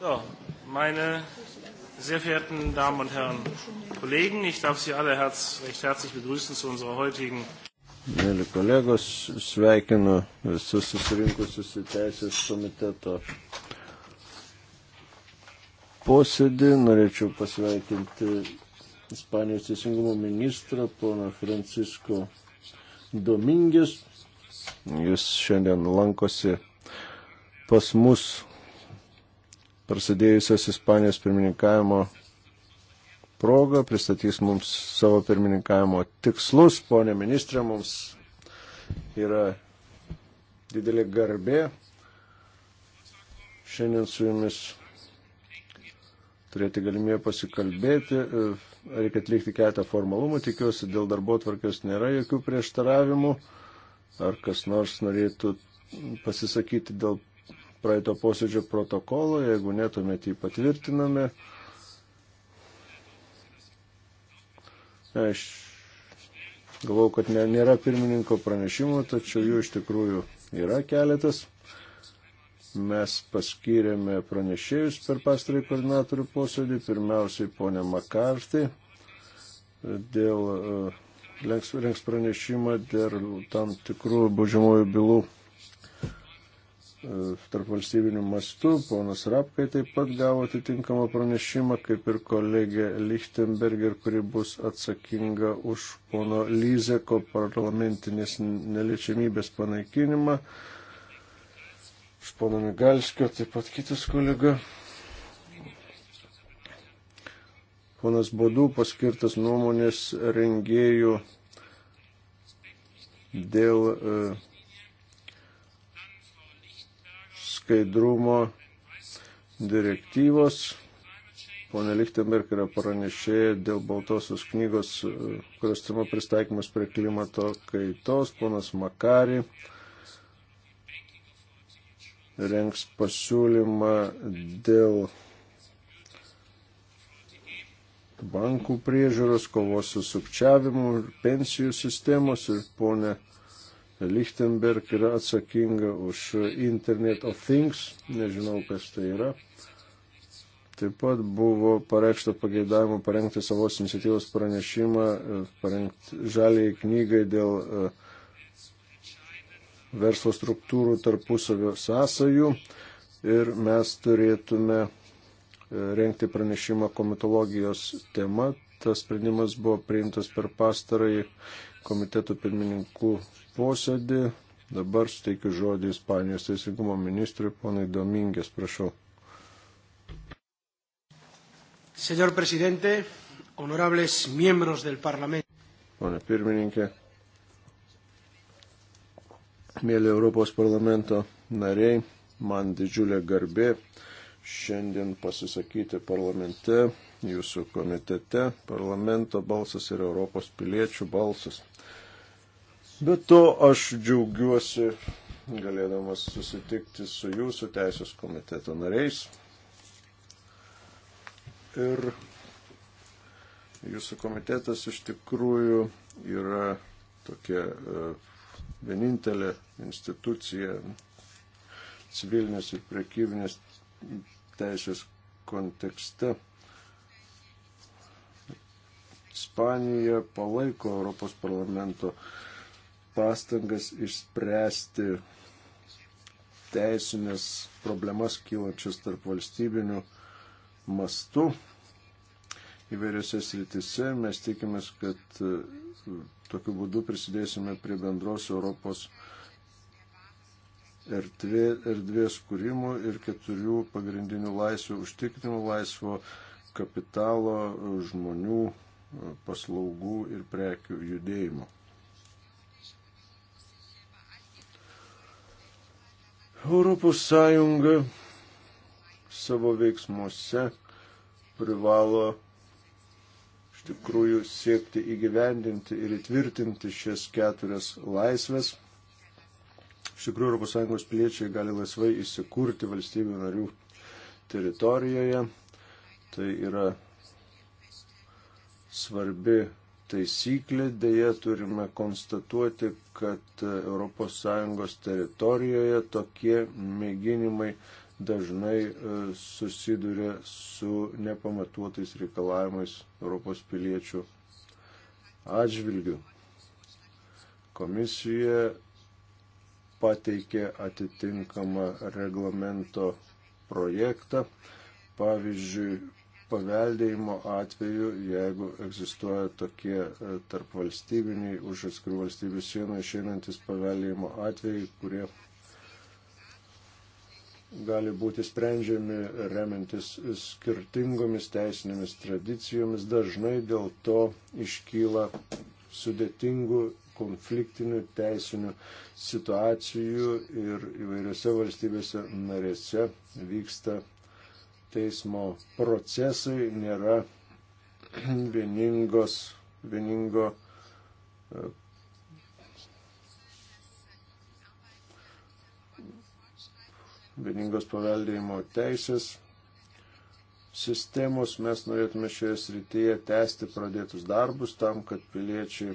So, meine sehr verehrten Damen und Herren Kollegen, ich darf Sie alle herz, recht herzlich begrüßen zu unserer heutigen. Mėly kolegos, sveikinu visus susirinkusius į Teisės komiteto posėdį. Norėčiau pasveikinti Ispanijos teisingumo ministrą, poną Francisko Domingis. Jis šiandien lankosi pas mus prasidėjusios Ispanijos pirmininkavimo progą, pristatys mums savo pirmininkavimo tikslus. Pone ministrė, mums yra didelė garbė šiandien su jumis turėti galimybę pasikalbėti. Reikia atlikti keletą formalumų, tikiuosi, dėl darbo tvarkės nėra jokių prieštaravimų. Ar kas nors norėtų pasisakyti dėl praeito posėdžio protokolo, jeigu netuomet jį patvirtiname. Aš galvau, kad ne, nėra pirmininko pranešimų, tačiau jų iš tikrųjų yra keletas. Mes paskyrėme pranešėjus per pastarį koordinatorių posėdį, pirmiausiai ponę Makartį dėl uh, rengs pranešimą dėl tam tikrų baudžiamojų bylų E, tarp valstybinių mastų. Ponas Rapkai taip pat gavo atitinkamą pranešimą, kaip ir kolegė Lichtenberger, kuri bus atsakinga už pono Lyzeko parlamentinės neliečiamybės panaikinimą. Už pono Migalskio taip pat kitas kolega. Ponas Bodų paskirtas nuomonės rengėjų dėl uh, skaidrumo direktyvos. Pone Lichtenberg yra pranešėja dėl baltosios knygos, kurios tema pristaikymas prie klimato kaitos. Ponas Makari rengs pasiūlymą dėl bankų priežiūros, kovos su sukčiavimu ir pensijų sistemos ir ponė Lichtenberg yra atsakinga už Internet of Things, nežinau kas tai yra. Taip pat buvo pareikšta pageidavimų parengti savos iniciatyvos pranešimą, e, parengti žaliai knygai dėl e, verslo struktūrų tarpusavio sąsajų ir mes turėtume e, rengti pranešimą komitologijos tema. Tas sprendimas buvo priimtas per pastarąjį komitetų pirmininkų posėdį. Dabar suteikiu žodį Ispanijos teisingumo ministrui, ponai Domingės, prašau. Senor prezidente, honorables miembros del Parlamento. Pone pirmininkė, mėly Europos parlamento nariai, man didžiulė garbė šiandien pasisakyti parlamente, jūsų komitete. Parlamento balsas yra Europos piliečių balsas. Bet to aš džiaugiuosi galėdamas susitikti su jūsų teisės komiteto nariais ir jūsų komitetas iš tikrųjų yra tokia e, vienintelė institucija civilinės ir prekybinės teisės kontekste. Ispanija palaiko Europos parlamento uh, pastangas išspręsti teisinės problemas kylančias tarp valstybinių mastų įvairiose sritise. Mes tikimės, kad e, tokiu būdu prisidėsime prie bendros Europos erdvė, erdvės kūrimo ir keturių pagrindinių laisvių užtikrinimo laisvo kapitalo, žmonių, e, paslaugų ir prekių judėjimo. Europos Sąjunga savo veiksmuose privalo iš tikrųjų siekti įgyvendinti ir įtvirtinti šias keturias laisvės. Iš tikrųjų, ES piliečiai gali laisvai įsikurti valstybių narių teritorijoje. Tai yra svarbi taisyklė, dėja turime konstatuoti, kad ES teritorijoje tokie mėginimai dažnai e, susiduria su nepamatuotais reikalavimais Europos piliečių atžvilgių. Komisija pateikė atitinkamą reglamento projektą. Pavyzdžiui, paveldėjimo atveju, jeigu egzistuoja tokie e, tarp valstybiniai, už atskirų valstybių sienų išeinantis paveldėjimo atvejai, kurie gali būti sprendžiami remintis skirtingomis teisinėmis tradicijomis, dažnai dėl to iškyla sudėtingų konfliktinių teisinių situacijų ir įvairiose valstybėse narėse vyksta teismo procesai, nėra vieningos, vieningo e, vieningos paveldėjimo teisės sistemos. Mes norėtume šioje srityje tęsti pradėtus darbus tam, kad piliečiai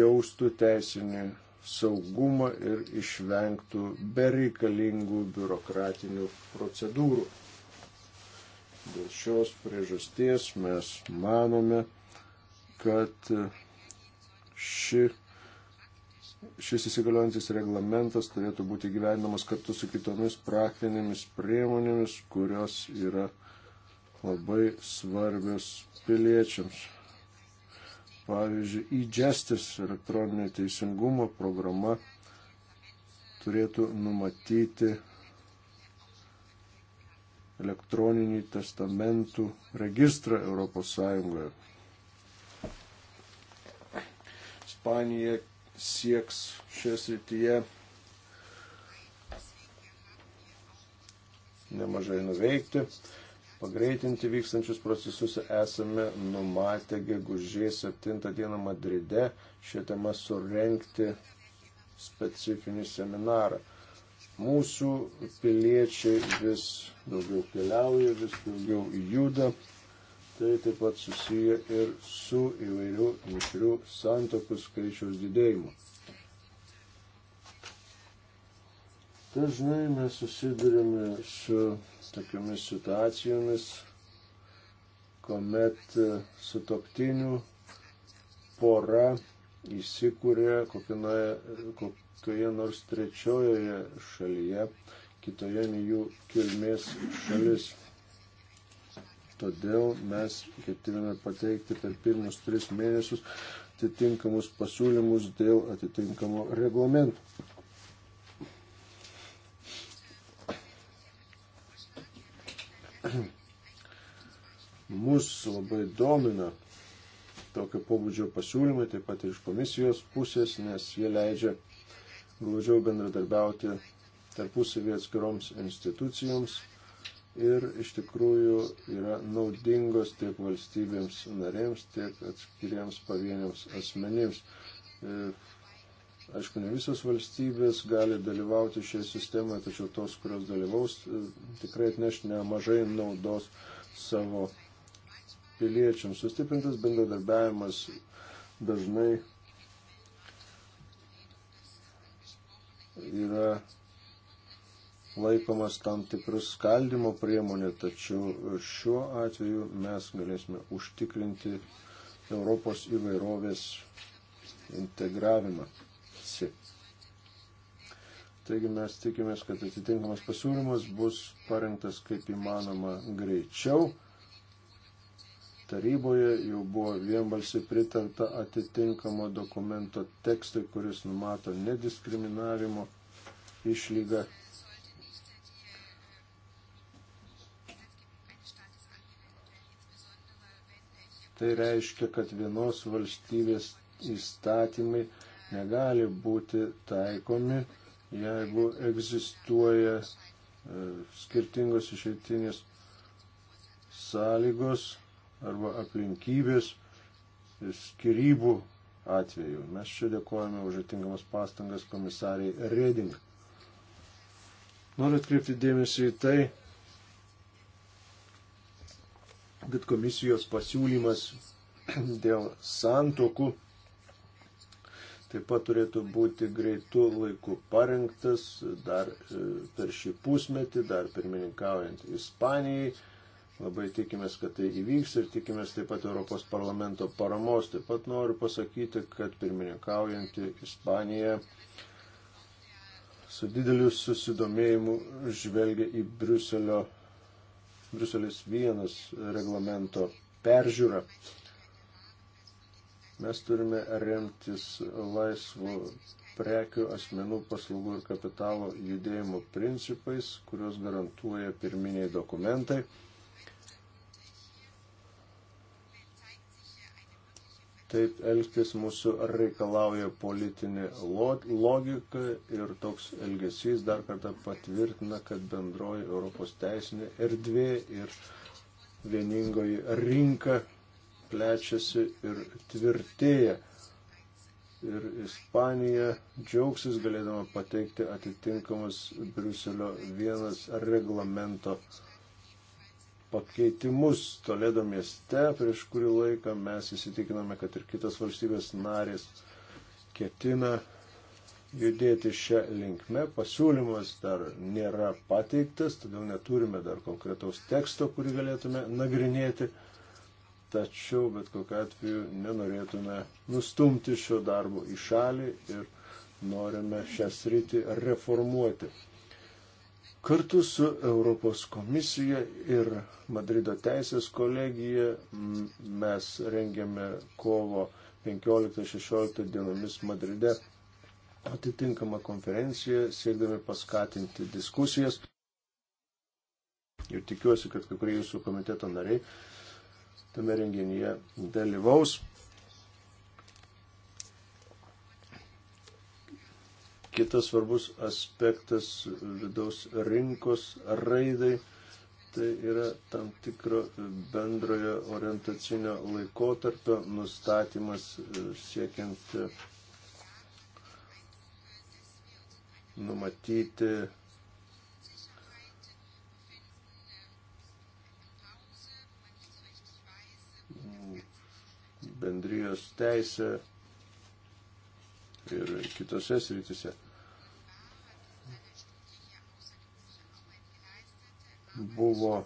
jaustų teisinį saugumą ir išvengtų bereikalingų biurokratinių procedūrų. Dėl šios priežasties mes manome, kad ši Šis įsigaliojantis reglamentas turėtų būti gyvenamas kartu su kitomis praktinėmis priemonėmis, kurios yra labai svarbios piliečiams. Pavyzdžiui, e-justice elektroninė teisingumo programa turėtų numatyti elektroninį testamentų registrą Europos Sąjungoje. Ispanija sieks šią srityje nemažai nuveikti pagreitinti vykstančius procesus esame numatę gegužės 7 dieną Madride šią temą surenkti specifinį seminarą. Mūsų piliečiai vis daugiau keliauja, vis daugiau juda. Tai taip pat susiję ir su įvairių mišrių santokų skaičiaus didėjimu. Dažnai mes susidurime su tokiamis situacijomis, kuomet e, sutoktinių pora įsikūrė kokioje, kokioje nors trečiojoje šalyje, kitoje nei jų kilmės šalis. Todėl mes ketiname pateikti per pirmus tris mėnesius atitinkamus pasiūlymus dėl atitinkamo reglamento. mus labai domina tokio pobūdžio pasiūlymai, taip pat ir iš komisijos pusės, nes jie leidžia glaudžiau bendradarbiauti tarpusavį atskiroms institucijoms ir iš tikrųjų yra naudingos tiek valstybėms narėms, tiek atskiriems pavieniams asmenims. E, aišku, ne visos valstybės gali dalyvauti šioje sistemoje, tačiau tos, kurios dalyvaus, e, tikrai atneš nemažai naudos savo piliečiams. Sustiprintas bendradarbiavimas dažnai yra laikomas tam tikras skaldimo priemonė, tačiau šiuo atveju mes galėsime užtikrinti Europos įvairovės integravimą. Si. Taigi mes tikimės, kad atitinkamas pasiūlymas bus parengtas kaip įmanoma greičiau taryboje jau buvo vienbalsiai pritarta atitinkamo dokumento tekstui, kuris numato nediskriminavimo išlygą. Tai reiškia, kad vienos valstybės įstatymai negali būti taikomi, jeigu egzistuoja e, skirtingos išeitinės sąlygos arba aplinkybės skirybų atveju. Mes čia dėkojame už atingamas pastangas komisariai Reding. Noriu atkreipti dėmesį į tai, kad komisijos pasiūlymas dėl santokų taip pat turėtų būti greitų laikų parengtas dar e, per šį pusmetį, dar pirmininkaujant Ispanijai. Labai tikimės, kad tai įvyks ir tikimės taip pat Europos parlamento paramos. Taip pat noriu pasakyti, kad pirmininkaujanti Ispanija su dideliu susidomėjimu žvelgia į Bruselio, Bruselis vienas reglamento peržiūrą. Mes turime remtis laisvo prekių, asmenų, paslaugų ir kapitalo judėjimo principais, kuriuos garantuoja pirminiai dokumentai. Taip elgtis mūsų reikalauja politinė logika ir toks elgesys dar kartą patvirtina, kad bendroji Europos teisinė erdvė ir vieningoji rinka plečiasi ir tvirtėja. Ir Ispanija džiaugsis galėdama pateikti atitinkamus Briuselio vienas reglamento uh, pakeitimus Toledo mieste. Prieš kurį laiką mes įsitikinome, kad ir kitas valstybės narės ketina judėti šią linkmę. Pasiūlymas dar nėra pateiktas, todėl neturime dar konkretaus teksto, kurį galėtume nagrinėti. Tačiau bet kokiu atveju nenorėtume nustumti šio darbo į šalį ir norime šią sritį reformuoti. Kartu su Europos komisija ir Madrido teisės kolegija mes rengiame kovo 15-16 dienomis Madride atitinkamą konferenciją, siekdami paskatinti diskusijas. Ir tikiuosi, kad kai kurie jūsų komiteto nariai tame renginyje dalyvaus. Kitas svarbus aspektas vidaus rinkos raidai tai yra tam tikro bendrojo orientacinio laikotarpio nustatymas e, siekiant e, numatyti bendrijos teisę ir kitose srityse. buvo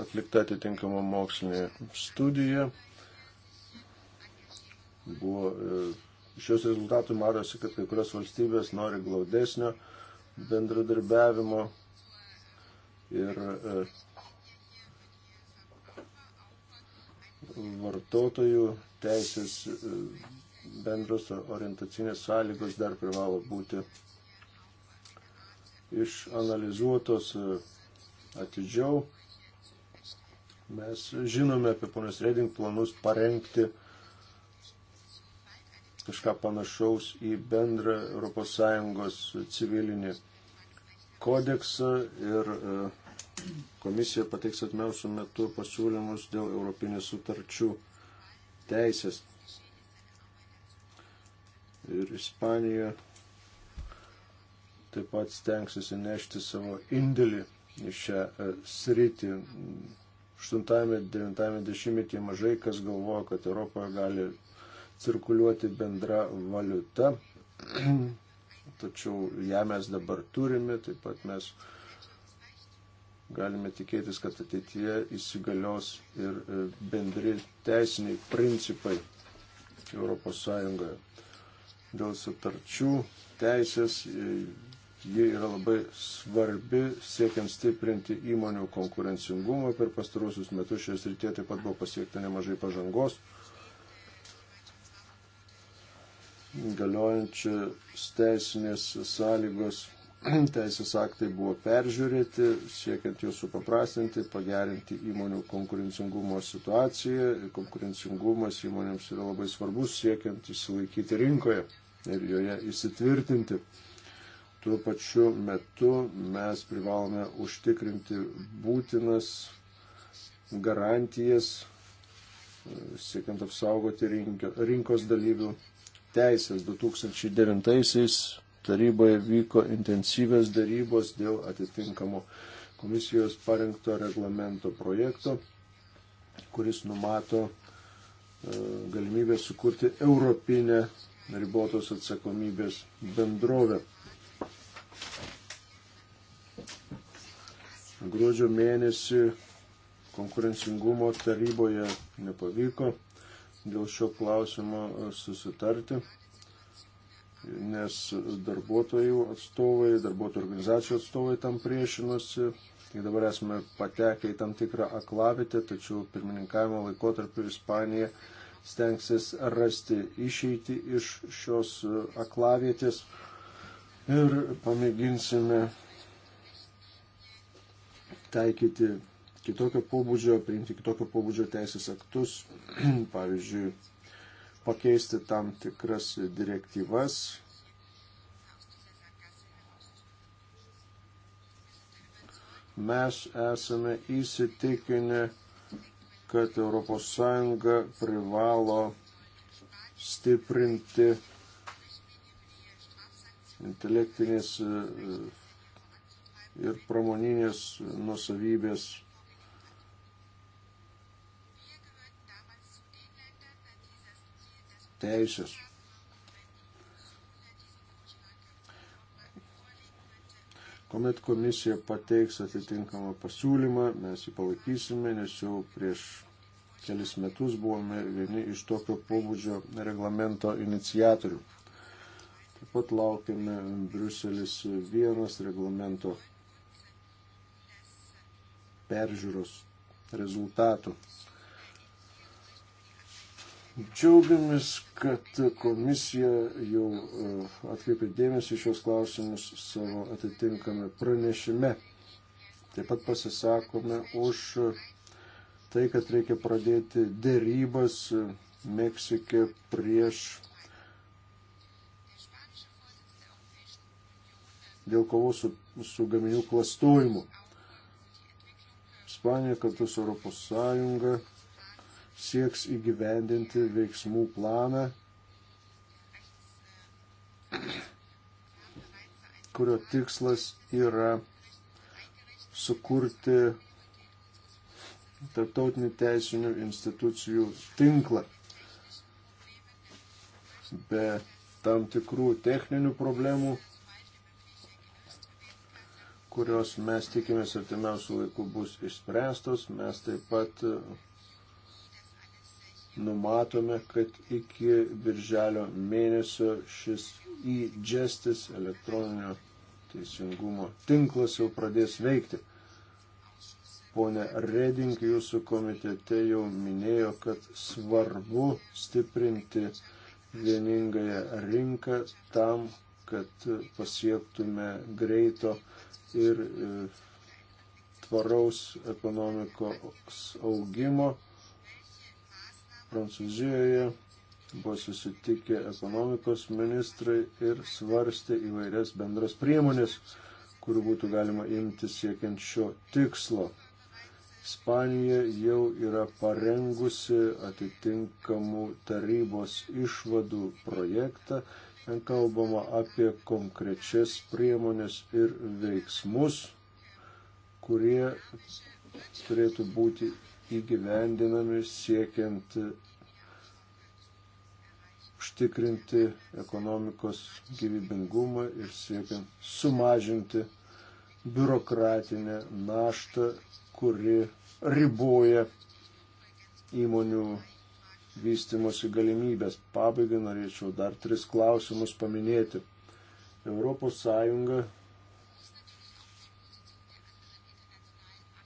atlikta atitinkama mokslinė studija. Buvo, e, iš jos rezultatų matosi, kad kai kurios valstybės nori glaudesnio bendradarbiavimo ir e, vartotojų teisės e, bendros orientacinės sąlygos dar privalo būti išanalizuotos atidžiau. Mes žinome apie ponios Reding planus parengti kažką panašaus į bendrą ES civilinį kodeksą ir e, komisija pateiks atmiausių metų pasiūlymus dėl Europinės sutarčių teisės. Ir Ispanija taip pat stengsis įnešti savo indėlį šią e, sritį. 8-9-10 mažai kas galvoja, kad Europoje gali cirkuliuoti bendra valiuta, tačiau ją mes dabar turime, taip pat mes galime tikėtis, kad ateityje įsigalios ir e, bendri teisiniai principai ES dėl sutarčių teisės e, Ji yra labai svarbi siekiant stiprinti įmonių konkurencingumą. Per pastarosius metus šioje srityje taip pat buvo pasiekta nemažai pažangos. Galiojančios teisinės sąlygos, teisės aktai buvo peržiūrėti, siekiant juos supaprastinti, pagerinti įmonių konkurencingumo situaciją. Konkurencingumas įmonėms yra labai svarbus siekiant išsilaikyti rinkoje ir joje įsitvirtinti. Tuo pačiu metu mes privalome užtikrinti būtinas garantijas, e, siekiant apsaugoti rinkos dalyvių teisės. 2009-aisiais taryboje vyko intensyvės darybos dėl atitinkamo komisijos parengto reglamento projekto, kuris numato e, galimybę sukurti Europinę ribotos atsakomybės bendrovę. Gruodžio mėnesį konkurencingumo taryboje nepavyko dėl šio klausimo e, susitarti, nes darbuotojų atstovai, darbuotojų organizacijų atstovai tam priešinosi. Tai dabar esame patekę į tam tikrą aklavitę, tačiau pirmininkavimo laikotarpiu Ispanija stengsis rasti išeitį iš šios e, aklavietės ir pamėginsime taikyti kitokio pobūdžio, priimti kitokio pobūdžio teisės aktus, pavyzdžiui, pakeisti tam tikras direktyvas. Mes esame įsitikinę, kad ES privalo stiprinti intelektinės e, e, ir pramoninės nusavybės. Teisės. Komet komisija pateiks atitinkamą pasiūlymą, mes jį palaikysime, nes jau prieš kelis metus buvome vieni iš tokio pobūdžio reglamento iniciatorių. Taip pat laukiame Bruselis vienas reglamento peržiūros rezultatų. Džiaugiamės, kad komisija jau e, atkreipė dėmesį šios klausimus savo atitinkame pranešime. Taip pat pasisakome už tai, kad reikia pradėti dėrybas Meksikė prieš dėl kovos su, su gaminių klastojimu. Ispanija kartu su Europos Sąjunga sieks įgyvendinti veiksmų planą, kurio tikslas yra sukurti tarptautinių teisinių institucijų tinklą. Be tam tikrų techninių problemų kurios mes tikimės artimiausių laikų bus išspręstos. Mes taip pat e, numatome, kad iki birželio mėnesio šis e-justice elektroninio teisingumo tinklas jau pradės veikti. Pone Reding, jūsų komitete jau minėjo, kad svarbu stiprinti vieningąją rinką tam, kad pasiektume greito ir e, tvaraus ekonomikos augimo. Prancūzijoje buvo susitikę ekonomikos ministrai ir svarstė įvairias bendras priemonės, kurių būtų galima imti siekiant šio tikslo. Ispanija jau yra parengusi atitinkamų tarybos išvadų projektą Ten kalbama apie konkrečias priemonės ir veiksmus, kurie turėtų būti įgyvendinami siekiant užtikrinti ekonomikos gyvybingumą ir siekiant sumažinti biurokratinę naštą, kuri riboja įmonių vystimosi galimybės. Pabaigai norėčiau dar tris klausimus paminėti. Europos Sąjunga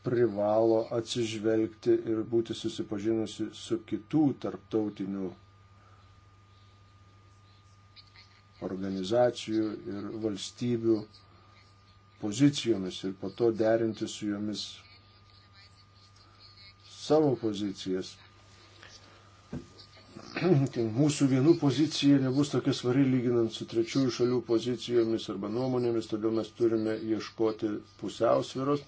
privalo atsižvelgti ir būti susipažinusi su kitų tarptautinių organizacijų ir valstybių pozicijomis ir po to derinti su jomis savo pozicijas. mūsų vienų pozicija nebus tokia svari lyginant su trečiųjų šalių pozicijomis arba nuomonėmis, todėl mes turime ieškoti pusiausviros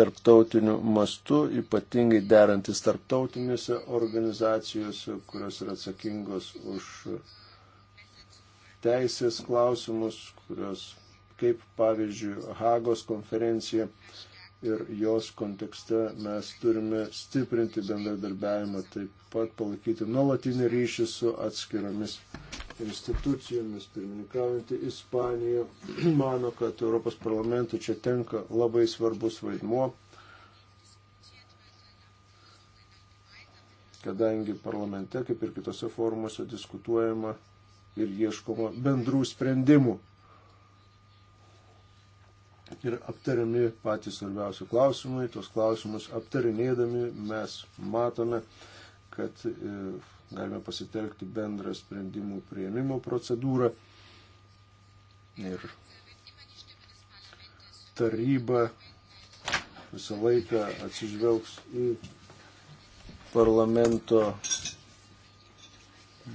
tarptautiniu mastu, ypatingai derantis tarptautinėse organizacijose, kurios yra atsakingos už teisės klausimus, kurios kaip pavyzdžiui Hagos konferencija ir jos kontekste mes turime stiprinti bendradarbiavimą, taip pat palaikyti nuolatinį ryšį su atskiromis institucijomis. Pirmininkaujantį Ispaniją mano, kad Europos parlamentui čia tenka labai svarbus vaidmuo, kadangi parlamente, kaip ir kitose formuose, diskutuojama ir ieškoma bendrų sprendimų ir aptariami patys svarbiausi klausimai. Tos klausimus aptarinėdami mes matome, kad e, galime pasitelkti bendrą sprendimų prieimimo procedūrą. Ir taryba visą laiką atsižvelgs į parlamento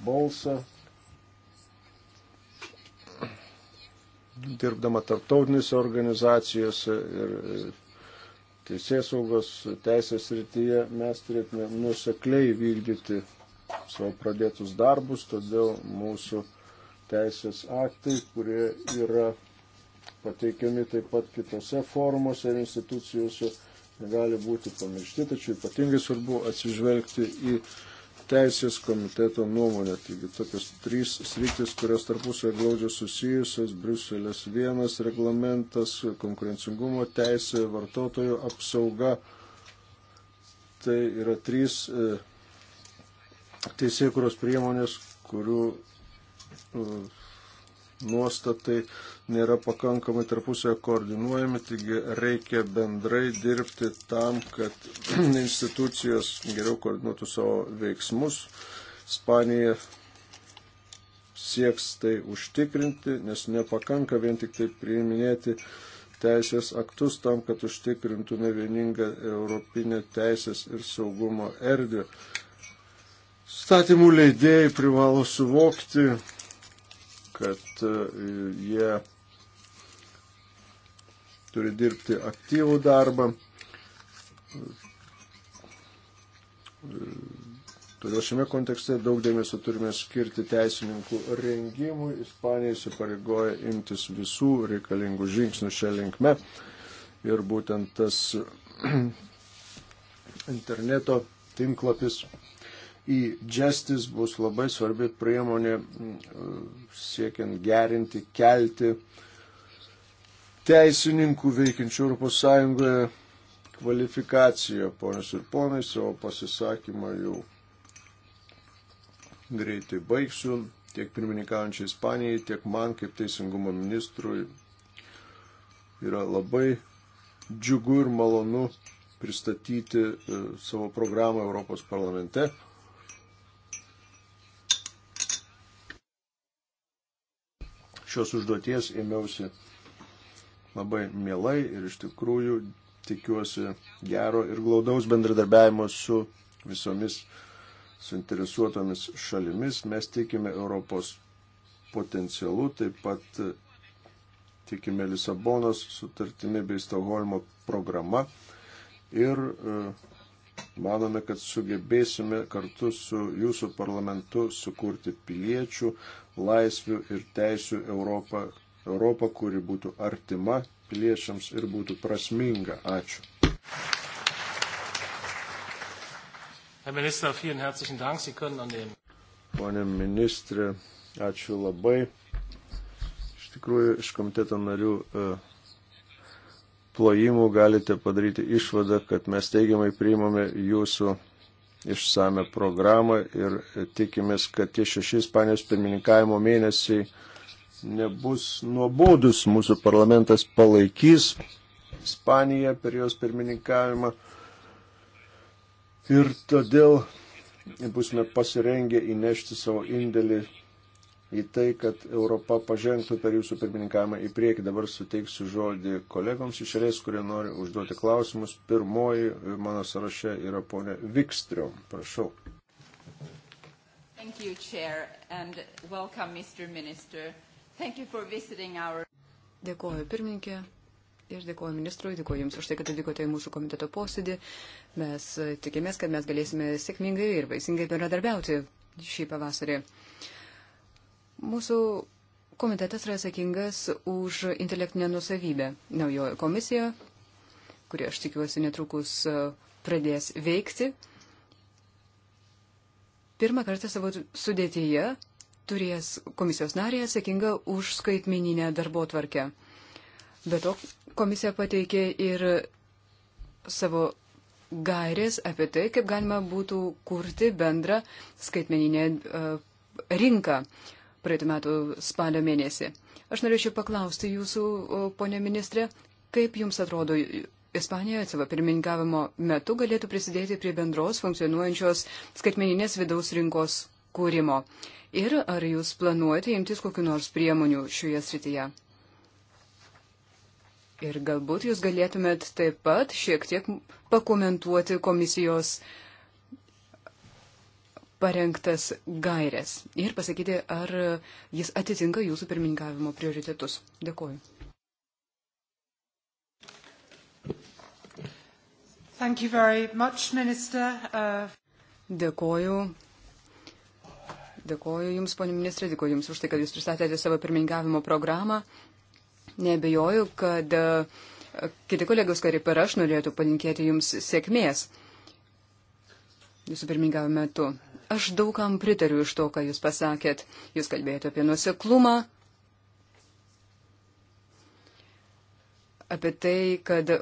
balsą dirbdama tarptautinėse organizacijose ir teisės saugos teisės rytyje mes turėtume nusekliai vykdyti savo pradėtus darbus, todėl mūsų teisės aktai, kurie yra pateikiami taip pat kitose formuose ir institucijose, gali būti pamiršti, tačiau ypatingai svarbu atsižvelgti į teisės komiteto nuomonę. Taigi tokios trys sritis, kurios tarpusio glaudžia susijusios, Bruselės vienas reglamentas, konkurencingumo teisė, vartotojų apsauga. Tai yra trys e, teisėkuros priemonės, kurių e, nuostatai nėra pakankamai tarpusio koordinuojami, taigi reikia bendrai dirbti tam, kad institucijos geriau koordinuotų savo veiksmus. Ispanija sieks tai užtikrinti, nes nepakanka vien tik tai priiminėti teisės aktus tam, kad užtikrintų ne vieningą europinę teisės ir saugumo erdvę. Statymų leidėjai privalo suvokti, kad e, jie turi dirbti aktyvų darbą. Todėl šiame kontekste daug dėmesio turime skirti teisininkų rengimui. Ispanija įsipareigoja imtis visų reikalingų žingsnių šią linkme. Ir būtent tas interneto tinklapis e-justice bus labai svarbi priemonė mm, e, siekiant gerinti, kelti teisininkų veikiančių ES kvalifikaciją. Ponios ir ponai, savo pasisakymą jau greitai baigsiu. Tiek pirmininkaujančiai Ispanijai, tiek man kaip teisingumo ministrui yra labai džiugu ir malonu pristatyti e, savo programą Europos parlamente. šios užduoties ėmiausi labai mielai ir iš tikrųjų tikiuosi gero ir glaudaus bendradarbiavimo su visomis suinteresuotomis šalimis. Mes tikime Europos potencialu, taip pat tikime Lisabonos sutartimi bei Stokholmo programa ir uh, Manome, kad sugebėsime kartu su jūsų parlamentu sukurti piliečių, laisvių ir teisių Europą, Europą, kuri būtų artima piliečiams ir būtų prasminga. Ačiū. Herr Minister, vielen herzlichen Dank. Sie können annehmen. Pone ministrė, ačiū labai. Iš tikrųjų, iš komiteto narių uh, plojimų galite padaryti išvadą, kad mes teigiamai priimame jūsų išsame programą ir tikimės, kad tie šeši Ispanijos pirmininkavimo mėnesiai nebus nuobodus. Mūsų parlamentas palaikys Ispaniją per jos pirmininkavimą ir todėl būsime pasirengę įnešti savo indėlį į tai, kad Europa pažengtų per jūsų pirmininkavimą į priekį. Dabar suteiksiu žodį kolegoms iš eilės, kurie nori užduoti klausimus. Pirmoji mano sąraše yra ponė Vikstrio. Prašau. Thank you, Chair, and welcome, Mr. Minister. Thank you for visiting our. Dėkuoju pirmininkė ir dėkuoju ministrui, dėkuoju Jums už tai, kad atvykote į mūsų komiteto posėdį. Mes tikimės, kad mes galėsime sėkmingai ir vaisingai bendradarbiauti šį pavasarį. Uh, Mūsų komitetas yra atsakingas už intelektinę nusavybę. Naujoji komisija, kuri aš tikiuosi netrukus e, pradės veikti, pirmą kartą savo sudėtyje turės komisijos narį atsakingą už skaitmininę darbo tvarkę. Be to, komisija pateikė ir savo gairės apie tai, kaip galima būtų kurti bendrą skaitmeninę e, rinką praeitų metų spalio mėnesį. Aš norėčiau paklausti jūsų, ponė ministrė, kaip jums atrodo, Ispanija savo pirmininkavimo metu galėtų prisidėti prie bendros funkcionuojančios skaitmeninės vidaus rinkos kūrimo. Ir ar jūs planuojate imtis kokiu nors priemonių šioje srityje? Ir galbūt jūs galėtumėt taip pat šiek tiek pakomentuoti komisijos uh, parengtas gairės ir pasakyti, ar jis atitinka jūsų pirmininkavimo prioritetus. Dėkuoju. Much, minister, uh... Dėkuoju. Dėkuoju Jums, ponė ministrė, dėkuoju Jums už tai, kad Jūs pristatėte savo pirmininkavimo programą. Nebejoju, kad uh, kiti kolegos, kaip ir aš, norėtų palinkėti Jums sėkmės jūsų pirmingavimo metu. Aš daugam pritariu iš to, ką jūs pasakėt. Jūs kalbėjote apie nuseklumą, apie tai, kad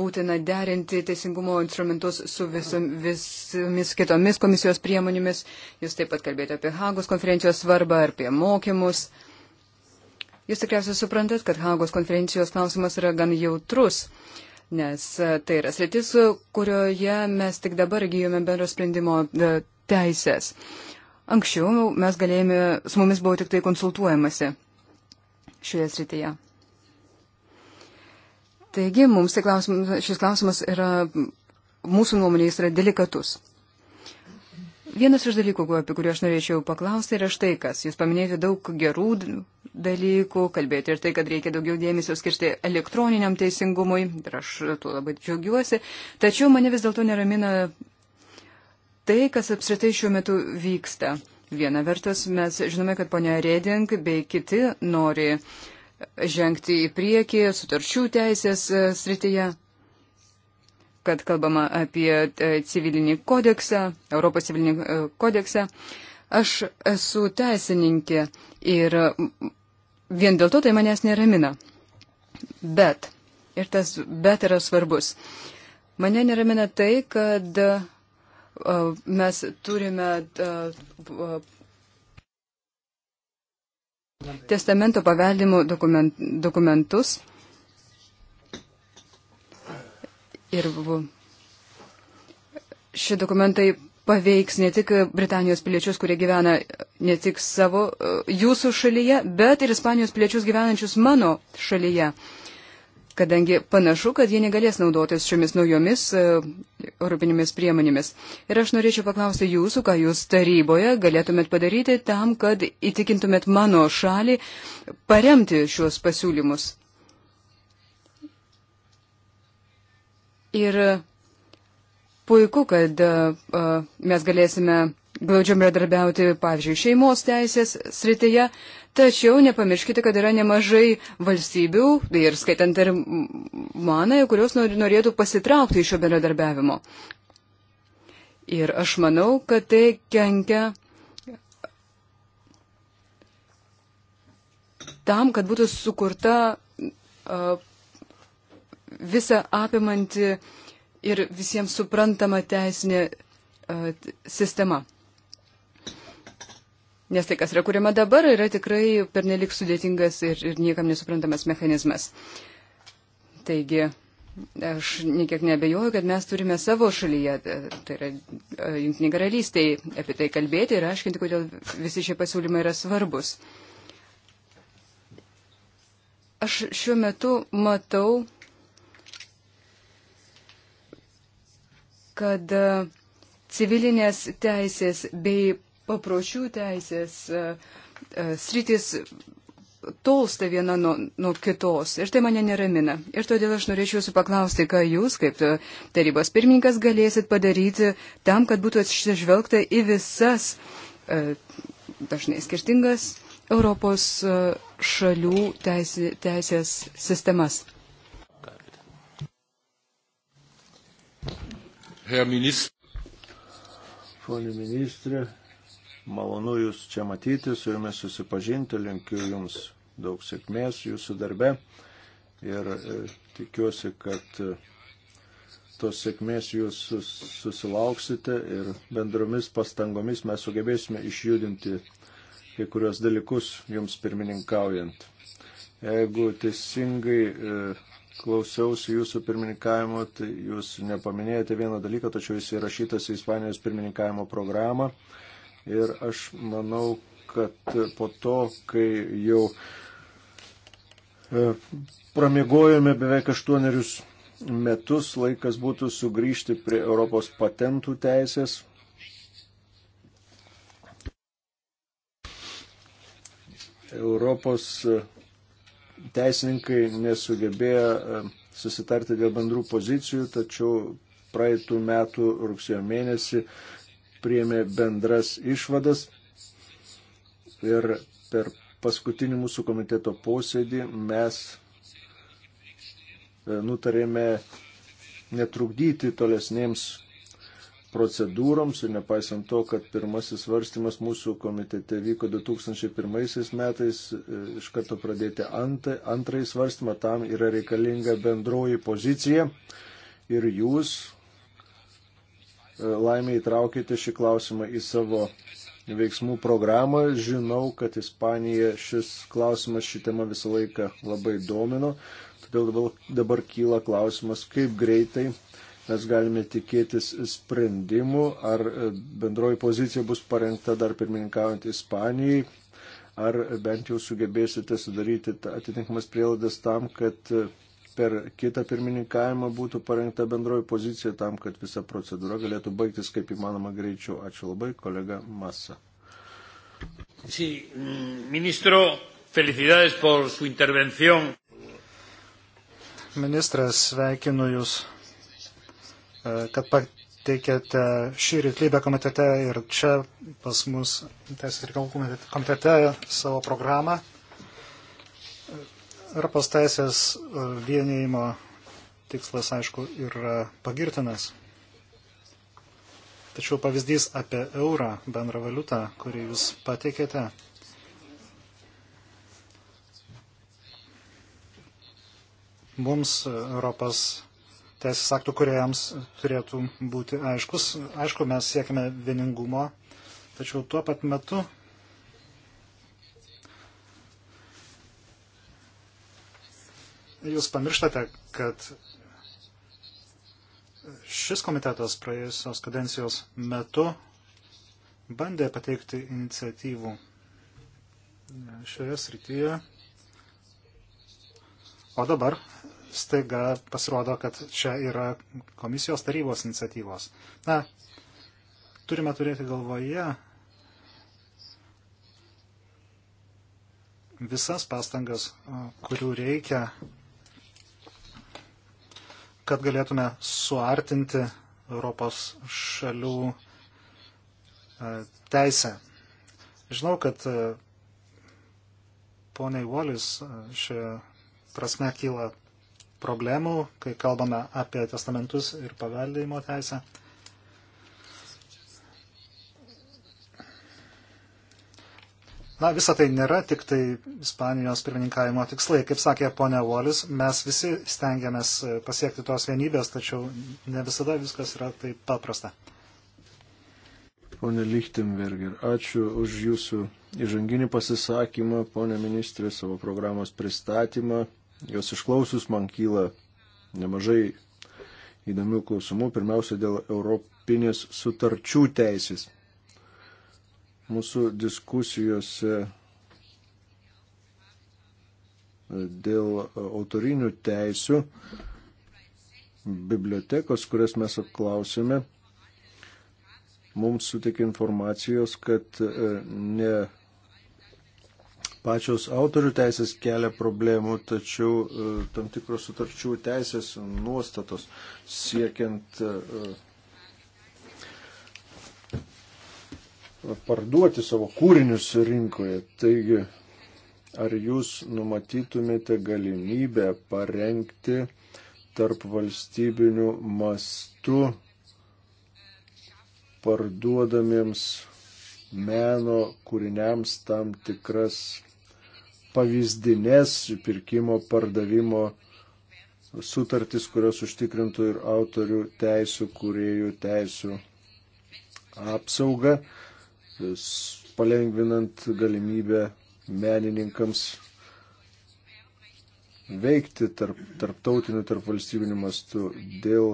būtina derinti teisingumo instrumentus su visum, visomis kitomis komisijos priemonėmis. Jūs taip pat kalbėjote apie Hagos konferencijos svarbą, apie mokymus. Jūs tikriausiai suprantat, kad Hagos konferencijos klausimas yra gan jautrus. Uh, nes e, tai yra sritis, e, kurioje mes tik dabar gyjome bendro sprendimo e, teisės. Anksčiau mes galėjome, su mumis buvo tik tai konsultuojamasi šioje srityje. Taigi, mums tai klausimas, šis klausimas yra, mūsų nuomonė, jis yra delikatus. Vienas iš dalykų, apie kurį aš norėčiau paklausti, yra štai kas. Jūs paminėjote daug gerų dalykų, kalbėjote ir tai, kad reikia daugiau dėmesio skirti elektroniniam teisingumui, ir aš tuo labai džiaugiuosi. Tačiau mane vis dėlto neramina tai, kas apskritai šiuo metu vyksta. Viena vertus, mes žinome, kad ponia Reding bei kiti nori žengti į priekį sutarčių teisės e, srityje, kad kalbama apie e, civilinį kodeksą, Europos civilinį e, kodeksą. Aš esu teisininkė ir vien dėl to tai manęs neramina. Bet, ir tas bet yra svarbus, mane neramina tai, kad e, mes turime testamento paveldimo dokumentus Ir šie dokumentai paveiks ne tik Britanijos piliečius, kurie gyvena ne tik savo e, jūsų šalyje, bet ir Ispanijos piliečius gyvenančius mano šalyje. Kadangi panašu, kad jie negalės naudotis šiomis naujomis e, europinėmis priemonėmis. Ir aš norėčiau paklausti jūsų, ką jūs taryboje galėtumėt padaryti tam, kad įtikintumėt mano šalį paremti šiuos pasiūlymus. Ir e, puiku, kad e, e, mes galėsime glaudžiam bendradarbiauti, pavyzdžiui, šeimos teisės srityje, tačiau nepamirškite, kad yra nemažai valstybių, tai ir skaitant ir manąją, kurios norėtų pasitraukti iš šio bendradarbiavimo. Ir aš manau, kad tai kenkia tam, kad būtų sukurta uh, visą apimanti ir visiems suprantama teisinė e, sistema. Nes tai, kas yra kuriama dabar, yra tikrai pernelik sudėtingas ir, ir niekam nesuprantamas mechanizmas. Taigi, aš niekiek nebejoju, kad mes turime savo šalyje, e, tai yra e, Junktinė karalystė, apie tai kalbėti ir aiškinti, kodėl visi šie pasiūlymai yra svarbus. Aš šiuo metu matau, kad e, civilinės teisės bei papročių teisės e, e, sritis tolsta viena nuo, nuo kitos ir tai mane neramina. Ir todėl aš norėčiau jūsų paklausti, ką jūs kaip tarybos pirmininkas galėsit padaryti tam, kad būtų atsižvelgta į visas dažnai skirtingas Europos šalių teisės sistemas. Herr Minister. Pone ministrė, malonu Jūs čia matyti, su Jumis susipažinti, linkiu Jums daug sėkmės Jūsų darbe ir e, tikiuosi, kad e, tos sėkmės Jūs susilauksite ir bendromis pastangomis mes sugebėsime išjudinti kai kurios dalykus Jums pirmininkaujant. Jeigu teisingai e, klausiausi jūsų pirmininkavimo, tai jūs nepaminėjote vieną dalyką, tačiau jis įrašytas į Ispanijos pirmininkavimo programą. Ir aš manau, kad po to, kai jau e, pramigojome beveik aštuonerius metus, laikas būtų sugrįžti prie Europos patentų teisės. Europos teisininkai nesugebėjo e, susitarti dėl bendrų pozicijų, tačiau praeitų metų rugsėjo mėnesį priėmė bendras išvadas ir per paskutinį mūsų komiteto posėdį mes e, nutarėme netrukdyti tolesnėms procedūroms ir nepaisant to, kad pirmasis svarstymas mūsų komitete vyko 2001 metais, e, iš karto pradėti ant, antrąjį svarstymą, tam yra reikalinga bendroji pozicija ir jūs e, laimė įtraukite šį klausimą į savo veiksmų programą. Žinau, kad Ispanija šis klausimas, ši tema visą laiką labai domino, todėl dabar, dabar kyla klausimas, kaip greitai mes galime tikėtis sprendimų, ar e, bendroji pozicija bus parengta dar pirmininkaujant Ispanijai, ar bent jau sugebėsite sudaryti atitinkamas prielaidas tam, kad e, per kitą pirmininkavimą būtų parengta bendroji pozicija tam, kad visa procedūra galėtų baigtis kaip įmanoma greičiau. Ačiū labai, kolega Masa. Sí, ministro, felicidades por su intervención. Ministras, sveikinu Jūs kad pateikėte šį rytlybę komitete ir čia pas mus Teisės reikalų komitete savo programą Europos teisės vienėjimo tikslas, aišku, yra pagirtinas. Tačiau pavyzdys apie eurą, bendrą valiutą, kurį jūs pateikėte, mums Europos teisės aktų kuriejams turėtų būti aiškus. Aišku, mes siekime vieningumo, tačiau tuo pat metu jūs pamirštate, kad šis komitetas praėjusios kadencijos metu bandė pateikti iniciatyvų šioje srityje. O dabar staiga pasirodo, kad čia yra komisijos tarybos iniciatyvos. Na, turime turėti galvoje visas pastangas, kurių reikia, kad galėtume suartinti Europos šalių e, teisę. Žinau, kad e, poniai Volis e, šią prasme kyla problemų, kai kalbame apie testamentus ir paveldėjimo teisę. Na, visa tai nėra tik tai Ispanijos pirmininkavimo tikslai. Kaip sakė ponia Volis, mes visi stengiamės pasiekti tos vienybės, tačiau ne visada viskas yra taip paprasta. Pone Lichtenberger, ačiū už jūsų įžanginį pasisakymą, pone ministrė, savo programos pristatymą. Jos išklausius man kyla nemažai įdomių klausimų, pirmiausia dėl europinės sutarčių teisės. Mūsų diskusijose dėl autorinių teisių bibliotekos, kurias mes apklausėme, mums sutikė informacijos, kad e, ne Pačios autorių teisės kelia problemų, tačiau e, tam tikros sutarčių teisės nuostatos siekiant e, parduoti savo kūrinius rinkoje. Taigi, ar jūs numatytumėte galimybę parengti tarp valstybinių mastų parduodamiems meno kūriniams tam tikras pavyzdinės pirkimo, pardavimo sutartis, kurios užtikrintų ir autorių teisų, kuriejų teisų apsaugą, palengvinant galimybę menininkams veikti tarp, tarptautiniu, tarp valstybiniu mastu dėl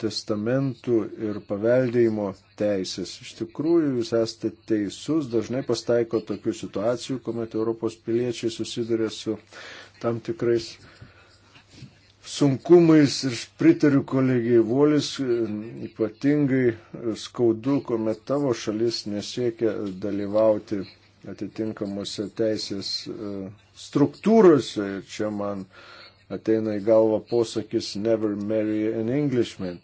testamentų ir paveldėjimo teisės. Iš tikrųjų, jūs esate teisus, dažnai pastaiko tokių situacijų, kuomet Europos piliečiai susiduria su tam tikrais sunkumais ir pritariu kolegijai Volis, ypatingai skaudu, kuomet tavo šalis nesiekia dalyvauti atitinkamuose teisės e, struktūrose. Čia man uh, ateina į galvą posakis never marry an Englishman.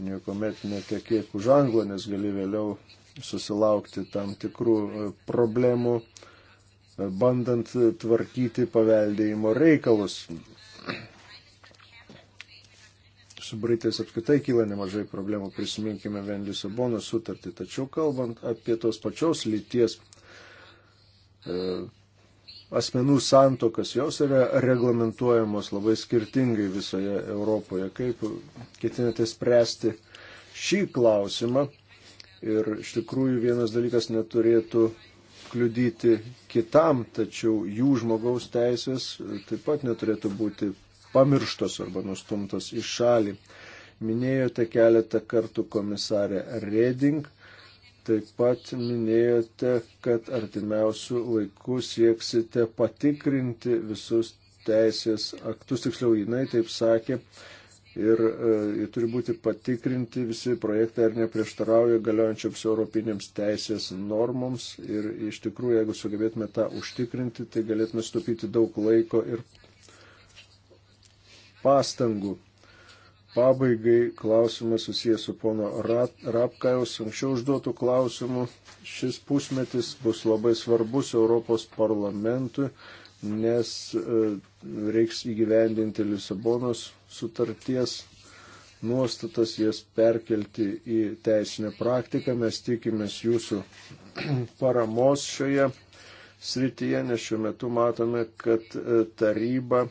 Niekuomet netekėk už anglą, nes gali vėliau susilaukti tam tikrų e, problemų, e, bandant tvarkyti paveldėjimo reikalus. Su Britais apskritai kyla nemažai problemų, prisiminkime vien Lisabono sutartį. Tačiau kalbant apie tos pačios lyties e, asmenų santokas, jos yra reglamentuojamos labai skirtingai visoje Europoje. Kaip ketinate spręsti šį klausimą? Ir iš tikrųjų vienas dalykas neturėtų kliudyti kitam, tačiau jų žmogaus teisės taip pat neturėtų būti pamirštos arba nustumtos į šalį. Minėjote keletą kartų komisarę Reding Taip pat minėjote, kad artimiausių laikų sieksite patikrinti visus teisės aktus, tiksliau jinai taip sakė, ir e, turi būti patikrinti visi projektai, ar neprieštarauja galiojančiams europinėms teisės normoms. Ir iš tikrųjų, jeigu sugebėtume tą užtikrinti, tai galėtume stupyti daug laiko ir pastangų pabaigai klausimas susijęs su pono Rapkaus anksčiau užduotų klausimų. Šis pusmetis bus labai svarbus Europos parlamentui, nes e, reiks įgyvendinti Lisabonos sutarties nuostatas, jas perkelti į teisinę praktiką. Mes tikimės jūsų paramos šioje srityje, nes šiuo metu matome, kad e, taryba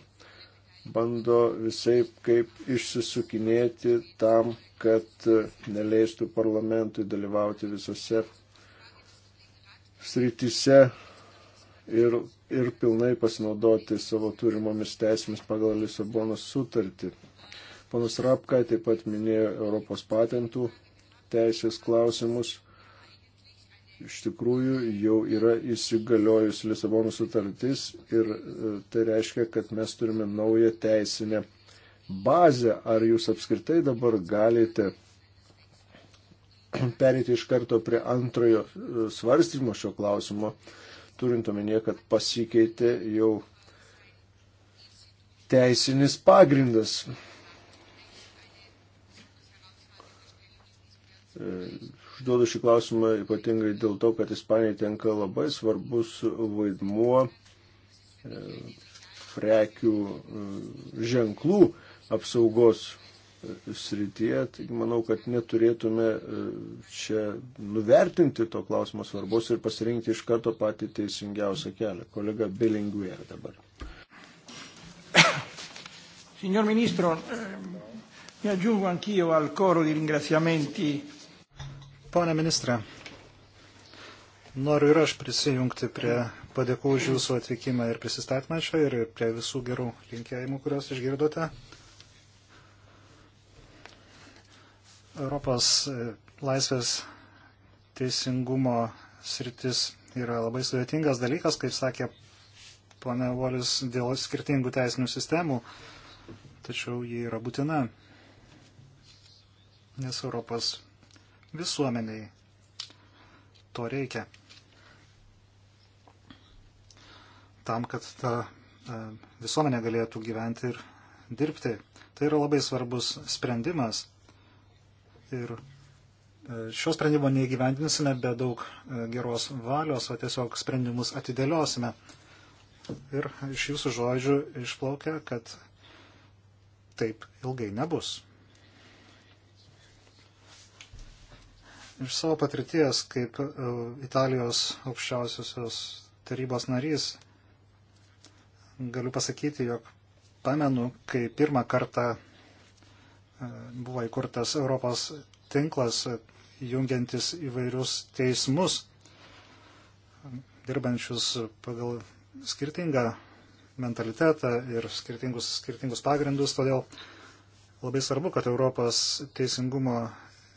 bando visai kaip išsisukinėti tam, kad neleistų parlamentui dalyvauti visose srityse ir, ir pilnai pasinaudoti savo turimomis teisėmis pagal Lisabonos sutartį. Ponas Rapkai taip pat minėjo Europos patentų teisės klausimus iš tikrųjų jau yra įsigaliojus Lisabono sutartis ir e, tai reiškia, kad mes turime naują teisinę bazę. Ar jūs apskritai dabar galite perėti iš karto prie antrojo e, svarstymo šio klausimo, turint omenyje, kad pasikeitė jau teisinis pagrindas. E, Užduodu šį klausimą ypatingai dėl to, kad Ispanijai tenka labai svarbus vaidmuo e, prekių e, ženklų apsaugos e, srityje. Taigi manau, kad neturėtume čia nuvertinti to klausimo svarbos ir pasirinkti iš karto patį teisingiausią kelią. Kolega Belinguer dabar. Signor Ministro, eh, mi aggiungo anch'io al coro di ringraziamenti Pone ministrė, noriu ir aš prisijungti prie padėkų už jūsų atvykimą ir prisistatymą čia ir prie visų gerų linkėjimų, kuriuos išgirdote. Europos e, laisvės teisingumo sritis yra labai sudėtingas dalykas, kaip sakė pone Volis, dėl skirtingų teisinių sistemų, tačiau ji yra būtina, nes Europos visuomeniai. To reikia. Tam, kad ta e, visuomenė galėtų gyventi ir dirbti. Tai yra labai svarbus sprendimas. Ir e, šio sprendimo neįgyvendinsime be daug e, geros valios, o tiesiog sprendimus atidėliosime. Ir iš jūsų žodžių išplaukia, kad taip ilgai nebus. Iš savo patirties kaip e, Italijos aukščiausiosios tarybos narys galiu pasakyti, jog pamenu, kai pirmą kartą e, buvo įkurtas Europos tinklas e, jungiantis įvairius teismus, dirbančius pagal skirtingą mentalitetą ir skirtingus, skirtingus pagrindus. Todėl labai svarbu, kad Europos teisingumo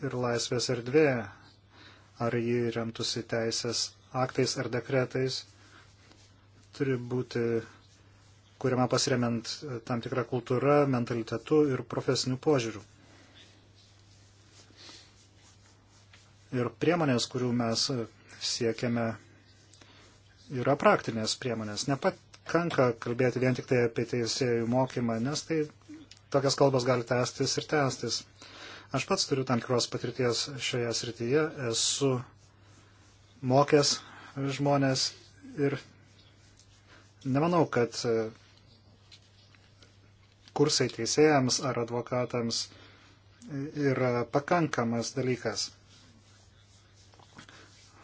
ir laisvės erdvė, ar ji remtųsi teisės aktais ar dekretais, turi būti kuriama pasiremiant tam tikrą kultūrą, mentalitetu ir profesiniu požiūriu. Ir priemonės, kurių mes siekiame, yra praktinės priemonės. Nepakanka kalbėti vien tik tai apie teisėjų mokymą, nes tai tokias kalbas gali tęstis ir tęstis. Aš pats turiu tam tikros patirties šioje srityje, esu mokęs žmonės ir nemanau, kad e, kursai teisėjams ar advokatams e, yra pakankamas dalykas.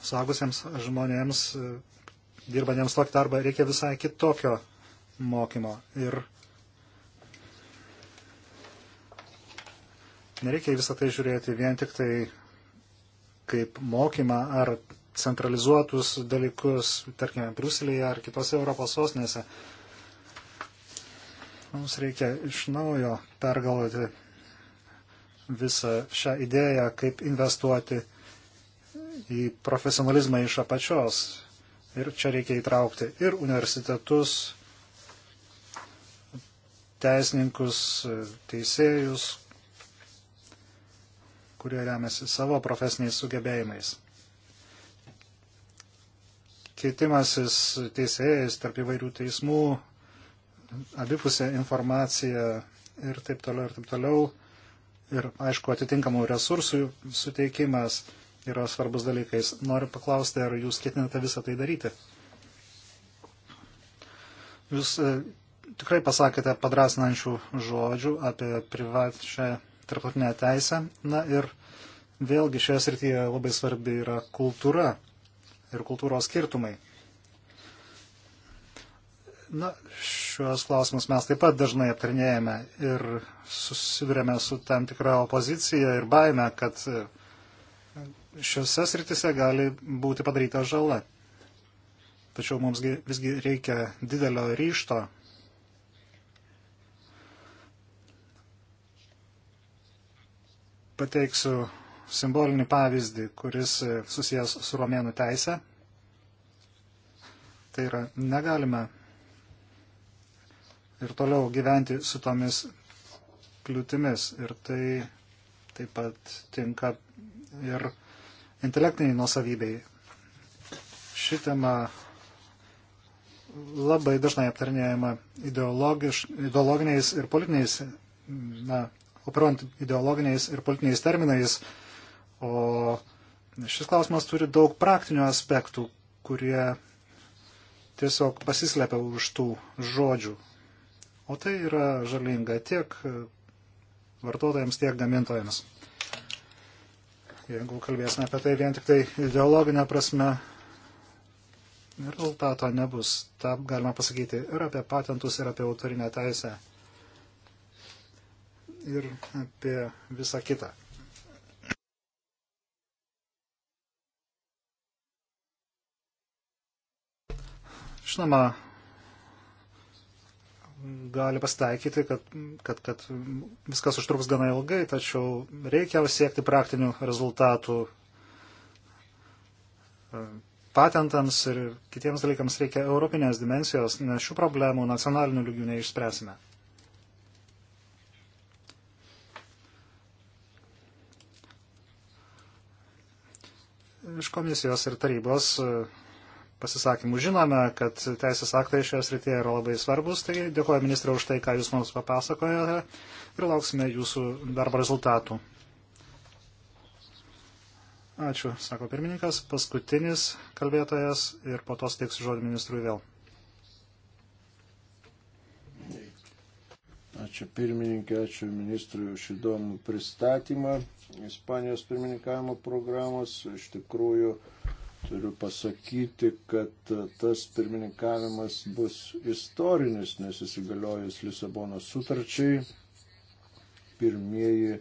Suaugusiems žmonėms, e, dirbantiems tokį darbą, reikia visai kitokio mokymo. Ir Nereikia visą tai žiūrėti vien tik tai kaip mokymą ar centralizuotus dalykus, tarkime, Bruselėje ar kitose Europos sostinėse. Mums reikia iš naujo pergalvoti visą šią idėją, kaip investuoti į profesionalizmą iš apačios. Ir čia reikia įtraukti ir universitetus, teisininkus, teisėjus, kurie remiasi savo profesiniais sugebėjimais. Keitimasis teisėjais tarp įvairių teismų, abipusė informacija ir taip toliau ir taip toliau. Ir aišku, atitinkamų resursų suteikimas yra svarbus dalykais. Noriu paklausti, ar jūs ketinate visą tai daryti? Jūs e, tikrai pasakėte padrasinančių žodžių apie privačią tarptautinę teisę. Na ir vėlgi šioje srityje labai svarbi yra kultūra ir kultūros skirtumai. Na, šios klausimus mes taip pat dažnai aptarnėjame ir susidurėme su tam tikra opozicija ir baime, kad šiuose sritise gali būti padaryta žala. Tačiau mums visgi reikia didelio ryšto pateiksiu simbolinį pavyzdį, kuris e, susijęs su romėnų teise. Tai yra, negalime ir toliau gyventi su tomis kliūtimis. Ir tai taip pat tinka ir intelektiniai nuosavybei. Ši tema labai dažnai aptarnėjama ideologiniais ir politiniais na, operuojant ideologiniais ir politiniais terminais, o šis klausimas turi daug praktinių aspektų, kurie tiesiog pasislepia už tų žodžių. O tai yra žalinga tiek vartotojams, tiek gamintojams. Jeigu kalbėsime apie tai vien tik tai ideologinę prasme, rezultato nebus. Ta galima pasakyti ir apie patentus, ir apie autorinę teisę ir apie visą kitą. Žinoma, gali pasitaikyti, kad, kad, kad viskas užtruks gana ilgai, tačiau reikia siekti praktinių rezultatų. E, patentams ir kitiems dalykams reikia europinės dimensijos, nes šių problemų nacionalinių lygių neišspręsime. iš komisijos ir tarybos e, pasisakymų žinome, kad teisės aktai šioje srityje yra labai svarbus, tai dėkuoju ministrė už tai, ką jūs mums papasakojate ir lauksime jūsų darbo rezultatų. Ačiū, sako pirmininkas, paskutinis kalbėtojas ir po to steiksiu žodį ministrui vėl. Ačiū pirmininkė, ačiū ministrui už įdomų pristatymą Ispanijos pirmininkavimo programos. Iš tikrųjų, turiu pasakyti, kad tas pirmininkavimas bus istorinis, nes įsigaliojus Lisabono sutarčiai pirmieji e,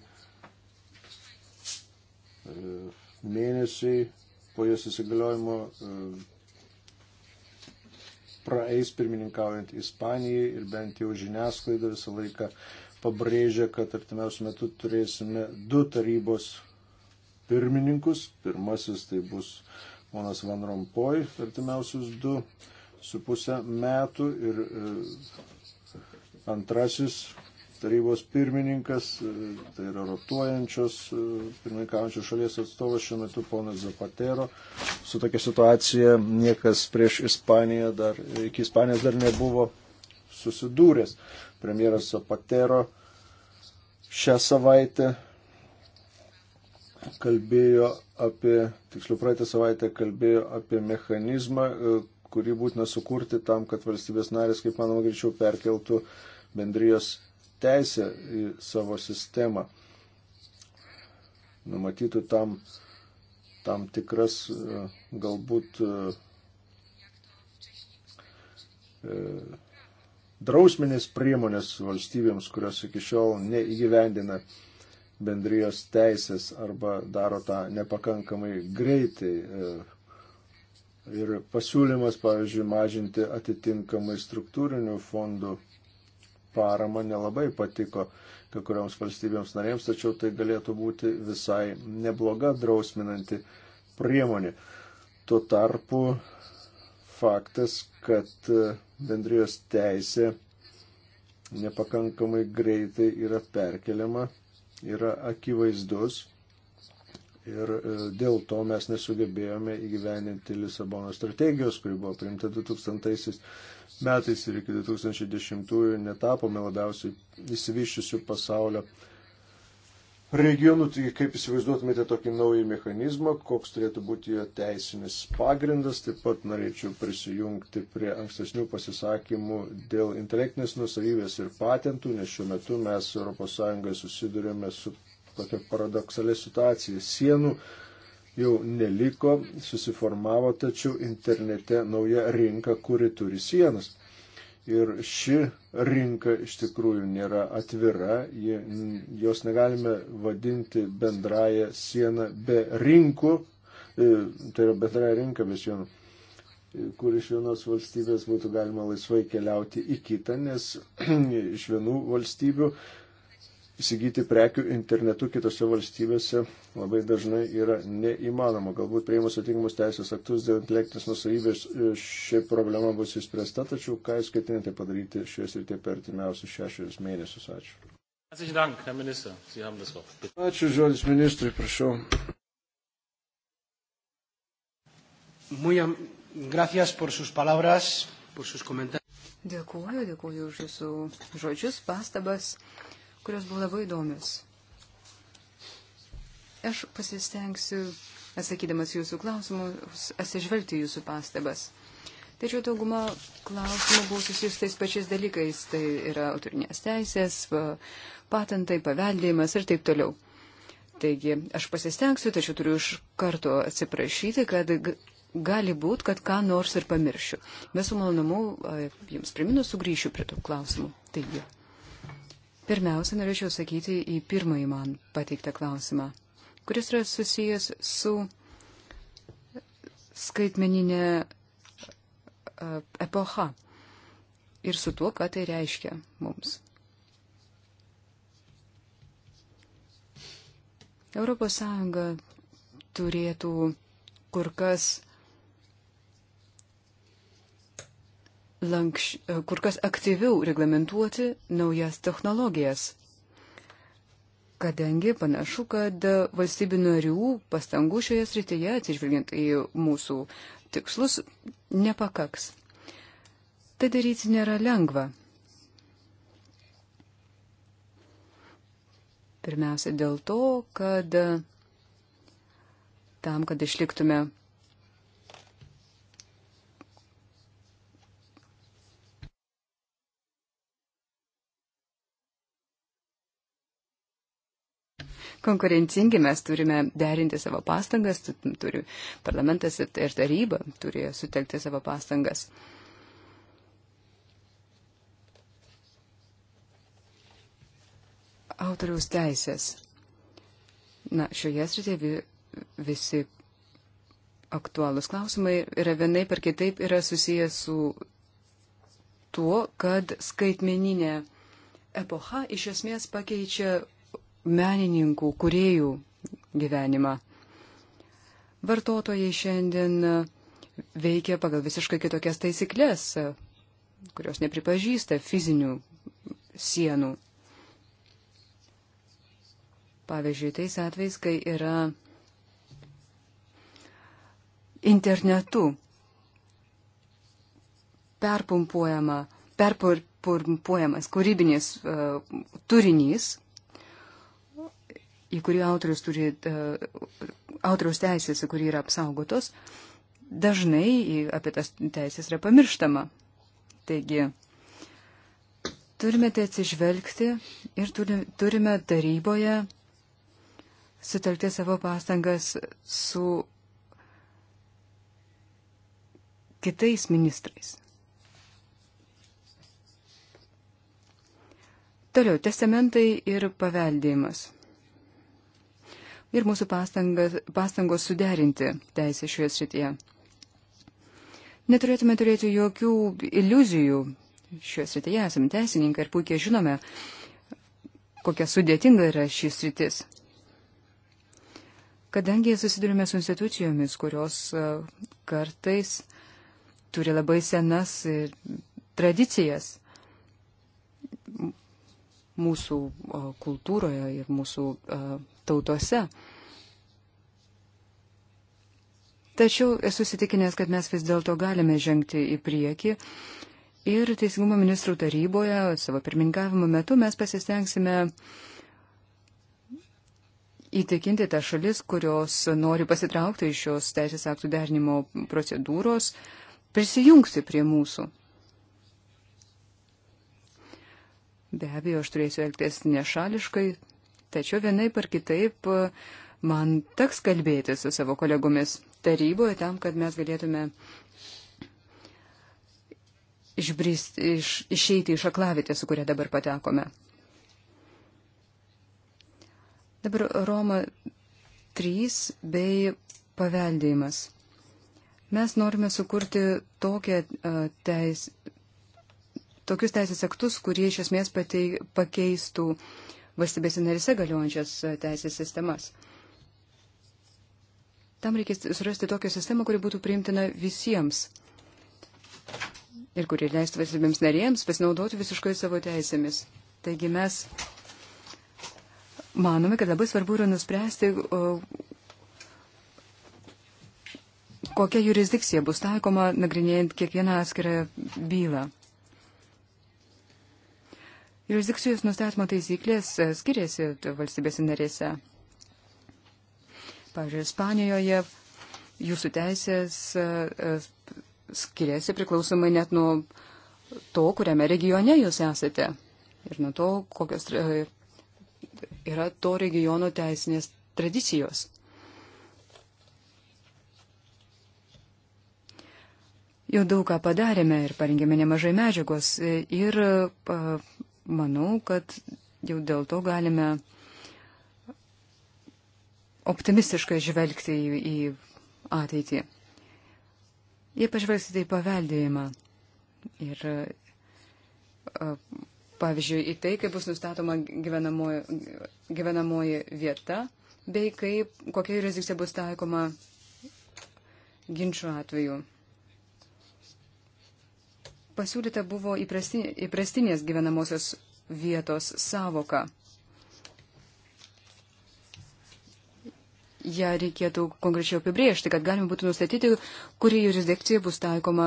mėnesiai po jos įsigaliojimo e, praeis pirmininkaujant Ispanijai ir bent jau žiniasklaida visą laiką pabrėžia, kad artimiausiu metu turėsime du tarybos pirmininkus. Pirmasis tai bus ponas Van Rompuy artimiausius du su pusę metų ir e, antrasis tarybos pirmininkas, e, tai yra rotuojančios, e, pirmininkaujančios šalies atstovas šiuo metu ponas Zapatero. Su tokia situacija niekas prieš Ispaniją dar, iki Ispanijos dar nebuvo susidūręs. Premjeras Zapatero šią savaitę kalbėjo apie, tiksliau praeitą savaitę kalbėjo apie mechanizmą, e, kurį būtina sukurti tam, kad valstybės narės, kaip manoma, greičiau perkeltų bendrijos teisę į savo sistemą, numatytų tam, tam tikras e, galbūt e, e, drausminės priemonės valstybėms, kurios iki šiol neįgyvendina bendrijos teisės arba daro tą nepakankamai greitai. Ir pasiūlymas, pavyzdžiui, mažinti atitinkamai struktūrinių fondų parama nelabai patiko kai kurioms valstybėms narėms, tačiau tai galėtų būti visai nebloga drausminanti priemonė. Tuo tarpu faktas, kad e, bendrijos teisė nepakankamai greitai yra perkeliama, yra akivaizdus ir e, dėl to mes nesugebėjome įgyveninti Lisabono strategijos, kuri buvo priimta 2000 metais ir iki 2010 netapome labiausiai įsivyščiusių pasaulio regionų. Taigi, kaip įsivaizduotumėte tokį naują mechanizmą, koks turėtų būti jo teisinis pagrindas. Taip pat norėčiau prisijungti prie ankstesnių pasisakymų dėl intelektinės nusavybės ir patentų, nes šiuo metu mes ES susidurėme su tokia paradoksalė situacija. Sienų jau neliko, susiformavo tačiau internete nauja rinka, kuri turi sienas. Ir ši rinka iš tikrųjų nėra atvira, jos negalime vadinti bendraja siena be rinkų, e, tai yra bendraja rinka be sienų, e, kur iš vienos valstybės būtų galima laisvai keliauti į kitą, nes iš vienų valstybių įsigyti prekių internetu kitose valstybėse labai dažnai yra neįmanoma. Galbūt prieimus atitinkamus teisės aktus dėl intelektinės nusavybės e, ši problema bus įspręsta, tačiau ką jūs ketinate padaryti šioje srityje per artimiausius šešerius mėnesius? Ačiū. Ačiū žodis ministrui, prašau. Muy am... Gracias por sus palabras, por sus comentarios. Dėkuoju, dėkuoju už jūsų žodžius, pastabas kurios buvo labai įdomios. Aš pasistengsiu, atsakydamas jūsų klausimus, atsižvelgti jūsų pastabas. Tačiau dauguma klausimų buvo susijus tais pačiais dalykais. Tai yra autorinės teisės, patentai, paveldėjimas ir taip toliau. Taigi, aš pasistengsiu, tačiau turiu iš karto atsiprašyti, kad gali būt, kad ką nors ir pamiršiu. Mes su malonumu jums priminu, sugrįšiu prie tų klausimų. Taigi. Pirmiausia, norėčiau sakyti į pirmąjį man pateiktą klausimą, kuris yra susijęs su skaitmeninė e, epocha ir su tuo, ką tai reiškia mums. Europos Sąjunga turėtų kur kas lankš, kur kas aktyviau reglamentuoti naujas technologijas. Kadangi panašu, kad valstybių narių pastangų šioje srityje, atsižvelgiant į mūsų tikslus, nepakaks. Tai daryti nėra lengva. Pirmiausia dėl to, kad tam, kad išliktume konkurencingi, mes turime derinti savo pastangas, turi, parlamentas ir taryba turi sutelkti savo pastangas. Autoriaus teisės. Na, šioje srityje visi aktualūs klausimai yra vienai per kitaip yra susijęs su tuo, kad skaitmeninė epocha iš esmės pakeičia menininkų, kuriejų gyvenimą. Vartotojai šiandien veikia pagal visiškai kitokias taisyklės, kurios nepripažįsta fizinių sienų. Pavyzdžiui, tais atvejais, kai yra internetu perpumpuojama, perpumpuojamas kūrybinis uh, turinys, į kurį autorius turi, e, autoriaus teisės, į kurį yra apsaugotos, dažnai apie tas teisės yra pamirštama. Taigi, turime tai atsižvelgti ir turime taryboje sutelkti savo pastangas su kitais ministrais. Toliau, testamentai ir paveldėjimas ir mūsų pastangos suderinti teisę šioje srityje. Neturėtume turėti jokių iliuzijų šioje srityje, esame teisininkai ir puikiai žinome, kokia sudėtinga yra šis sritis. Kadangi susidurime su institucijomis, kurios e, kartais turi labai senas e, tradicijas mūsų kultūroje ir mūsų e, tautose. Tačiau esu sitikinęs, kad mes vis dėlto galime žengti į priekį ir Teisingumo ministrų taryboje savo pirmininkavimo metu mes pasistengsime įtikinti tą šalis, kurios nori pasitraukti iš šios teisės aktų derinimo procedūros, prisijungti prie mūsų. Be abejo, aš turėsiu elgtis nešališkai, tačiau vienai par kitaip man teks kalbėti su savo kolegomis taryboje tam, kad mes galėtume išbrist, iš, išeiti iš aklavitės, su kuria dabar patekome. Dabar Roma 3 bei paveldėjimas. Mes norime sukurti tokią, teis, tokius teisės aktus, kurie iš esmės patei, pakeistų uh, valstybėse narise galiojančias e, teisės sistemas. Tam reikės surasti tokią sistemą, kuri būtų priimtina visiems ir kuri leistų valstybėms narėms pasinaudoti visiškai savo teisėmis. Taigi mes manome, kad labai svarbu yra nuspręsti, kokia jurisdikcija bus taikoma nagrinėjant kiekvieną atskirą bylą. Jurisdikcijos nustatymo taisyklės e, skiriasi valstybėse narėse. Pavyzdžiui, Ispanijoje jūsų teisės e, e, skiriasi priklausomai net nuo to, kuriame regione jūs esate ir nuo to, kokios yra to regiono teisinės tradicijos. Jau daug ką padarėme ir parengėme nemažai medžiagos ir uh, manau, kad jau dėl to galime optimistiškai žvelgti į, į ateitį. Jei pažvelgsite į paveldėjimą ir, pavyzdžiui, į tai, kaip bus nustatoma gyvenamoji, gyvenamoji vieta, bei kaip, kokia jurisdikcija bus taikoma ginčių atveju pasiūlyta buvo įprastinės gyvenamosios vietos savoka. ją reikėtų konkrečiau apibriežti, kad galima būtų nustatyti, kuri jurisdikcija bus taikoma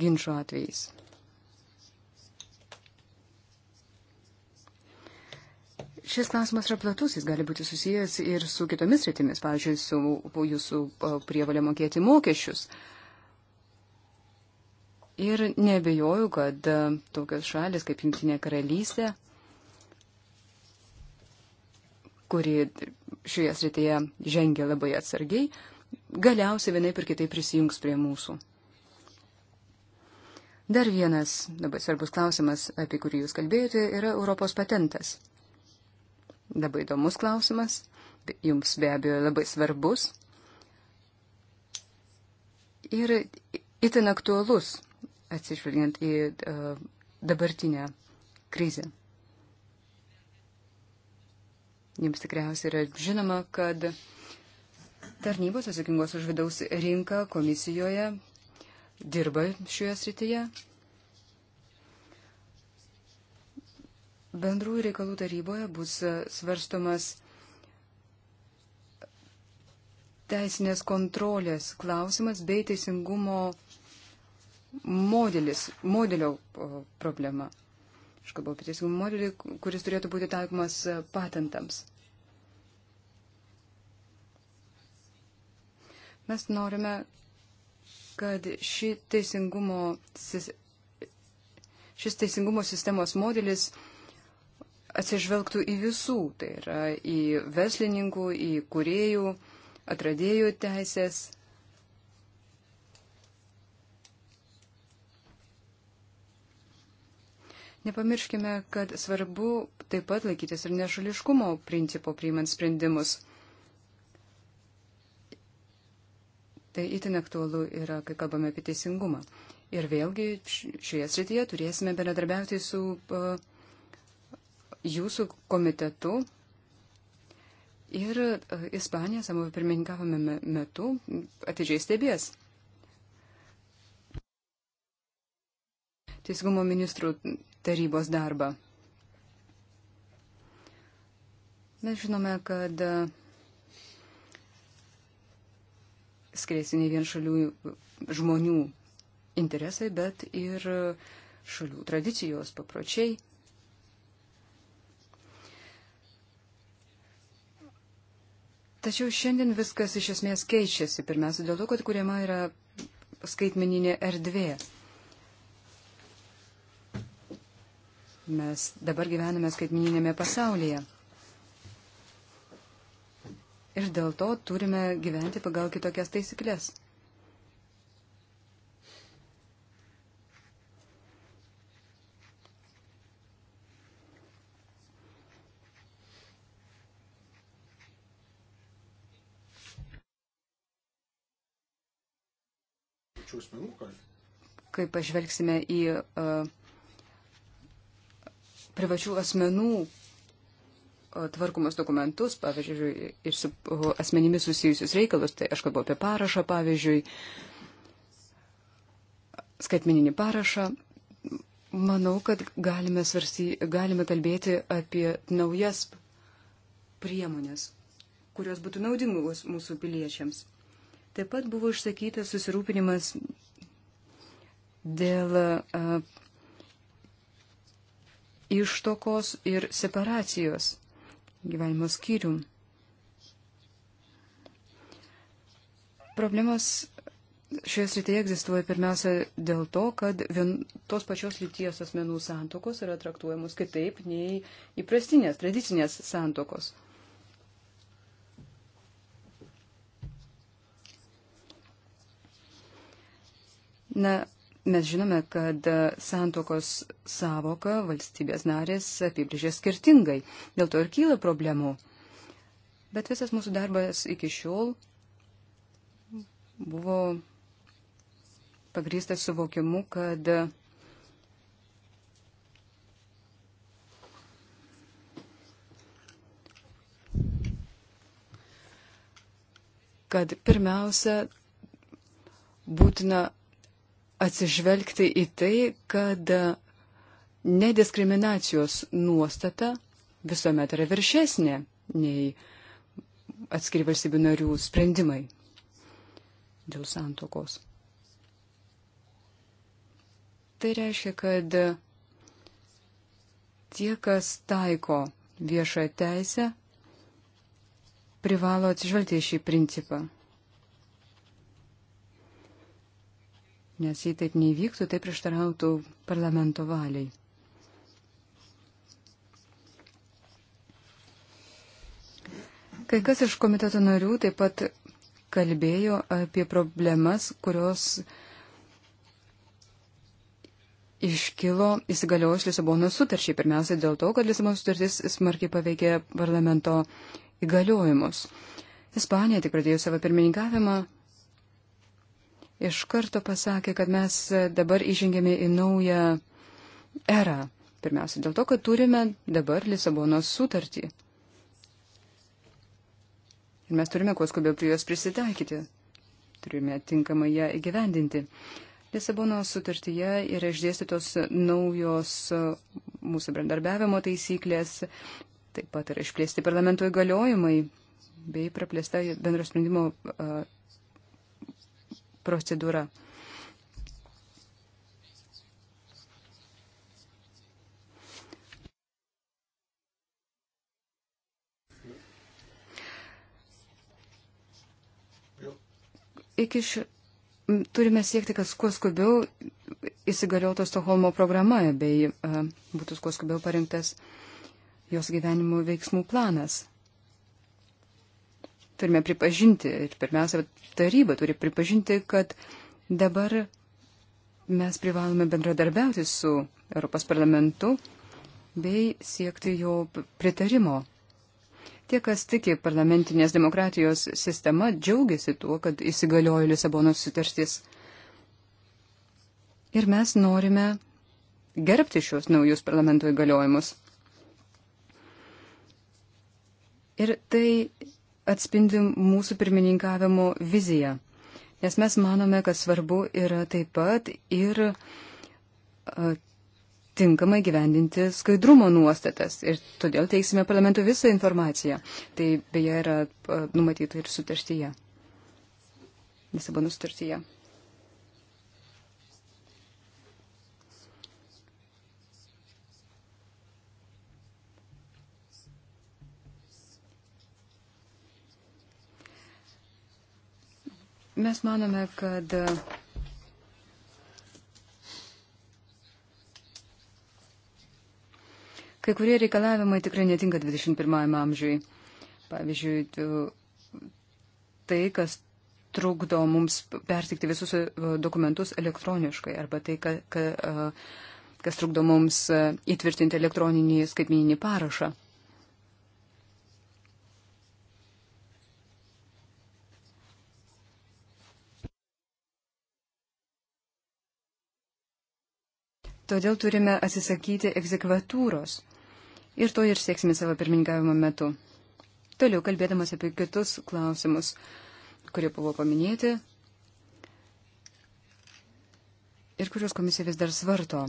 ginčio atvejais. Šis klausimas yra platus, jis gali būti susijęs ir su kitomis rytimis, pavyzdžiui, su jūsų prievalė mokėti mokesčius. Uh, Ir nebejoju, kad e, tokios šalis kaip Junktinė karalystė, kuri šioje srityje žengia labai atsargiai, galiausiai vienaip ir kitaip prisijungs prie mūsų. Dar vienas labai svarbus klausimas, apie kurį jūs kalbėjote, yra Europos patentas. Labai įdomus klausimas, jums be abejo labai svarbus ir itin aktualus atsižvelgiant į e, dabartinę krizę. Jums tikriausiai yra žinoma, kad tarnybos atsakingos už vidaus rinką komisijoje dirba šioje srityje. Bendrųjų reikalų taryboje bus svarstomas teisinės kontrolės klausimas bei teisingumo modelis, modelio problema. Aš kalbu apie teisingumo modelį, kuris turėtų būti taikomas e, patentams. Mes norime, kad ši teisingumo, šis teisingumo sistemos modelis atsižvelgtų į visų, tai yra į verslininkų, į kuriejų, atradėjų teisės Nepamirškime, kad svarbu taip pat laikytis ir nešališkumo principo priimant sprendimus. Tai itin aktualu yra, kai kalbame apie teisingumą. Ir vėlgi šioje srityje turėsime bendradarbiauti su uh, jūsų komitetu. Ir uh, Ispanija savo pirmininkavome metu atidžiai stebės. Teisingumo ministrų tarybos darbą. Mes žinome, kad e, skiriasi ne vien šalių e, žmonių interesai, bet ir e, šalių tradicijos, papročiai. Tačiau šiandien viskas iš esmės keičiasi, pirmiausia dėl to, kad kuriama yra skaitmeninė erdvė. Mes dabar gyvename skaitmininėme pasaulyje. Ir dėl to turime gyventi pagal kitokias taisyklės. Kai pažvelgsime į uh, privačių asmenų tvarkomus dokumentus, pavyzdžiui, ir su asmenimis susijusius reikalus, tai aš kalbu apie parašą, pavyzdžiui, skaitmeninį parašą, manau, kad galime, svarsty, galime kalbėti apie naujas priemonės, kurios būtų naudingos mūsų piliečiams. Taip pat buvo išsakytas susirūpinimas dėl uh, ištokos ir separacijos gyvenimo skyrių. Problemas šioje srityje egzistuoja pirmiausia dėl to, kad vien, tos pačios lyties asmenų santokos yra traktuojamos kitaip nei įprastinės, tradicinės santokos. Na, Mes žinome, kad santokos savoka valstybės narės apibrėžė skirtingai, dėl to ir kyla problemų. Bet visas mūsų darbas iki šiol buvo pagrįstas suvokimu, kad kad pirmiausia būtina atsižvelgti į tai, kad nediskriminacijos nuostata visuomet yra viršesnė nei atskiri valstybių narių sprendimai dėl santokos. Tai reiškia, kad tie, kas taiko viešą teisę, privalo atsižvelgti į šį principą. nes jei taip nevyktų, tai prieštarautų parlamento valiai. Kai kas iš komiteto narių taip pat kalbėjo apie problemas, kurios iškilo įsigaliojus Lisabonos sutarčiai. Pirmiausia dėl to, kad Lisabonos sutartis smarkiai paveikė parlamento įgaliojimus. Ispanija tik pradėjo savo pirmininkavimą iš karto pasakė, kad mes dabar įžengėme į naują erą. Pirmiausia, dėl to, kad turime dabar Lisabonos sutartį. Ir mes turime kuo skubiau prie jos prisitaikyti. Turime tinkamai ją įgyvendinti. Lisabonos sutartyje yra išdėstytos naujos mūsų bendarbiavimo taisyklės, taip pat yra išplėsti parlamento įgaliojimai bei praplėsta bendro sprendimo procedūra. Iki š... Turime siekti, kad kuo skubiau įsigaliotų Stokholmo programa bei uh, būtų kuo skubiau parinktas jos gyvenimo veiksmų planas turime pripažinti, ir pirmiausia, taryba turi pripažinti, kad dabar mes privalome bendradarbiauti su Europos parlamentu bei siekti jo pritarimo. Tie, kas tiki parlamentinės demokratijos sistema, džiaugiasi tuo, kad įsigaliojo Lisabonos sutartis. Ir mes norime gerbti šios naujus parlamento įgaliojimus. Ir tai atspindi mūsų pirmininkavimo viziją. Nes mes manome, kad svarbu yra taip pat ir tinkamai gyvendinti skaidrumo nuostatas. Ir todėl teiksime parlamentu visą informaciją. Tai beje yra numatyta ir sutartyje. Lisabono sutartyje. Mes manome, kad kai kurie reikalavimai tikrai netinka 21 amžiui. Pavyzdžiui, tai, kas trukdo mums pertikti visus e, dokumentus elektroniškai arba tai, ka, ka, e, kas trukdo mums e, įtvirtinti elektroninį skaitmininį parašą. todėl turime atsisakyti egzekvatūros. Ir to ir sieksime savo pirmininkavimo metu. Toliau kalbėdamas apie kitus klausimus, kurie buvo paminėti ir kuriuos komisija vis dar svarto.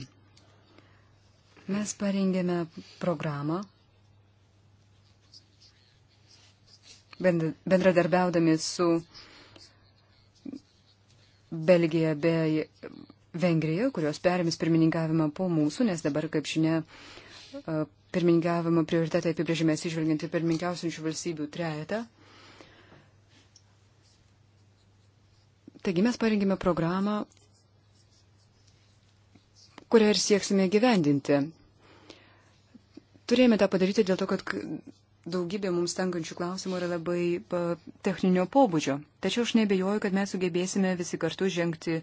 Mes parengėme programą, bendradarbiaudami su Belgija bei Vengrija, kurios perimis pirmininkavimą po mūsų, nes dabar, kaip žinia, e, pirmininkavimo prioritetai apibrėžime atsižvelgiant į pirmininkiausiančių valstybių trejetą. Taigi mes parengėme programą, kurią ir sieksime gyvendinti. Turėjome tą padaryti dėl to, kad daugybė mums tenkančių klausimų yra labai techninio pobūdžio. Tačiau aš nebejoju, kad mes sugebėsime visi kartu žengti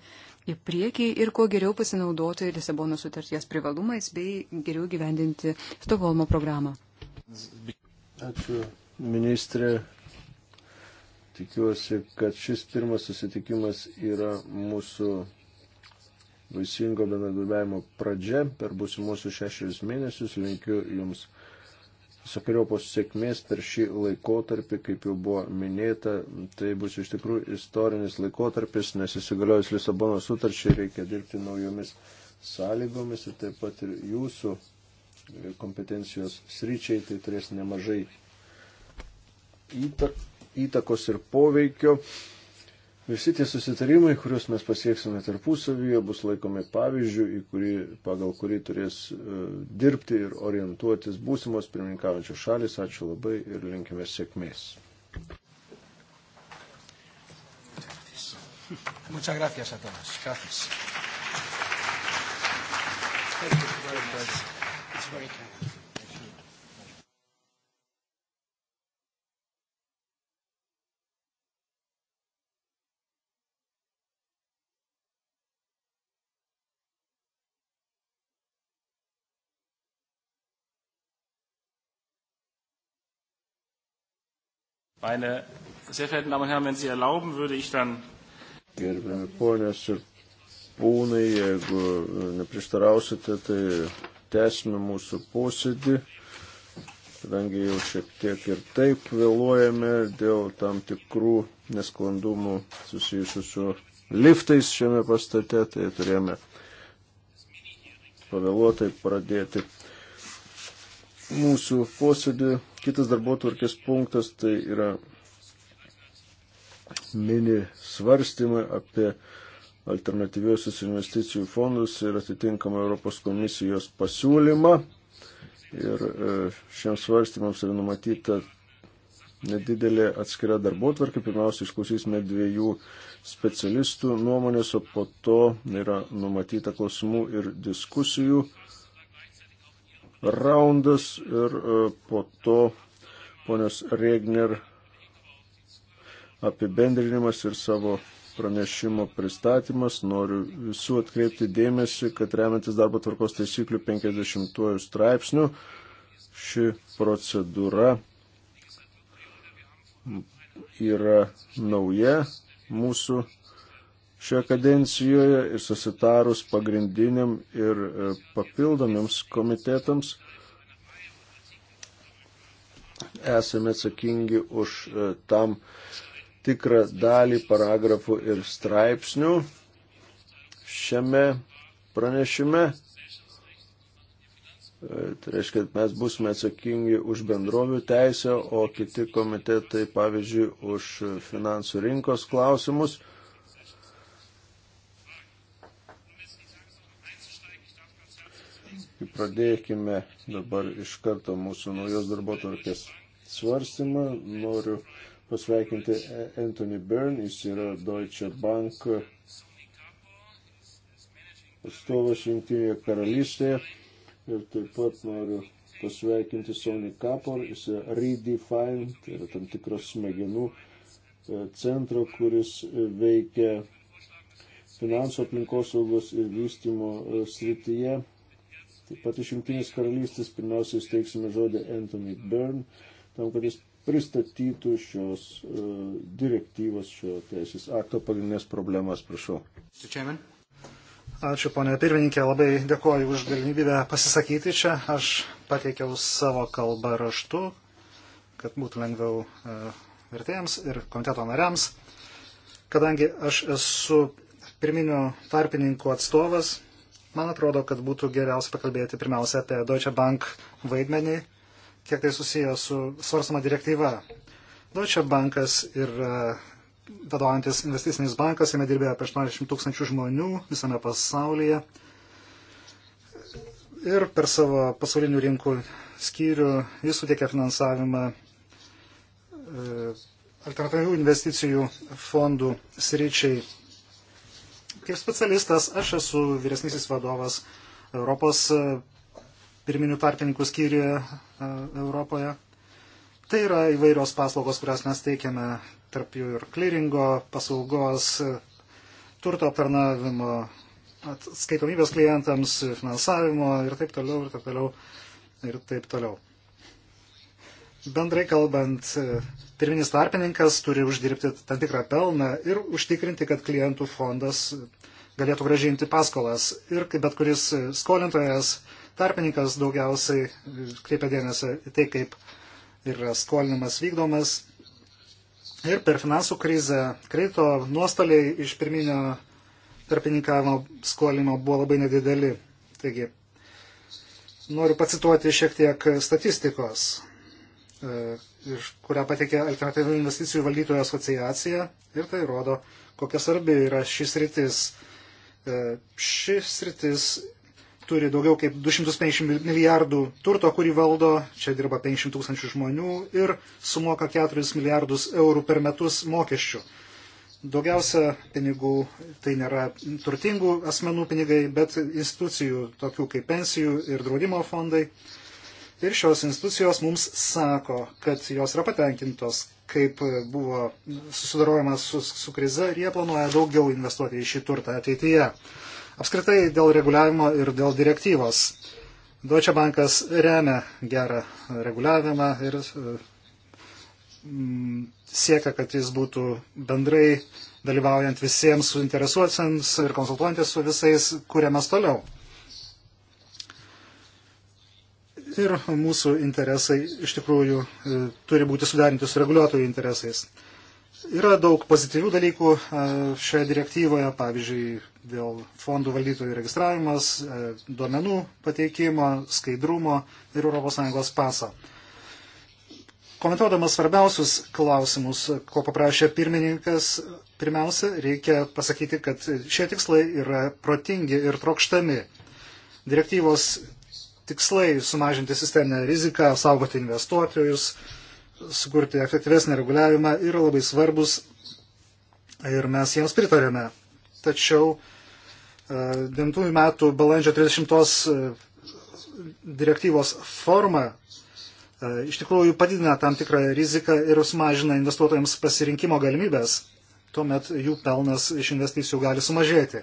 į priekį ir kuo geriau pasinaudoti Lisabono sutarties privalumais bei geriau gyvendinti Stokholmo programą. Ačiū, ministrė. Tikiuosi, kad šis pirmas susitikimas yra mūsų vaisingo bendradarbiavimo pradžia per būsimuosius šešerius mėnesius. Linkiu Jums visokiojopos sėkmės per šį laikotarpį, kaip jau buvo minėta, tai bus iš tikrųjų istorinis laikotarpis, nes įsigaliojus Lisabono sutarčiai reikia dirbti naujomis sąlygomis ir taip pat ir jūsų kompetencijos sryčiai, tai turės nemažai įtakos ir poveikio. Visi tie susitarimai, kuriuos mes pasieksime tarpusavyje, bus laikomi pavyzdžių, kurį, pagal kurį turės e, dirbti ir orientuotis būsimos pirmininkaujančios šalis. Ačiū labai ir linkime sėkmės. Muchas gracias a todos. Gracias. Thank you very much. It's very kind. Meine sehr verehrten Damen und Herren, wenn Sie erlauben, würde ich dann. Gerbiami ponės ir pūnai, jeigu neprieštarausite, tai tęsime mūsų posėdį, kadangi jau šiek tiek ir taip vėluojame dėl tam tikrų nesklandumų susijusių su liftais šiame pastate, tai turėjome pavėluotai pradėti mūsų posėdį. Kitas darbo tvarkės punktas tai yra mini svarstymai apie alternatyviosius investicijų fondus ir atitinkamą Europos komisijos pasiūlymą. Ir e, šiems svarstymams yra numatyta nedidelė atskira darbo tvarka. Pirmiausia, išklausysime dviejų specialistų nuomonės, o po to yra numatyta klausimų ir diskusijų raundas ir e, po to ponios Regner apibendrinimas ir savo pranešimo pristatymas. Noriu visų atkreipti dėmesį, kad remiantis darbo tvarkos taisyklių 50 straipsnių ši procedūra yra nauja mūsų šioje kadencijoje ir susitarus pagrindiniam ir e, papildomiams komitetams esame atsakingi už e, tam tikrą dalį paragrafų ir straipsnių šiame pranešime. E, tai reiškia, kad mes būsime atsakingi už bendrovių teisę, o kiti komitetai, pavyzdžiui, už finansų rinkos klausimus. Ir pradėkime dabar iš karto mūsų naujos darbo tvarkės svarstymą. Noriu pasveikinti Anthony Byrne, jis yra Deutsche Bank atstovas Junktinėje karalystėje. Ir taip pat noriu pasveikinti Sony Kapor, jis yra Redefine, tai yra tam tikras smegenų e, centro, kuris veikia finansų aplinkosaugos ir vystimo e, srityje. Taip pat iš Junktinės karalystės pirmiausiai steiksime žodį Anthony Byrne, tam, kad jis pristatytų šios uh, direktyvos, šio teisės akto pagrindinės problemas. Prašau. Ačiū, ponė pirmininkė, labai dėkuoju už galimybę pasisakyti čia. Aš pateikiau savo kalbą raštu, kad būtų lengviau uh, vertėjams ir komiteto nariams. Kadangi aš esu pirminių tarpininkų atstovas, Man atrodo, kad būtų geriausia pakalbėti pirmiausia apie Deutsche Bank vaidmenį, kiek tai susiję su svarstama direktyva. Deutsche Bankas ir e, vadovantis investicinis bankas, jame dirbėjo apie 80 tūkstančių žmonių visame pasaulyje. Ir per savo pasaulinių rinkų skyrių jis suteikia finansavimą e, alternatyvių investicijų fondų sričiai Kaip specialistas aš esu vyresnysis vadovas Europos e, pirminių tarpininkų skyriuje e, Europoje. Tai yra įvairios paslaugos, kurias mes teikiame, tarp jų ir kliringo, paslaugos, e, turto aptarnavimo, atskaitomybės klientams, finansavimo ir taip toliau, ir taip toliau, ir taip toliau. Bendrai kalbant, e, pirminis tarpininkas turi uždirbti tam tikrą pelną ir užtikrinti, kad klientų fondas galėtų gražinti paskolas. Ir kaip bet kuris skolintojas, tarpininkas daugiausiai e, kreipia dėmesį į tai, kaip yra skolinimas vykdomas. Ir per finansų krizę kredito nuostoliai iš pirminio tarpininkavimo skolimo buvo labai nedideli. Taigi, noriu pacituoti šiek tiek statistikos. E, kurią pateikė Alternatyvių investicijų valdytojų asociacija ir tai rodo, kokia svarbi yra šis rytis. E, šis rytis turi daugiau kaip 250 milijardų turto, kurį valdo, čia dirba 500 tūkstančių žmonių ir sumoka 4 milijardus eurų per metus mokesčių. Daugiausia pinigų tai nėra turtingų asmenų pinigai, bet institucijų tokių kaip pensijų ir draudimo fondai Ir šios institucijos mums sako, kad jos yra patenkintos, kaip buvo susidarojama su, su krize ir jie planuoja daugiau investuoti į šį turtą ateityje. Apskritai dėl reguliavimo ir dėl direktyvos. Deutsche Bankas remia gerą reguliavimą ir mm, siekia, kad jis būtų bendrai dalyvaujant visiems suinteresuotams ir konsultuojantis su visais, kuriamas toliau. ir mūsų interesai iš tikrųjų e, turi būti sudarinti su reguliuotojų interesais. Yra daug pozityvių dalykų e, šioje direktyvoje, pavyzdžiui, dėl fondų valdytojų registravimas, e, duomenų pateikimo, skaidrumo ir ES paso. Komentuodamas svarbiausius klausimus, ko paprašė pirmininkas, pirmiausia, reikia pasakyti, kad šie tikslai yra protingi ir trokštami. Direktyvos tikslai sumažinti sisteminę riziką, saugoti investuotojus, sukurti efektyvesnį reguliavimą yra labai svarbus ir mes jiems pritarėme. Tačiau 9 e, metų balandžio 30 e, direktyvos forma e, iš tikrųjų padidina tam tikrą riziką ir sumažina investuotojams pasirinkimo galimybės. Tuomet jų pelnas iš investicijų gali sumažėti.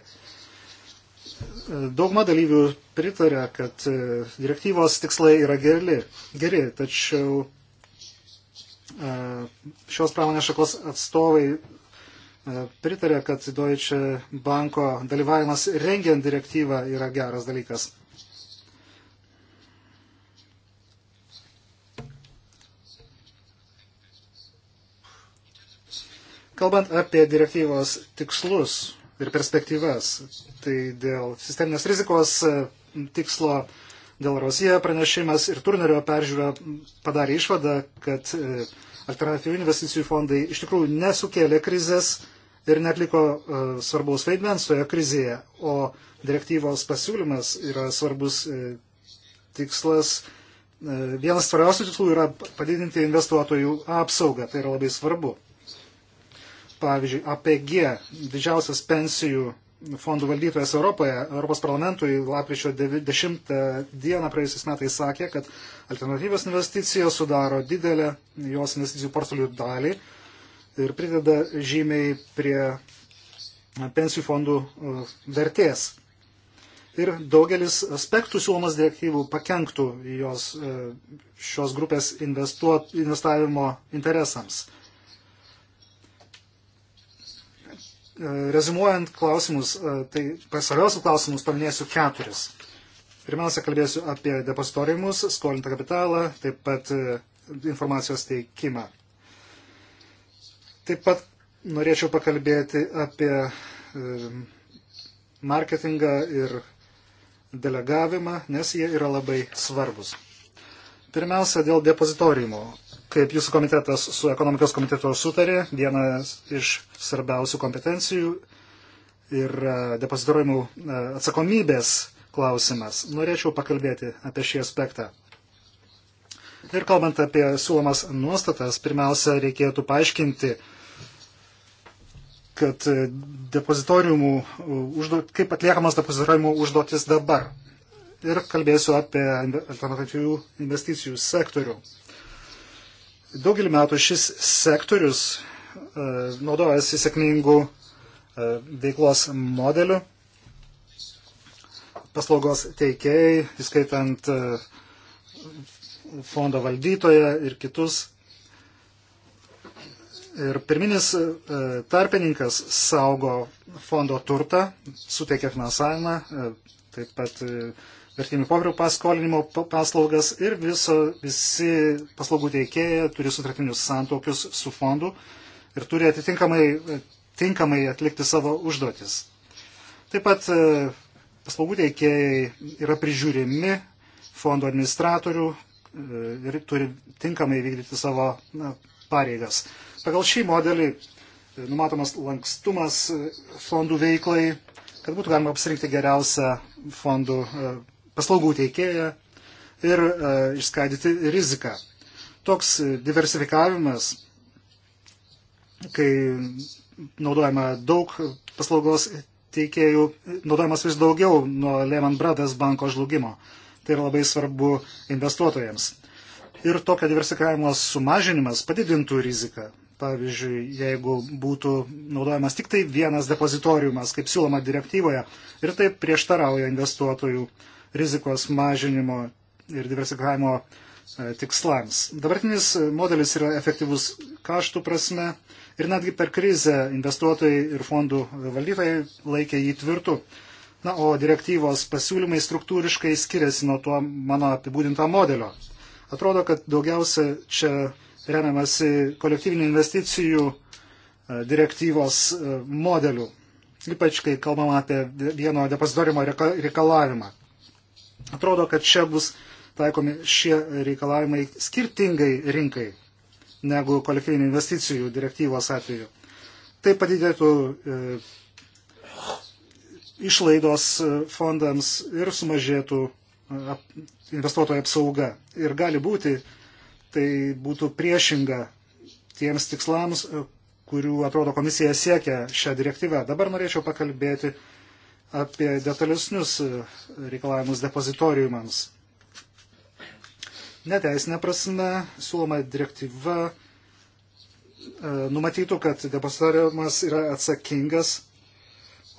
Daugma dalyvių pritarė, kad e, direktyvos tikslai yra geri, geri tačiau e, šios pramonės šakos atstovai e, pritarė, kad Deutsche banko dalyvavimas rengiant direktyvą yra geras dalykas. Kalbant apie direktyvos tikslus, ir perspektyvas. Tai dėl sisteminės rizikos e, tikslo, dėl Rozija pranešimas ir Turnerio peržiūra padarė išvadą, kad e, alternatyvių investicijų fondai iš tikrųjų nesukėlė krizės ir netliko e, svarbaus vaidmens toje krizėje, o direktyvos pasiūlymas yra svarbus tikslas. Vienas svarbiausių tikslų yra padidinti investuotojų apsaugą, tai yra labai svarbu. Pavyzdžiui, APG, didžiausias pensijų fondų valdytojas Europoje, Europos parlamentui lapkričio 10 dieną praėjusiais metais sakė, kad alternatyvios investicijos sudaro didelę jos investicijų portfelių dalį ir prideda žymiai prie pensijų fondų e, vertės. Ir daugelis aspektų siūlomas direktyvų pakenktų jos e, šios grupės investuot, investavimo interesams. E, rezumuojant klausimus, e, tai svarbiausius klausimus paminėsiu keturis. Pirmiausia, kalbėsiu apie depozitoriumus, skolintą kapitalą, taip pat e, informacijos teikimą. Taip pat norėčiau pakalbėti apie marketingą ir delegavimą, nes jie yra labai svarbus. Pirmiausia, dėl depozitoriumo kaip jūsų komitetas su ekonomikos komiteto sutarė, viena iš svarbiausių kompetencijų ir depozitorojimų e, atsakomybės klausimas. Norėčiau pakalbėti apie šį aspektą. Ir kalbant apie siūlomas nuostatas, pirmiausia, reikėtų paaiškinti, kad depozitoriumų, e, užduot, kaip atliekamas depozitoriumų užduotis dabar. Ir kalbėsiu apie alternatyvių investicijų sektorių. Daugelį metų šis sektorius e, naudojasi sėkmingų e, veiklos modelių. Paslaugos teikėjai, įskaitant e, fondo valdytoje ir kitus. Ir pirminis tarpininkas saugo fondo turtą, suteikia finansavimą, taip pat vertinių popierių paskolinimo paslaugas ir viso, visi paslaugų teikėjai turi sutartinius santokius su fondu ir turi atitinkamai tinkamai atlikti savo užduotis. Taip pat e, paslaugų teikėjai yra prižiūrimi fondo administratorių e, ir turi tinkamai vykdyti savo na, pareigas. Pagal šį modelį e, numatomas lankstumas fondų veiklai, kad būtų galima apsirinkti geriausią fondų paslaugų teikėją ir e, išskaidyti riziką. Toks diversifikavimas, kai naudojama daug paslaugos teikėjų, naudojamas vis daugiau nuo Lehman Brothers banko žlugimo. Tai yra labai svarbu investuotojams. Ir tokio diversifikavimo sumažinimas padidintų riziką. Pavyzdžiui, jeigu būtų naudojamas tik tai vienas depozitoriumas, kaip siūloma direktyvoje, ir tai prieštarauja investuotojų uh, rizikos mažinimo ir diversifikavimo e, tikslams. Dabartinis e, modelis yra efektyvus kaštų prasme ir netgi per krizę investuotojai ir fondų valdytojai laikė jį tvirtu. Na, o direktyvos pasiūlymai struktūriškai skiriasi nuo to mano apibūdinto modelio. Atrodo, kad daugiausia čia remiamasi kolektyvinių investicijų e, direktyvos modelių, ypač kai kalbama apie vieno depozitorimo reikalavimą. Atrodo, kad čia bus taikomi šie reikalavimai skirtingai rinkai negu kolektyvinių investicijų direktyvos atveju. Tai padidėtų e, išlaidos e, fondams ir sumažėtų e, ap, investuotojų apsauga. Ir gali būti, tai būtų priešinga tiems tikslams, e, kurių atrodo komisija siekia šią direktyvą. Dabar norėčiau pakalbėti apie detalesnius e, reikalavimus depozitoriumams. Neteisinė prasme, siūloma direktyva e, numatytų, kad depozitoriumas yra atsakingas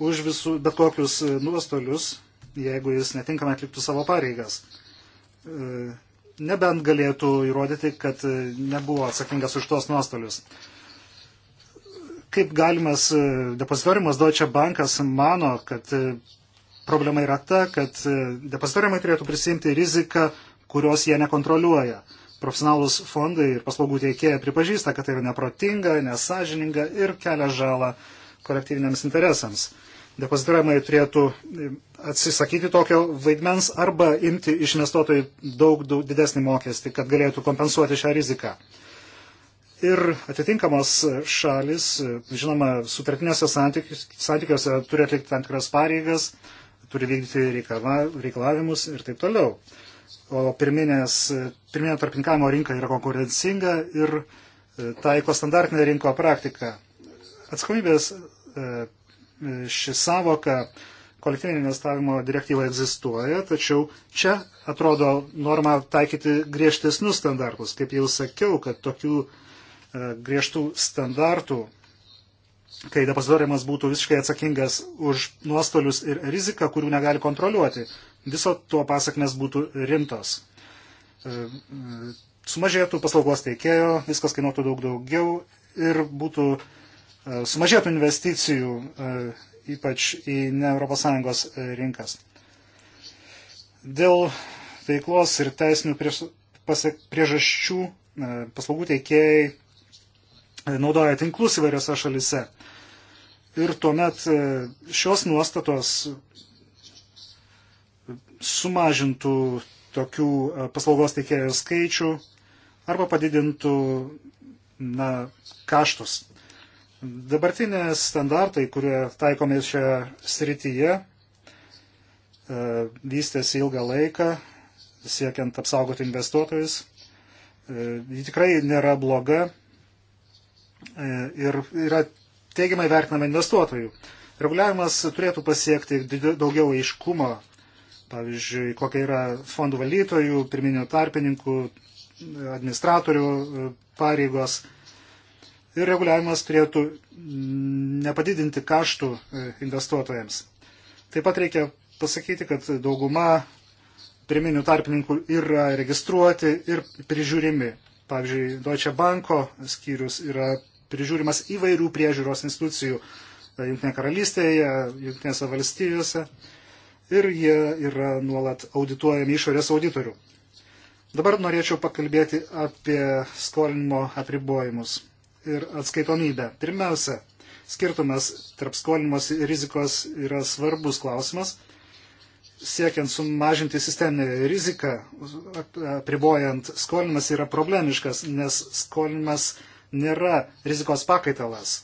už visų, bet kokius e, nuostolius, jeigu jis netinkamai atliktų savo pareigas. Nebent galėtų įrodyti, kad nebuvo atsakingas už tuos nuostolius kaip galimas e, depozitoriumas Deutsche Bankas mano, kad e, problema yra ta, kad e, depozitoriumai turėtų prisimti riziką, kurios jie nekontroliuoja. Profesionalus fondai ir paslaugų teikėjai pripažįsta, kad tai yra neprotinga, nesažininga ir kelia žalą kolektyviniams interesams. Depozitoriumai turėtų atsisakyti tokio vaidmens arba imti iš investuotojų daug, daug didesnį mokestį, kad galėtų kompensuoti šią riziką ir atitinkamos šalis, žinoma, sutartinėse santykiuose turi atlikti tam tikras pareigas, turi vykdyti reikalavimus ir taip toliau. O pirminės, pirminė tarpininkavimo rinka yra konkurencinga ir e, taiko standartinę rinko praktiką. Atsakomybės e, ši savoka kolektyvinio investavimo direktyva egzistuoja, tačiau čia atrodo norma taikyti griežtesnius standartus. Kaip jau sakiau, kad tokių uh, E, griežtų standartų, kai depozitoriumas būtų visiškai atsakingas už nuostolius ir riziką, kurių negali kontroliuoti. Viso to pasaknes būtų rimtos. E, e, sumažėtų paslaugos teikėjo, viskas kainuotų daug daugiau ir būtų sumažėtų investicijų, ypač į ne ES rinkas. Dėl veiklos ir teisinių priežasčių paslaugų teikėjai E, naudoja tinklus įvairiose šalise. Ir tuomet e, šios nuostatos sumažintų tokių e, paslaugos teikėjų skaičių arba padidintų na, kaštus. Dabartinė standartai, kurie taikomi šioje srityje, vystėsi ilgą laiką, siekiant apsaugoti investuotojus. Ji tikrai nėra bloga, E, ir yra teigiamai vertinama investuotojų. Reguliavimas turėtų pasiekti daugiau aiškumo, pavyzdžiui, kokia yra fondų valytojų, pirminių tarpininkų, administratorių e, pareigos. Ir reguliavimas turėtų nepadidinti kaštų e, investuotojams. Taip pat reikia pasakyti, kad dauguma pirminių tarpininkų yra registruoti ir prižiūrimi. Pavyzdžiui, Deutsche Banko skyrius yra prižiūrimas įvairių priežiūros institucijų e, Junktinėje karalystėje, Junktinėse valstijose ir jie yra nuolat audituojami išorės auditorių. Dabar norėčiau pakalbėti apie skolinimo apribojimus ir atskaitomybę. Pirmiausia, skirtumas tarp skolinimos ir rizikos yra svarbus klausimas. Siekiant sumažinti sisteminę riziką, apribojant skolinimas yra problemiškas, nes skolinimas nėra rizikos pakaitalas.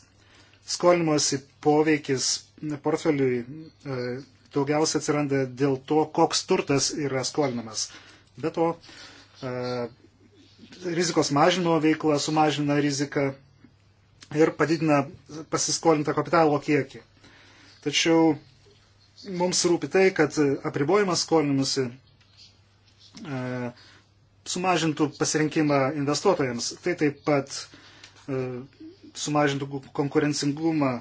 Skolimosi poveikis portfeliui e, daugiausia atsiranda dėl to, koks turtas yra skolinamas. Be to, e, rizikos mažinimo veikla sumažina riziką ir padidina pasiskolintą kapitalo kiekį. Tačiau mums rūpi tai, kad apribojimas skolinimusi e, sumažintų pasirinkimą investuotojams. Tai taip pat E, sumažintų konkurencingumą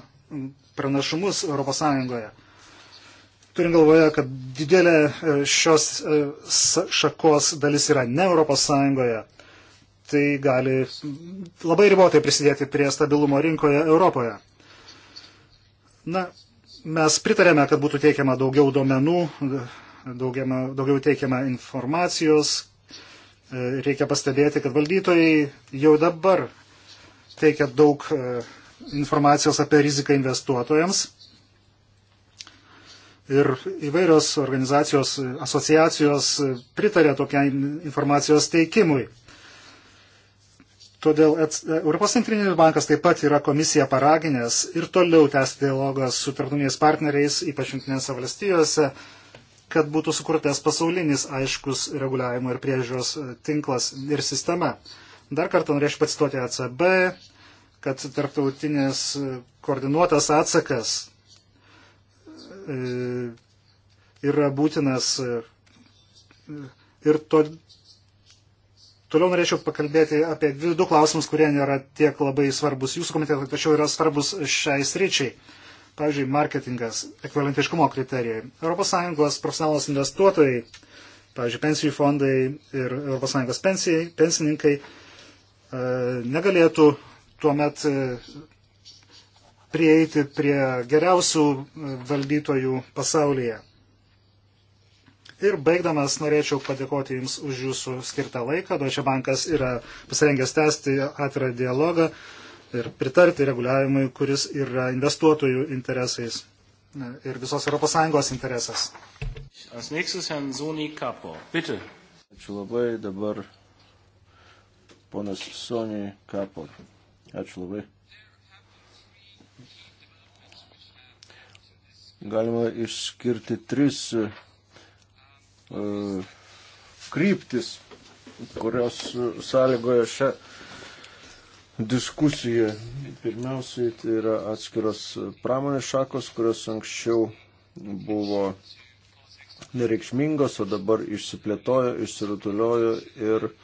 pranašumus ES. Turim galvoje, kad didelė e, šios e, šakos dalis yra ne ES, tai gali labai ribotai prisidėti prie stabilumo rinkoje Europoje. Na, mes pritarėme, kad būtų teikiama daugiau duomenų, daugiama, daugiau teikiama informacijos. Reikia pastebėti, kad valdytojai jau dabar teikia daug e, informacijos apie riziką investuotojams. Ir įvairios organizacijos, e, asociacijos e, pritarė tokiai informacijos teikimui. Todėl Europos centrinis bankas taip pat yra komisija paraginęs ir toliau tęsti dialogą su tarptautiniais partneriais, ypač Junktinėse valstijose, kad būtų sukurtas pasaulinis aiškus reguliavimo ir priežiūros tinklas ir sistema. Dar kartą norėčiau pacituoti ECB, kad tarptautinis koordinuotas atsakas e, yra būtinas. E, ir to, toliau norėčiau pakalbėti apie dvi, du klausimus, kurie nėra tiek labai svarbus jūsų komitetui, tačiau yra svarbus šiai sryčiai. Pavyzdžiui, marketingas, ekvivalentiškumo kriterijai. ES profesionalos investuotojai, pavyzdžiui, pensijų fondai ir ES pensijai, pensininkai E, negalėtų tuomet e, prieiti prie geriausių e, valdytojų pasaulyje. Ir baigdamas norėčiau padėkoti Jums už Jūsų skirtą laiką. Deutsche Bankas yra pasirengęs tęsti atvirą dialogą ir pritarti reguliavimui, kuris yra investuotojų interesais ir visos ES interesas. Ačiū labai dabar ponas Sonijai Kapo. Ačiū labai. Galima išskirti tris uh, kryptis, kurios sąlygoja šią diskusiją. Pirmiausiai tai yra atskiros pramonės šakos, kurios anksčiau buvo nereikšmingos, o dabar išsiplėtojo, išsirutuliojo ir uh,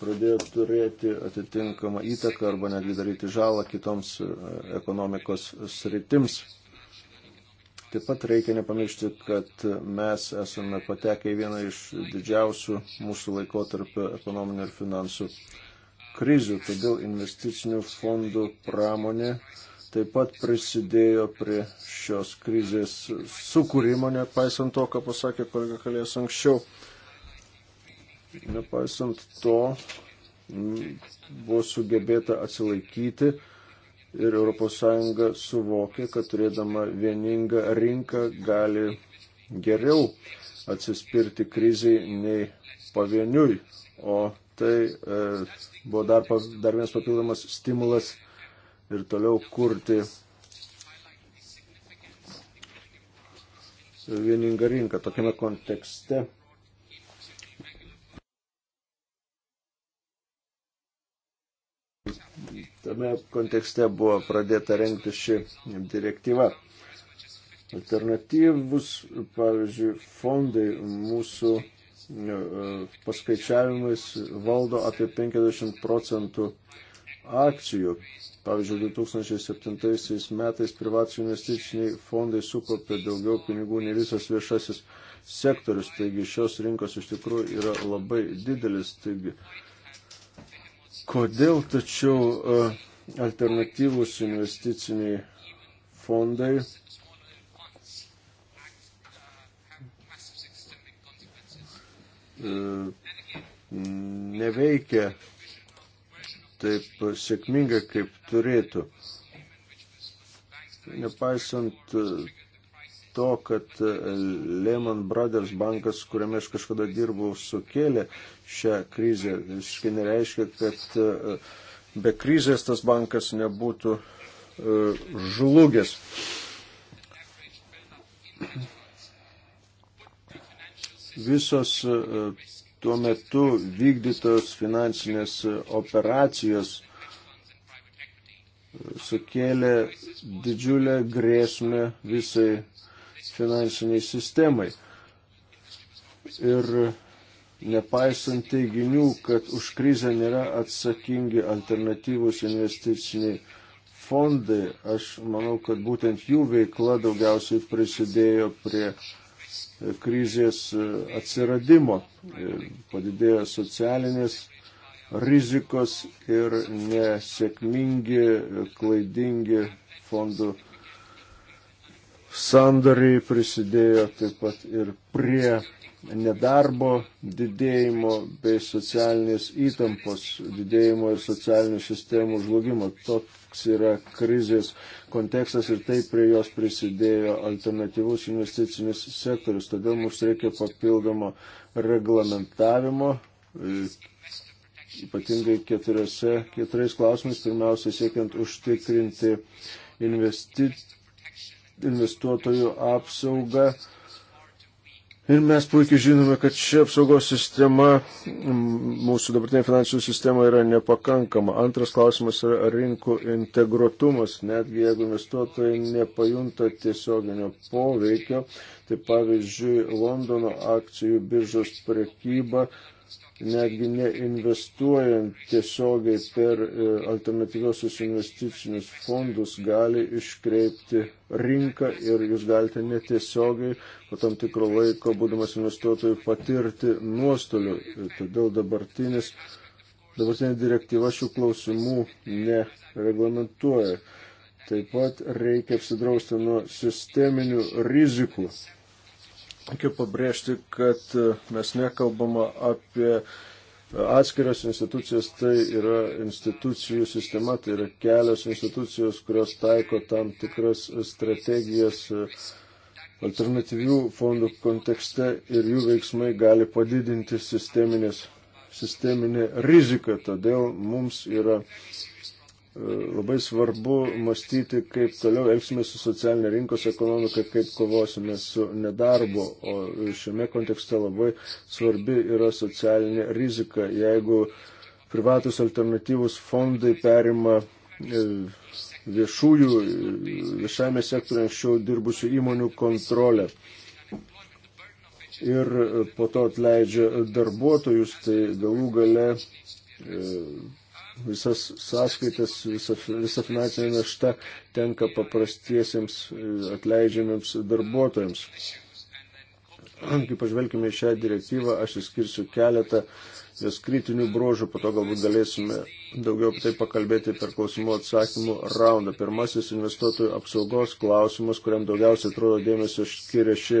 pradėjo turėti atitinkamą įtaką arba netgi daryti žalą kitoms e, ekonomikos sritims. Taip pat reikia nepamiršti, kad mes esame patekę į vieną iš didžiausių mūsų laikotarpio ekonominių ir finansų krizių, todėl investicinių fondų pramonė taip pat prisidėjo prie šios krizės sukūrimo, nepaisant to, ką pasakė kolega Kalės anksčiau. Nepaisant to, buvo sugebėta atsilaikyti ir ES suvokė, kad turėdama vieningą rinką gali geriau atsispirti kriziai nei pavieniui. O tai e, buvo dar, dar vienas papildomas stimulas ir toliau kurti vieningą rinką. Tokiame kontekste Tame kontekste buvo pradėta renkti ši direktyva. Alternatyvus, pavyzdžiui, fondai mūsų e, paskaičiavimais valdo apie 50 procentų akcijų. Pavyzdžiui, 2007 metais privacijų investiciniai fondai sukaupė daugiau pinigų nei visas viešasis sektorius, taigi šios rinkos iš tikrųjų yra labai didelis, taigi Kodėl tačiau e, alternatyvūs investiciniai fondai e, neveikia taip sėkmingai, kaip turėtų. Nepaisant e, to, kad e, Lehman Brothers bankas, kuriame aš kažkada dirbau, sukėlė šią krizę. Visiškai nereiškia, kad e, be krizės tas bankas nebūtų e, žlugęs. Visos tuo metu vykdytos finansinės operacijos sukėlė didžiulę grėsmę visai finansiniai sistemai. Ir nepaisant teiginių, kad už krizę nėra atsakingi alternatyvus investiciniai fondai, aš manau, kad būtent jų veikla daugiausiai prisidėjo prie krizės atsiradimo, padidėjo socialinės rizikos ir nesėkmingi, klaidingi fondų sandariai prisidėjo taip pat ir prie nedarbo didėjimo bei socialinės įtampos didėjimo ir socialinių sistemų žlugimo. Toks yra krizės kontekstas ir taip prie jos prisidėjo alternatyvus investicinis sektorius. Todėl mums reikia papildomo reglamentavimo, ypatingai keturiose, keturiais klausimais, pirmiausia siekiant užtikrinti investicijų investuotojų apsaugą. Ir mes puikiai žinome, kad ši apsaugos sistema, mūsų dabartinė finansų sistema yra nepakankama. Antras klausimas yra rinkų integruotumas. Netgi jeigu investuotojai nepajunta tiesioginio poveikio, tai pavyzdžiui, Londono akcijų biržos prekyba netgi neinvestuojant tiesiogiai per e, alternatyviosius investicinius fondus, gali iškreipti rinką ir jūs galite netiesiogiai po tam tikro laiko, būdamas investuotojų, patirti nuostolių. E, todėl dabartinis, dabartinė direktyva šių klausimų nereglamentuoja. Taip pat reikia apsidrausti nuo sisteminių rizikų Reikia pabrėžti, kad e, mes nekalbama apie atskiras institucijas, tai yra institucijų sistema, tai yra kelios institucijos, kurios taiko tam tikras strategijas e, alternatyvių fondų kontekste ir jų veiksmai gali padidinti sisteminę riziką. Todėl mums yra Labai svarbu mąstyti, kaip toliau elgsime su socialinė rinkos ekonomika, kaip kovosime su nedarbu. O šiame kontekste labai svarbi yra socialinė rizika. Jeigu privatus alternatyvus fondai perima e, viešųjų, viešame sektoriu anksčiau dirbusių įmonių kontrolę. Ir po to atleidžia darbuotojus, tai galų gale e, visas sąskaitas, visa, visa finansinė našta tenka paprastiesiems e, atleidžiamiams darbuotojams. Kaip pažvelgime šią direktyvą, aš įskirsiu keletą jos kritinių brožų, po to galbūt galėsime daugiau apie tai pakalbėti per klausimų atsakymų raundą. Pirmasis investuotojų apsaugos klausimas, kuriam daugiausiai atrodo dėmesio skiria ši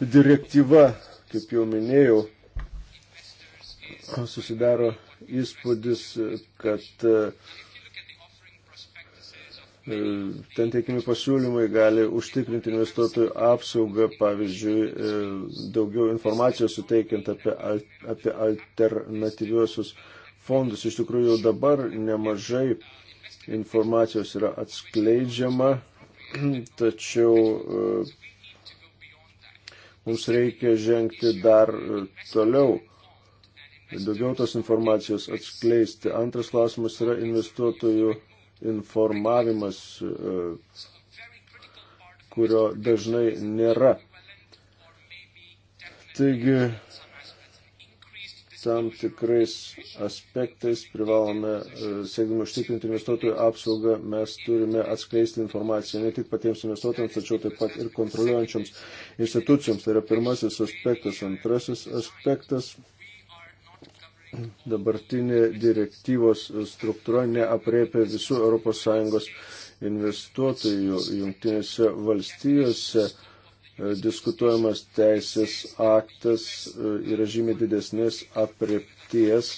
direktyva, kaip jau minėjau, susidaro įspūdis, kad e, ten teikimi pasiūlymai gali užtikrinti investuotojų apsaugą, pavyzdžiui, e, daugiau informacijos suteikiant apie, apie alternatyviuosius fondus. Iš tikrųjų, jau dabar nemažai informacijos yra atskleidžiama, tačiau e, mums reikia žengti dar toliau daugiau tos informacijos atskleisti. Antras klausimas yra investuotojų informavimas, e, kurio dažnai nėra. Taigi, tam tikrais aspektais privalome, e, siekdami užtikrinti investuotojų apsaugą, mes turime atskleisti informaciją ne tik patiems investuotojams, tačiau taip pat ir kontroliuojančioms institucijoms. Tai yra pirmasis aspektas. Antrasis aspektas dabartinė direktyvos struktūra neapriepia visų ES investuotojų jungtinėse valstijose. E, diskutuojamas teisės aktas e, yra žymiai didesnės apriepties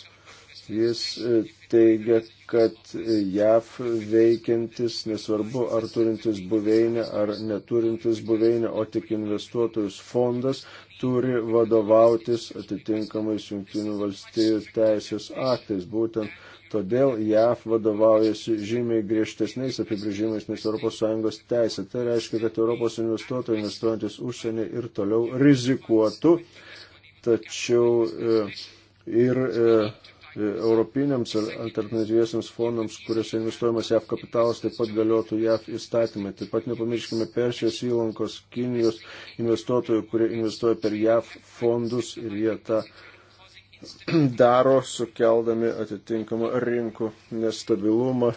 Jis e, teigia, kad e, JAV veikiantis, nesvarbu ar turintis buveinę ar neturintis buveinę, o tik investuotojus fondas turi vadovautis atitinkamais jungtinių valstybių teisės aktais. Būtent todėl JAV vadovaujasi žymiai griežtesniais apibrėžimais nes ES teisė. Tai reiškia, kad Europos investuotojai investuojantis užsienį ir toliau rizikuotų, tačiau e, ir. E, europiniams ir alternatyviesiams fondams, kuriuose investuojamas JAF kapitalas, taip pat galiotų JAF įstatymai. Taip pat nepamirškime Persijos įlankos Kinijos investuotojų, kurie investuoja per JAF fondus ir jie tą daro, sukeldami atitinkamą rinkų nestabilumą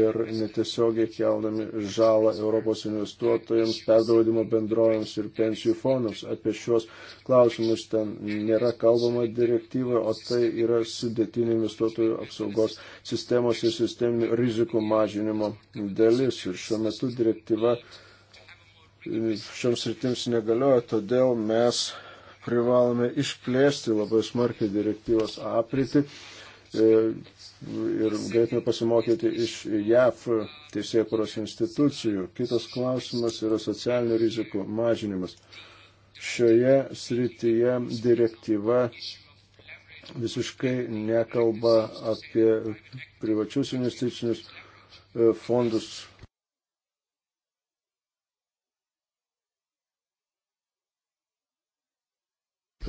ir netiesiogiai keldami žalą Europos investuotojams, perdraudimo bendrovėms ir pensijų fondams. Apie šios klausimus ten nėra kalbama direktyvoje, o tai yra sudėtinė investuotojų apsaugos sistemos ir sisteminių rizikų mažinimo dalis. Ir šiuo metu direktyva e, šioms rytims negalioja, todėl mes privalome išplėsti labai smarkiai direktyvos apritį e, ir galėtume pasimokyti iš JAF teisėkuros institucijų. Kitas klausimas yra socialinių rizikų mažinimas. Šioje srityje direktyva visiškai nekalba apie privačius investicinius e, fondus.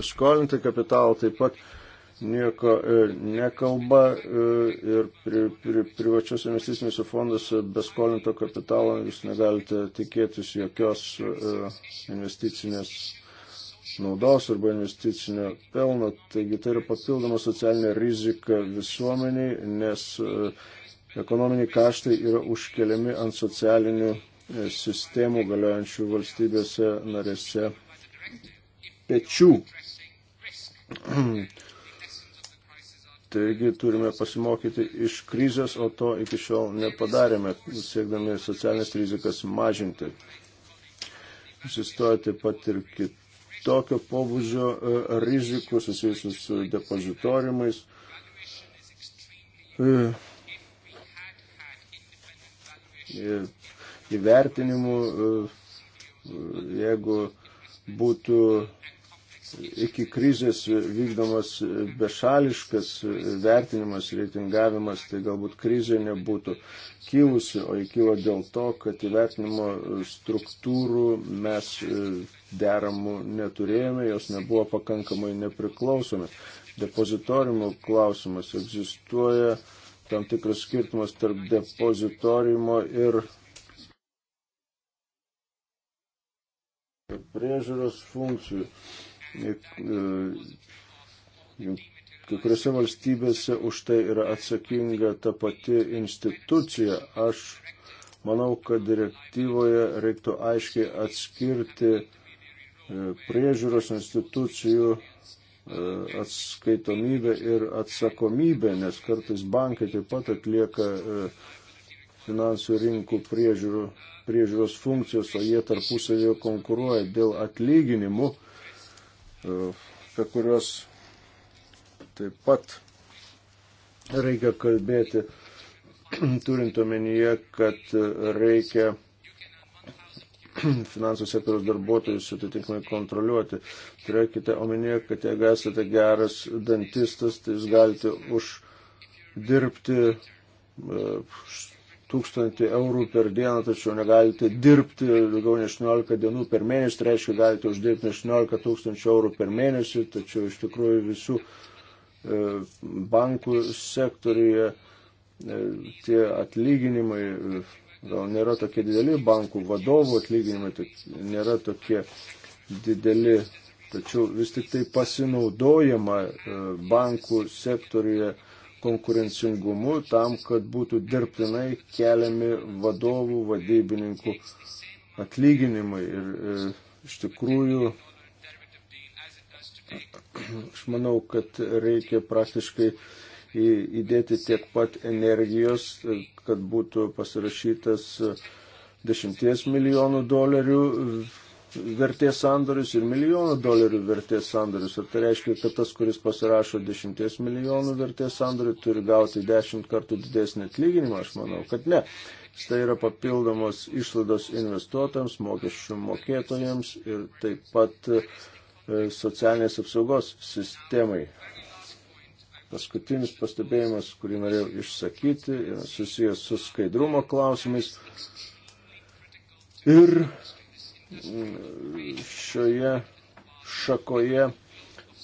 Skolinti kapitalą taip pat nieko e, nekalba e, ir pri, pri, privačios investicinės fondas be skolinto kapitalo jūs negalite tikėtis jokios e, investicinės naudos arba investicinio pelno. Taigi tai yra papildoma socialinė rizika visuomeniai, nes ekonominiai kaštai yra užkeliami ant socialinių sistemų galiojančių valstybėse narėse pečių. Taigi turime pasimokyti iš krizės, o to iki šiol nepadarėme, siekdami socialinės rizikas mažinti. Egzistuoja taip pat ir kitokio pobūdžio e, rizikų susijusių su depozitorimais. E, e, įvertinimu, jeigu būtų iki krizės vykdomas bešališkas vertinimas, reitingavimas, tai galbūt krizė nebūtų kilusi, o įkilo dėl to, kad įvertinimo struktūrų mes e, deramų neturėjome, jos nebuvo pakankamai nepriklausomi. Depozitoriumų klausimas egzistuoja tam tikras skirtumas tarp depozitoriumo ir priežiūros funkcijų. Kai kuriuose valstybėse už tai yra atsakinga ta pati institucija. Aš manau, kad direktyvoje reiktų aiškiai atskirti e, priežiūros institucijų e, atskaitomybę ir atsakomybę, nes kartais bankai taip pat atlieka e, finansų rinkų priežiūrų, priežiūros funkcijos, o jie tarpusavėje konkuruoja dėl atlyginimų E, apie kuriuos taip pat reikia kalbėti, turint omenyje, kad reikia finansų sektoriaus darbuotojus atitinkamai kontroliuoti. Turėkite omenyje, kad jeigu esate geras dantistas, tai jūs galite uždirbti e, tūkstantį eurų per dieną, tačiau negalite dirbti daugiau nei 18 dienų per mėnesį, tai reiškia galite uždirbti 18 tūkstančių eurų per mėnesį, tačiau iš tikrųjų visų e, bankų sektoriuje e, tie atlyginimai e, gal nėra tokie dideli, bankų vadovų atlyginimai tok, tai nėra tokie dideli, tačiau vis tik tai pasinaudojama bankų sektoriuje konkurencingumu tam, kad būtų dirbtinai keliami vadovų, vadybininkų atlyginimai. Ir e, iš tikrųjų, aš manau, kad reikia praktiškai į, įdėti tiek pat energijos, e, kad būtų pasirašytas 10 e, milijonų dolerių vertės sandorius ir milijonų dolerių vertės sandorius. Ir tai reiškia, kad tas, kuris pasirašo 10 milijonų vertės sandorių, turi gauti 10 kartų didesnį atlyginimą, aš manau, kad ne. Tai yra papildomos išlaidos investuotojams, mokesčių mokėtojams ir taip pat e, socialinės apsaugos sistemai. Paskutinis pastebėjimas, kurį norėjau išsakyti, yra susijęs su skaidrumo klausimais. Ir šioje šakoje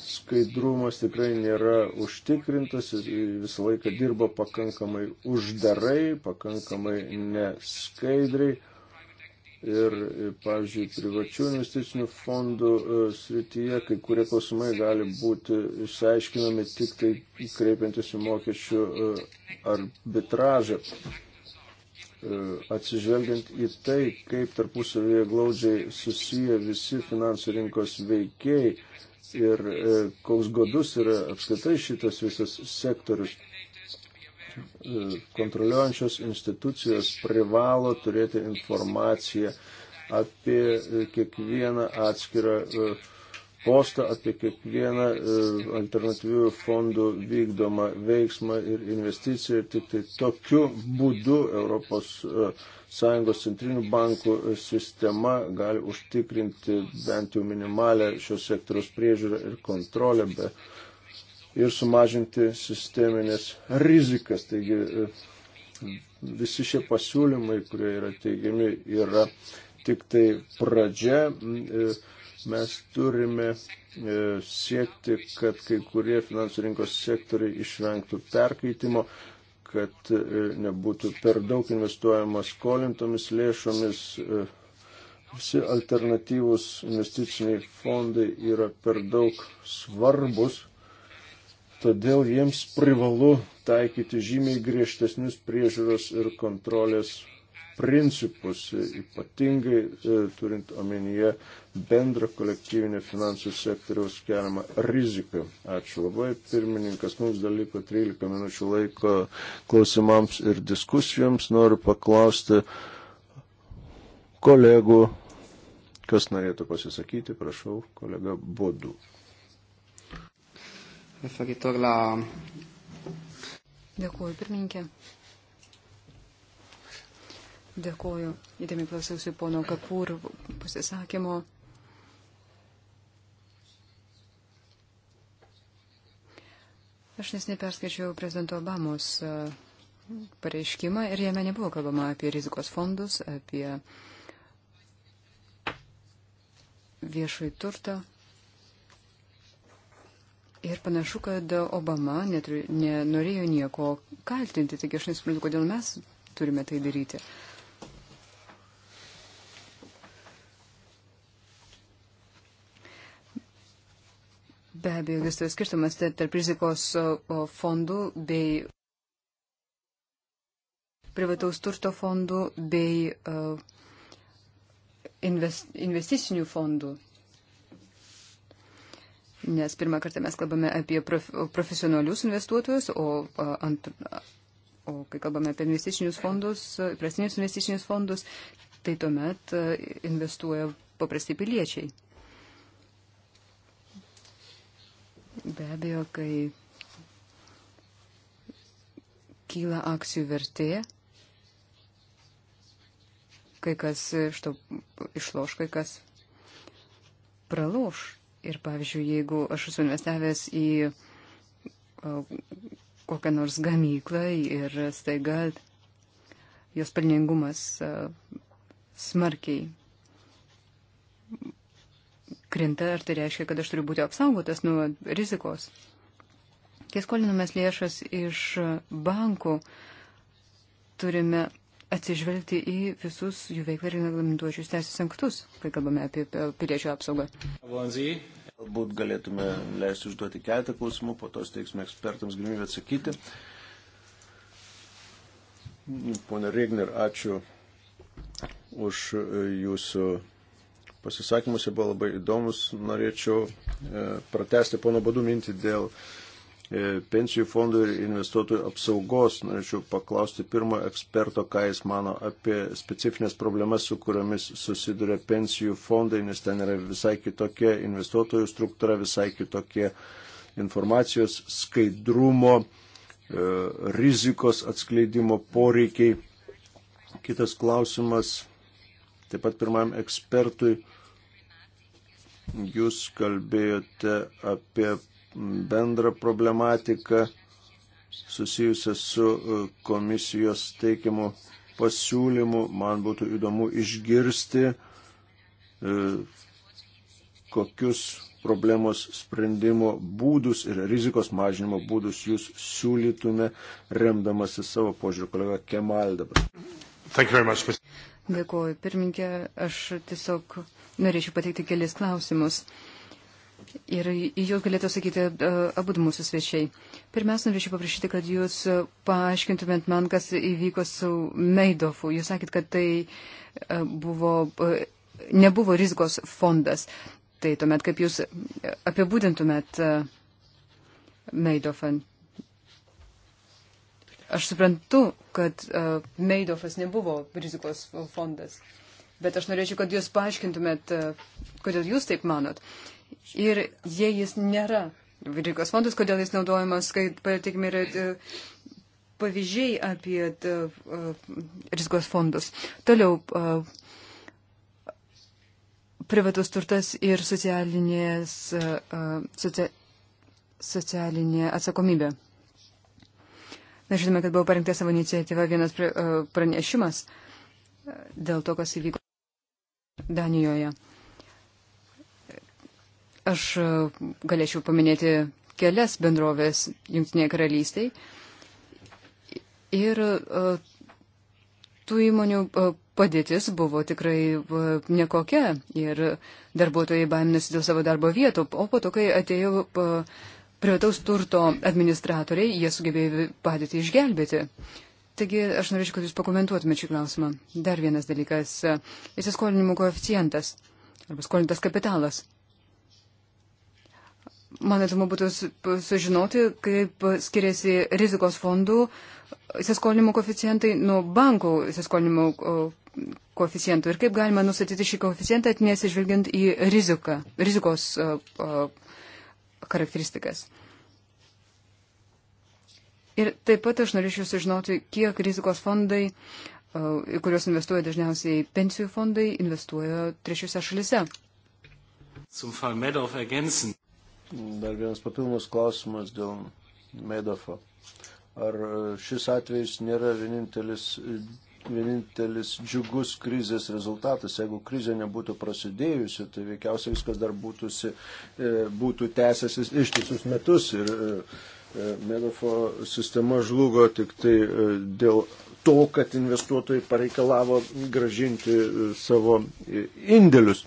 skaidrumas tikrai nėra užtikrintas ir visą laiką dirba pakankamai uždarai, pakankamai neskaidriai. Ir, pavyzdžiui, privačių investicinių fondų e, srityje kai kurie klausimai gali būti išsiaiškinami tik tai kreipiantis į mokesčių e, arbitražą. E, atsižvelgiant į tai, kaip tarpusavėje glaudžiai susiję visi finansų rinkos veikiai ir e, koks godus yra apskritai šitas visas sektorius. E, kontroliuojančios institucijos privalo turėti informaciją apie kiekvieną atskirą uh, postą apie kiekvieną e, alternatyvių fondų vykdomą veiksmą ir investiciją. Ir tik tai tokiu būdu ES e, centrinių bankų e, sistema gali užtikrinti bent jau minimalę šios sektoriaus priežiūrą ir kontrolę be, ir sumažinti sisteminės rizikas. Taigi visi šie pasiūlymai, kurie yra teigiami, yra tik tai pradžia. E, Mes turime e, siekti, kad kai kurie finansų rinkos sektoriai išvengtų perkaitimo, kad e, nebūtų per daug investuojama skolintomis lėšomis. E, visi alternatyvūs investiciniai fondai yra per daug svarbus todėl jiems privalu taikyti žymiai griežtesnius priežiūros ir kontrolės principus, ypatingai e, turint omenyje bendrą kolektyvinę finansų sektoriaus keliamą riziką. Ačiū labai, pirmininkas, mums dar liko 13 minučių laiko klausimams ir diskusijoms. Noriu paklausti kolegų, kas norėtų pasisakyti, prašau, kolega Bodu. Dėkuoju, pirmininkė. Dėkuoju. Įdėmiai klausiausi pono Kapūr pasisakymo. Aš nesnei perskaičiau prezidento Obamos e, pareiškimą ir jame nebuvo kalbama apie rizikos fondus, apie viešai turtą. Ir panašu, kad Obama neturi, nenorėjo nieko kaltinti, taigi aš nesuprantu, kodėl mes turime tai daryti. Uh, Be abejo, vis tai skirtumas tarp rizikos fondų bei privataus turto fondų bei investicinių fondų. Nes pirmą kartą mes kalbame apie prof, profesionalius investuotojus, o, ant, o kai kalbame apie investicinius fondus, prasinius investicinius fondus, tai tuomet investuoja paprasti piliečiai. Be abejo, kai kyla akcijų vertė, kai kas iš to išloš, kai kas praloš. Ir pavyzdžiui, jeigu aš esu investavęs į kokią nors gamyklą ir staiga jos pelningumas smarkiai krinta, ar tai reiškia, kad aš turiu būti apsaugotas nuo rizikos. Kai skolinamės lėšas iš bankų, turime atsižvelgti į visus jų veiklą reglamentuočius teisės aktus, kai kalbame apie piliečių apsaugą. Galbūt galėtume leisti užduoti keletą klausimų, po to steiksime ekspertams galimybę atsakyti. Pone Regner, ačiū už jūsų pasisakymus, jie buvo labai įdomus. Norėčiau e, pratesti pono badų mintį dėl e, pensijų fondų ir investuotojų apsaugos. Norėčiau paklausti pirmo eksperto, ką jis mano apie specifines problemas, su kuriomis susiduria pensijų fondai, nes ten yra visai kitokia investuotojų struktūra, visai kitokie informacijos skaidrumo, e, rizikos atskleidimo poreikiai. Kitas klausimas Taip pat pirmam ekspertui jūs kalbėjote apie bendrą problematiką susijusią su e, komisijos teikiamu pasiūlymu. Man būtų įdomu išgirsti, e, kokius problemos sprendimo būdus ir rizikos mažinimo būdus jūs siūlytume, remdamasi savo požiūrį, kolega Kemal dabar. Much, Dėkuoju, pirminkė, aš tiesiog norėčiau pateikti kelis klausimus. Ir į juos galėtų sakyti e, abu mūsų svečiai. Pirmiausia, norėčiau paprašyti, kad jūs paaiškintumėt man, kas įvyko su Meidofu. Jūs sakėt, kad tai e, buvo, e, nebuvo rizikos fondas. Tai tuomet, kaip jūs apibūdintumėt Meidofan? Aš suprantu, kad uh, e, Meidofas nebuvo rizikos fondas, bet aš norėčiau, kad jūs paaiškintumėt, uh, kodėl jūs taip manot. Ir jei jis nėra rizikos fondas, kodėl jis naudojamas, kai patikimi yra. Uh, pavyzdžiai apie uh, rizikos fondus. Toliau, uh, privatus turtas ir socialinės, uh, socia socialinė atsakomybė. Mes žinome, kad buvo parinkta savo iniciatyva vienas e, pranešimas e, dėl to, kas įvyko Danijoje. Aš e, galėčiau paminėti kelias bendrovės Junktinėje karalystėje. Ir tų įmonių padėtis buvo tikrai nekokia. Ir darbuotojai baiminasi dėl savo darbo vietų. O po to, kai atėjo privataus turto administratoriai, jie sugebėjo padėti išgelbėti. Taigi aš norėčiau, kad jūs pakomentuotumėte šį klausimą. Dar vienas dalykas - įsiskolinimo koeficientas arba skolintas kapitalas. Man įdomu būtų sužinoti, kaip skiriasi rizikos fondų įsiskolinimo koficientai nuo bankų įsiskolinimo koficientų ir kaip galima nustatyti šį koficientą, nesižvelgiant į riziką, rizikos charakteristikas. Ir taip pat aš norėčiau sužinoti, kiek rizikos fondai, e, į kuriuos investuoja dažniausiai pensijų fondai, investuoja trečiose šalise. Dar vienas papildomas klausimas dėl Medofo. Ar e, šis atvejis nėra vienintelis vienintelis džiugus krizės rezultatas. Jeigu krizė nebūtų prasidėjusi, tai veikiausiai viskas dar būtųsi, e, būtų tęsęsis ištisus metus ir e, e, Medofo sistema žlugo tik tai dėl to, kad investuotojai pareikalavo gražinti savo indėlius.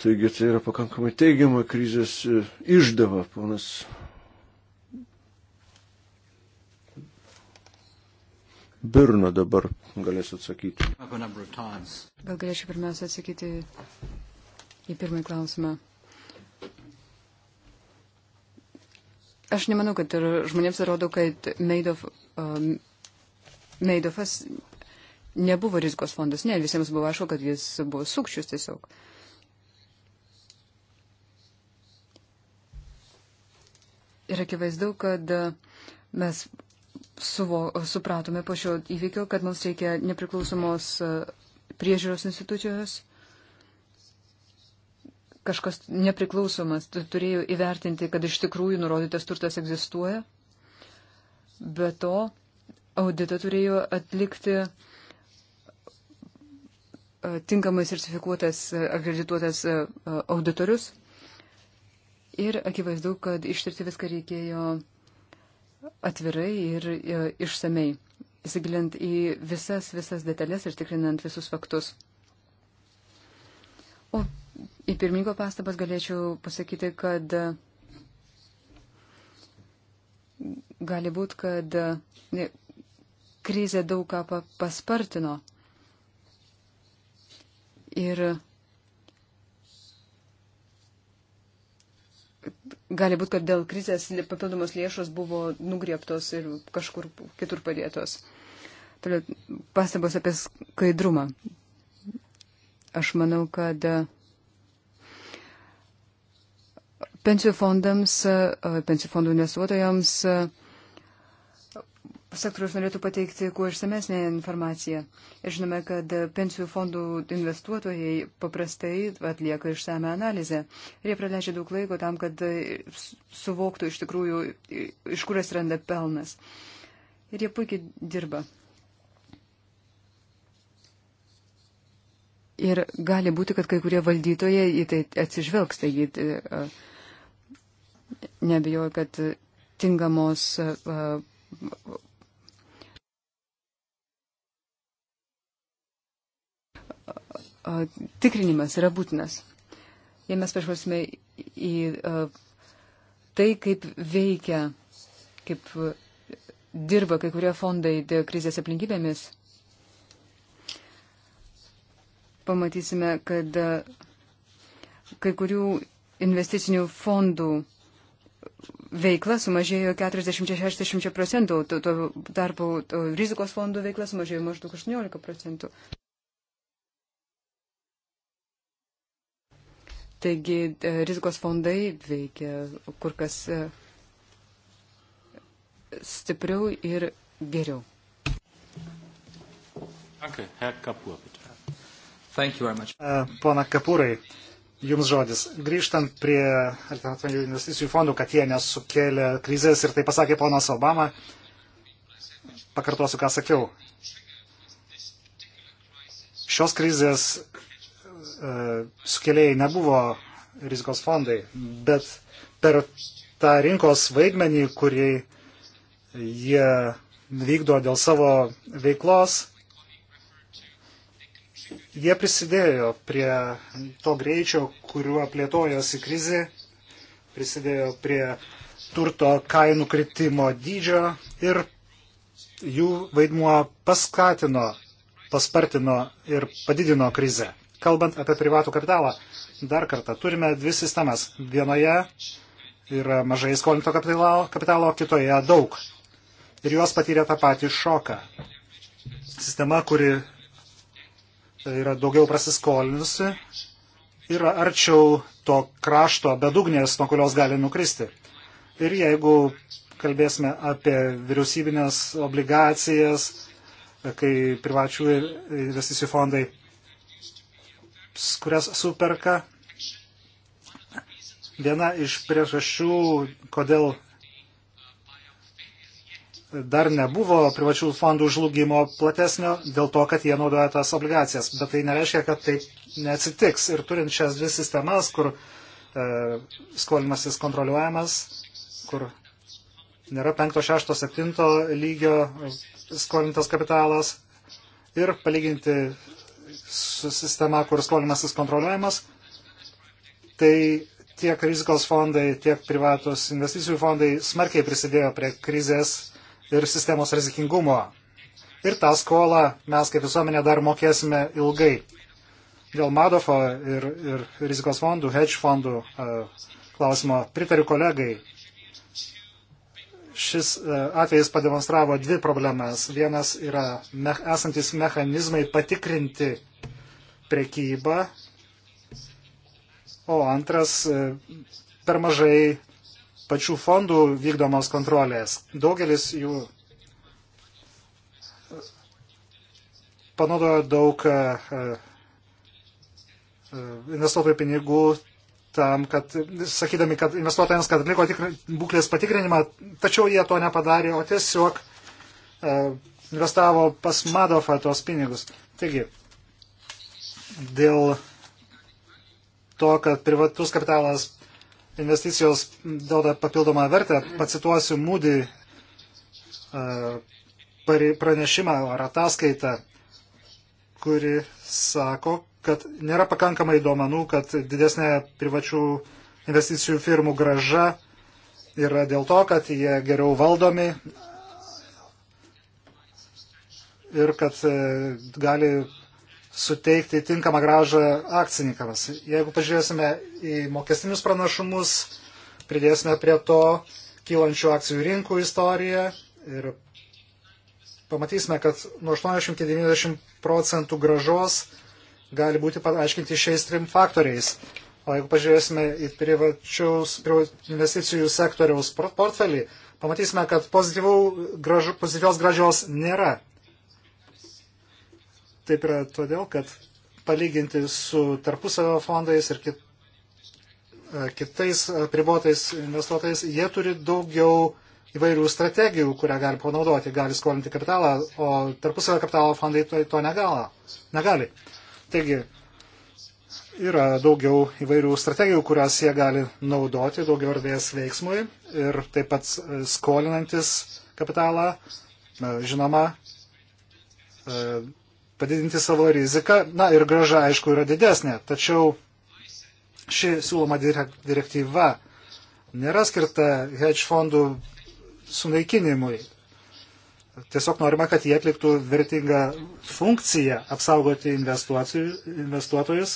Taigi tai yra pakankamai teigiama krizės išdava, ponas Birno dabar galės atsakyti. Gal galėčiau pirmiausia atsakyti į pirmąjį klausimą. Aš nemanau, kad ir žmonėms atrodo, kad Meidof, um, Meidofas nebuvo rizikos fondas. Ne, visiems buvo aišku, kad jis buvo sukčius tiesiog. Ir akivaizdu, kad mes suvo, supratome po šio įvykio, kad mums reikia nepriklausomos e, priežiūros institucijos. Kažkas nepriklausomas turėjo įvertinti, kad iš tikrųjų nurodytas turtas egzistuoja. Be to, auditą turėjo atlikti e, tinkamai sertifikuotas, e, akredituotas auditorius. Ir akivaizdu, kad ištirti viską reikėjo atvirai ir e, išsamei, įsigilint į visas, visas detalės ir tikrinant visus faktus. O į pirmingo pastabas galėčiau pasakyti, kad e, gali būti, kad e, krizė daug ką paspartino. Ir Gali būti, kad dėl krizės papildomos lėšos buvo nugrieptos ir kažkur kitur padėtos. Toliau pastabos apie skaidrumą. Aš manau, kad e, pensijų fondams, e, pensijų fondų investuotojams uh, sektorius norėtų pateikti kuo išsamesnę informaciją. Ir žinome, kad pensijų fondų investuotojai paprastai atlieka išsame analizę. Ir jie praleidžia daug laiko tam, kad suvoktų iš tikrųjų, iš kur atsiranda pelnas. Ir jie puikiai dirba. Ir gali būti, kad kai kurie valdytojai į tai atsižvelgs, taigi e, e, nebejoju, kad tinkamos e, tikrinimas yra būtinas. Jei mes pažvelgsime į tai, kaip veikia, kaip dirba kai kurie fondai krizės aplinkybėmis, pamatysime, kad kai kurių investicinių fondų veikla sumažėjo 40-60 procentų, tuo tarpu rizikos fondų veikla sumažėjo maždaug 18 procentų. Taigi e, rizikos fondai veikia kur kas e, stipriau ir geriau. Danke, Herr Kapur, bitte. Thank you very much. E, Pona Kapūrai, Jums žodis. Grįžtant prie alternatyvių investicijų fondų, kad jie nesukėlė krizės ir tai pasakė ponas Obama, pakartosiu, ką sakiau. Šios krizės E, sukėlėjai nebuvo rizikos fondai, bet per tą rinkos vaidmenį, kurį jie vykdo dėl savo veiklos, jie prisidėjo prie to greičio, kuriuo plėtojosi krizė, prisidėjo prie turto kainų kritimo dydžio ir jų vaidmuo paskatino, paspartino ir padidino krizę kalbant apie privatų kapitalą, dar kartą turime dvi sistemas. Vienoje yra mažai skolinto kapitalo, kapitalo kitoje daug. Ir jos patyrė tą patį šoką. Sistema, kuri yra daugiau prasiskolinusi, yra arčiau to krašto bedugnės, nuo kurios gali nukristi. Ir jeigu kalbėsime apie vyriausybinės obligacijas, kai privačių investicijų fondai kurias superka. Viena iš priežasčių, kodėl dar nebuvo privačių fondų žlugimo platesnio, dėl to, kad jie naudoja tas obligacijas. Bet tai nereiškia, kad tai neatsitiks. Ir turint šias dvi sistemas, kur e, skolimasis kontroliuojamas, kur nėra 5, 6, 7 lygio skolintas kapitalas ir palyginti su sistema, kur skolimasis kontroliuojamas, tai tiek rizikos fondai, tiek privatus investicijų fondai smarkiai prisidėjo prie krizės ir sistemos rizikingumo. Ir tą skolą mes kaip visuomenė dar mokėsime ilgai. Dėl Madofo ir, ir rizikos fondų, hedge fondų e, klausimo pritariu kolegai. Šis e, atvejis pademonstravo dvi problemas. Vienas yra me, esantis mechanizmai patikrinti prekyba, o antras e, per mažai pačių fondų vykdomos kontrolės. Daugelis jų e, panaudojo daug e, investuotojų pinigų tam, kad, sakydami, kad investuotojams, kad atliko tikr, būklės patikrinimą, tačiau jie to nepadarė, o tiesiog investavo pas Madofą tos pinigus. Taigi, dėl to, kad privatus kapitalas investicijos duoda papildomą vertę, pacituosiu Mūdį e, pranešimą ar ataskaitą, kuri sako, kad nėra pakankamai duomenų, kad didesnė privačių investicijų firmų graža yra dėl to, kad jie geriau valdomi ir kad e, gali suteikti tinkamą gražą akcininkams. Jeigu pažiūrėsime į mokestinius pranašumus, pridėsime prie to kylančių akcijų rinkų istoriją ir pamatysime, kad nuo 80 iki 90 procentų gražos gali būti paaiškinti šiais trim faktoriais. O jeigu pažiūrėsime į privačiaus investicijų sektoriaus portfelį, pamatysime, kad gražu, pozityvios gražios nėra. Taip yra todėl, kad palyginti su tarpusavio fondais ir kit, e, kitais pribotais investuotojais, jie turi daugiau įvairių strategijų, kurią gali panaudoti, gali skolinti kapitalą, o tarpusavio kapitalo fondai to, to negala, negali. Taigi, yra daugiau įvairių strategijų, kurias jie gali naudoti, daugiau erdvės veiksmui ir taip pat skolinantis kapitalą, e, žinoma, e, padidinti savo riziką. Na ir graža, aišku, yra didesnė, tačiau ši siūloma direktyva nėra skirta hedge fondų sunaikinimui. Tiesiog norime, kad jie atliktų vertingą funkciją apsaugoti investuotojus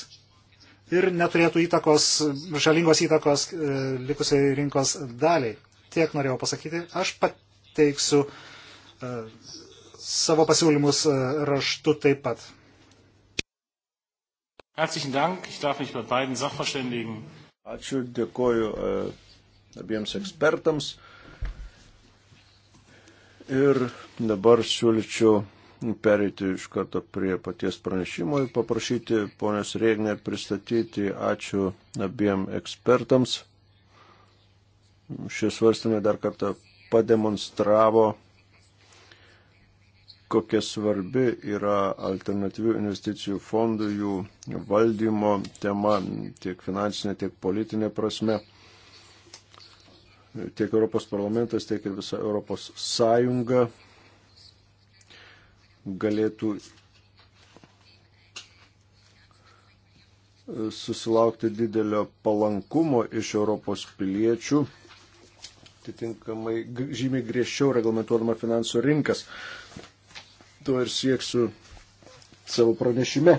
ir neturėtų įtakos, žalingos įtakos e, likusiai rinkos daliai. Tiek norėjau pasakyti. Aš pateiksiu e, savo pasiūlymus e, raštu taip pat. Herzlichen Dank. Ich darf mich bei beiden Sachverständigen. Ačiū, dėkoju e, abiems ekspertams. Ir dabar siūlyčiau pereiti iš karto prie paties pranešimo ir paprašyti ponios Rėgnė pristatyti. Ačiū abiem ekspertams. Šie svarstymai dar kartą pademonstravo kokia svarbi yra alternatyvių investicijų fondų, jų valdymo tema tiek finansinė, tiek politinė prasme. Tiek Europos parlamentas, tiek ir visa Europos sąjunga galėtų susilaukti didelio palankumo iš Europos piliečių, atitinkamai žymiai griežčiau reglamentuodama finansų rinkas to ir sieksiu savo pranešime.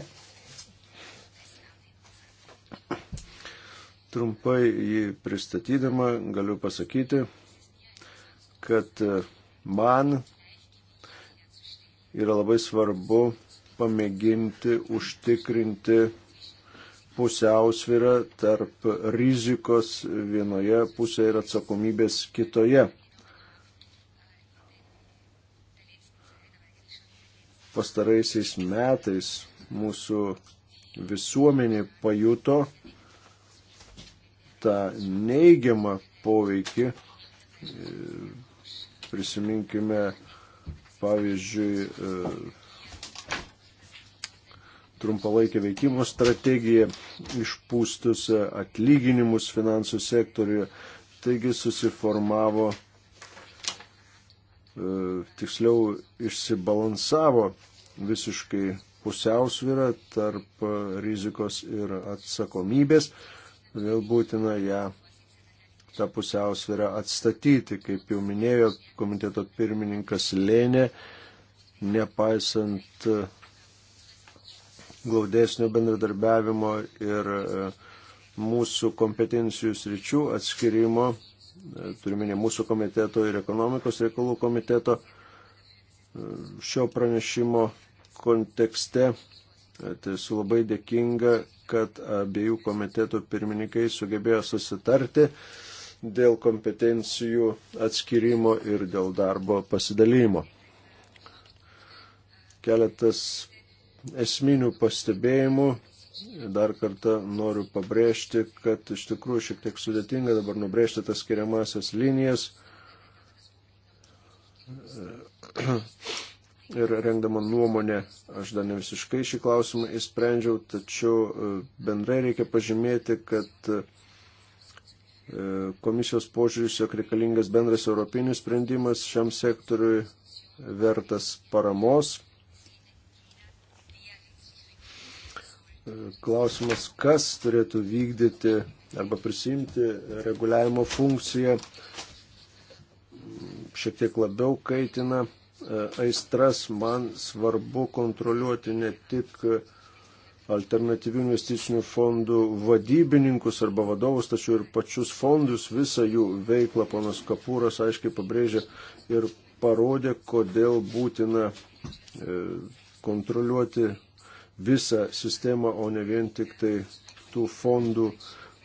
Trumpai jį pristatydama galiu pasakyti, kad man yra labai svarbu pamėginti užtikrinti pusiausvyrą tarp rizikos vienoje pusėje ir atsakomybės kitoje pastaraisiais metais mūsų visuomenė pajuto tą neigiamą poveikį. Prisiminkime, pavyzdžiui, trumpalaikį veikimo strategiją, išpūstus atlyginimus finansų sektoriuje. Taigi susiformavo E, tiksliau išsibalansavo visiškai pusiausvyrą tarp rizikos ir atsakomybės, todėl būtina ją tą pusiausvyrą atstatyti, kaip jau minėjo komiteto pirmininkas Lėnė, nepaisant e, glaudesnio bendradarbiavimo ir e, mūsų kompetencijų sričių atskirimo, turiminė mūsų komiteto ir ekonomikos reikalų komiteto e, šio pranešimo kontekste. E, tai esu labai dėkinga, kad abiejų komitetų pirmininkai sugebėjo susitarti dėl kompetencijų atskirimo ir dėl darbo pasidalymo. Keletas esminių pastebėjimų dar kartą noriu pabrėžti, kad iš tikrųjų šiek tiek sudėtinga dabar nubrėžti tas skiriamasias linijas. Ir rengdama nuomonę, aš dar ne visiškai šį klausimą įsprendžiau, tačiau e, bendrai reikia pažymėti, kad e, komisijos požiūris, jog reikalingas bendras europinis sprendimas šiam sektoriui vertas paramos klausimas, kas turėtų vykdyti arba prisimti reguliavimo funkciją, šiek tiek labiau kaitina e, aistras. Man svarbu kontroliuoti ne tik alternatyvių investicinių fondų vadybininkus arba vadovus, tačiau ir pačius fondus, visą jų veiklą ponas Kapūras aiškiai pabrėžė ir parodė, kodėl būtina e, kontroliuoti visą sistemą, o ne vien tik tai tų fondų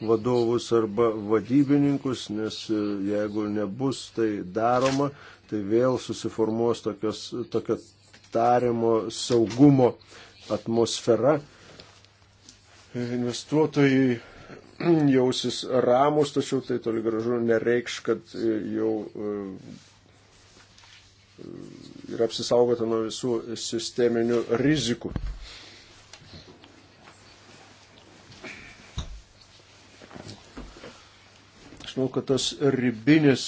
vadovus arba vadybininkus, nes e, jeigu nebus tai daroma, tai vėl susiformuos tokios, tokio tariamo saugumo atmosfera. Investuotojai jausis ramus, tačiau tai toli gražu nereikš, kad e, jau e, yra apsisaugota nuo visų sisteminių rizikų. Aš manau, kad tos ribinės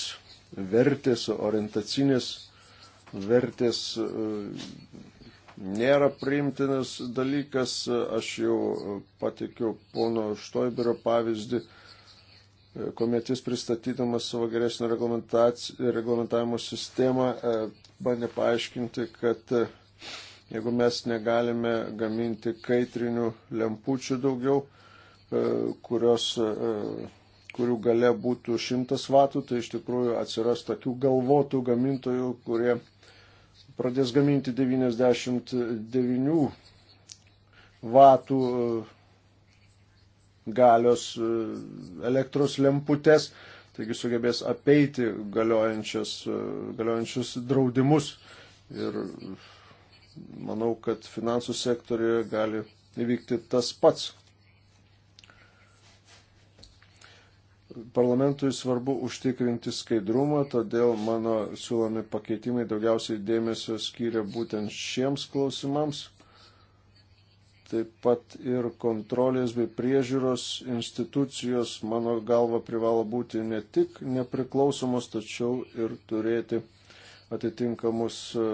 vertės, orientacinės vertės e, nėra priimtinas dalykas. Aš jau patikiau pono Štoiberio pavyzdį, e, kuomet jis pristatydamas savo geresnio reglamentavimo sistemą e, bandė paaiškinti, kad jeigu mes negalime gaminti kaitrinių lempučių daugiau, kurios kurių gale būtų 100 vatų, tai iš tikrųjų atsiras tokių galvotų gamintojų, kurie pradės gaminti 99 vatų e, galios e, elektros lemputės, taigi sugebės apeiti galiojančius, e, galiojančius draudimus. Ir manau, kad finansų sektorioje gali įvykti tas pats. Parlamentui svarbu užtikrinti skaidrumą, todėl mano siūlomi pakeitimai daugiausiai dėmesio skiria būtent šiems klausimams. Taip pat ir kontrolės bei priežiūros institucijos, mano galva, privalo būti ne tik nepriklausomos, tačiau ir turėti atitinkamus e,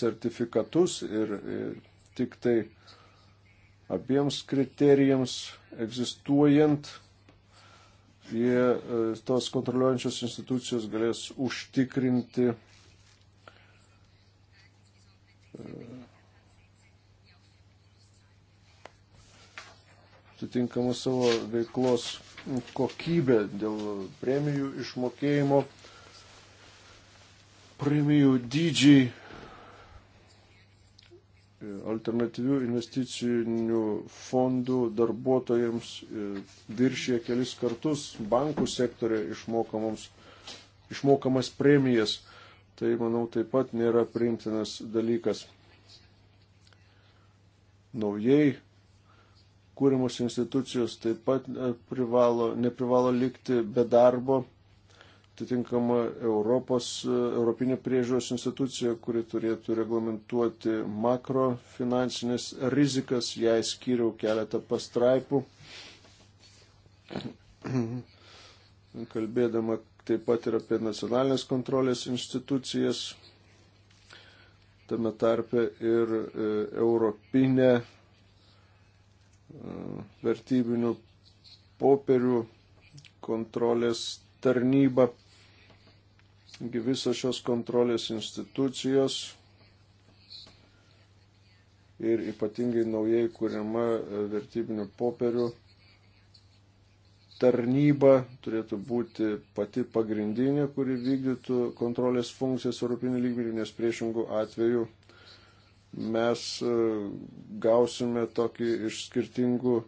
sertifikatus ir e, tik tai abiems kriterijams egzistuojant jie e, tos kontroliuojančios institucijos galės užtikrinti e, atitinkamą savo veiklos kokybę dėl premijų išmokėjimo, premijų dydžiai alternatyvių investicinių fondų darbuotojams e, viršė kelis kartus bankų sektorė išmokamas premijas. Tai, manau, taip pat nėra priimtinas dalykas. Naujai kūrimos institucijos taip pat e, privalo, neprivalo likti be darbo atitinkama Europos, e, Europinė priežiūros institucija, kuri turėtų reglamentuoti makrofinansinės rizikas, jai skiriau keletą pastraipų, kalbėdama taip pat ir apie nacionalinės kontrolės institucijas, tame tarpe ir e, Europinę e, vertybinių popierių kontrolės tarnybą. Visos šios kontrolės institucijos ir ypatingai naujai kuriama e, vertybinių popierių tarnyba turėtų būti pati pagrindinė, kuri vykdytų kontrolės funkcijas Europinį lygmenį, nes priešingų atveju mes e, gausime tokį iš skirtingų e,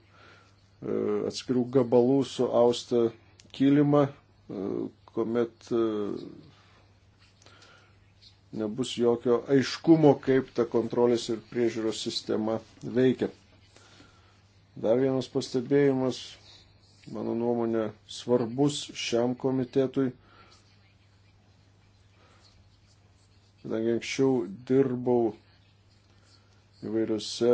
atskirų gabalų suaustą kilimą, kuomet nebus jokio aiškumo, kaip ta kontrolės ir priežiūros sistema veikia. Dar vienas pastebėjimas, mano nuomonė, svarbus šiam komitetui, kadangi anksčiau dirbau įvairiose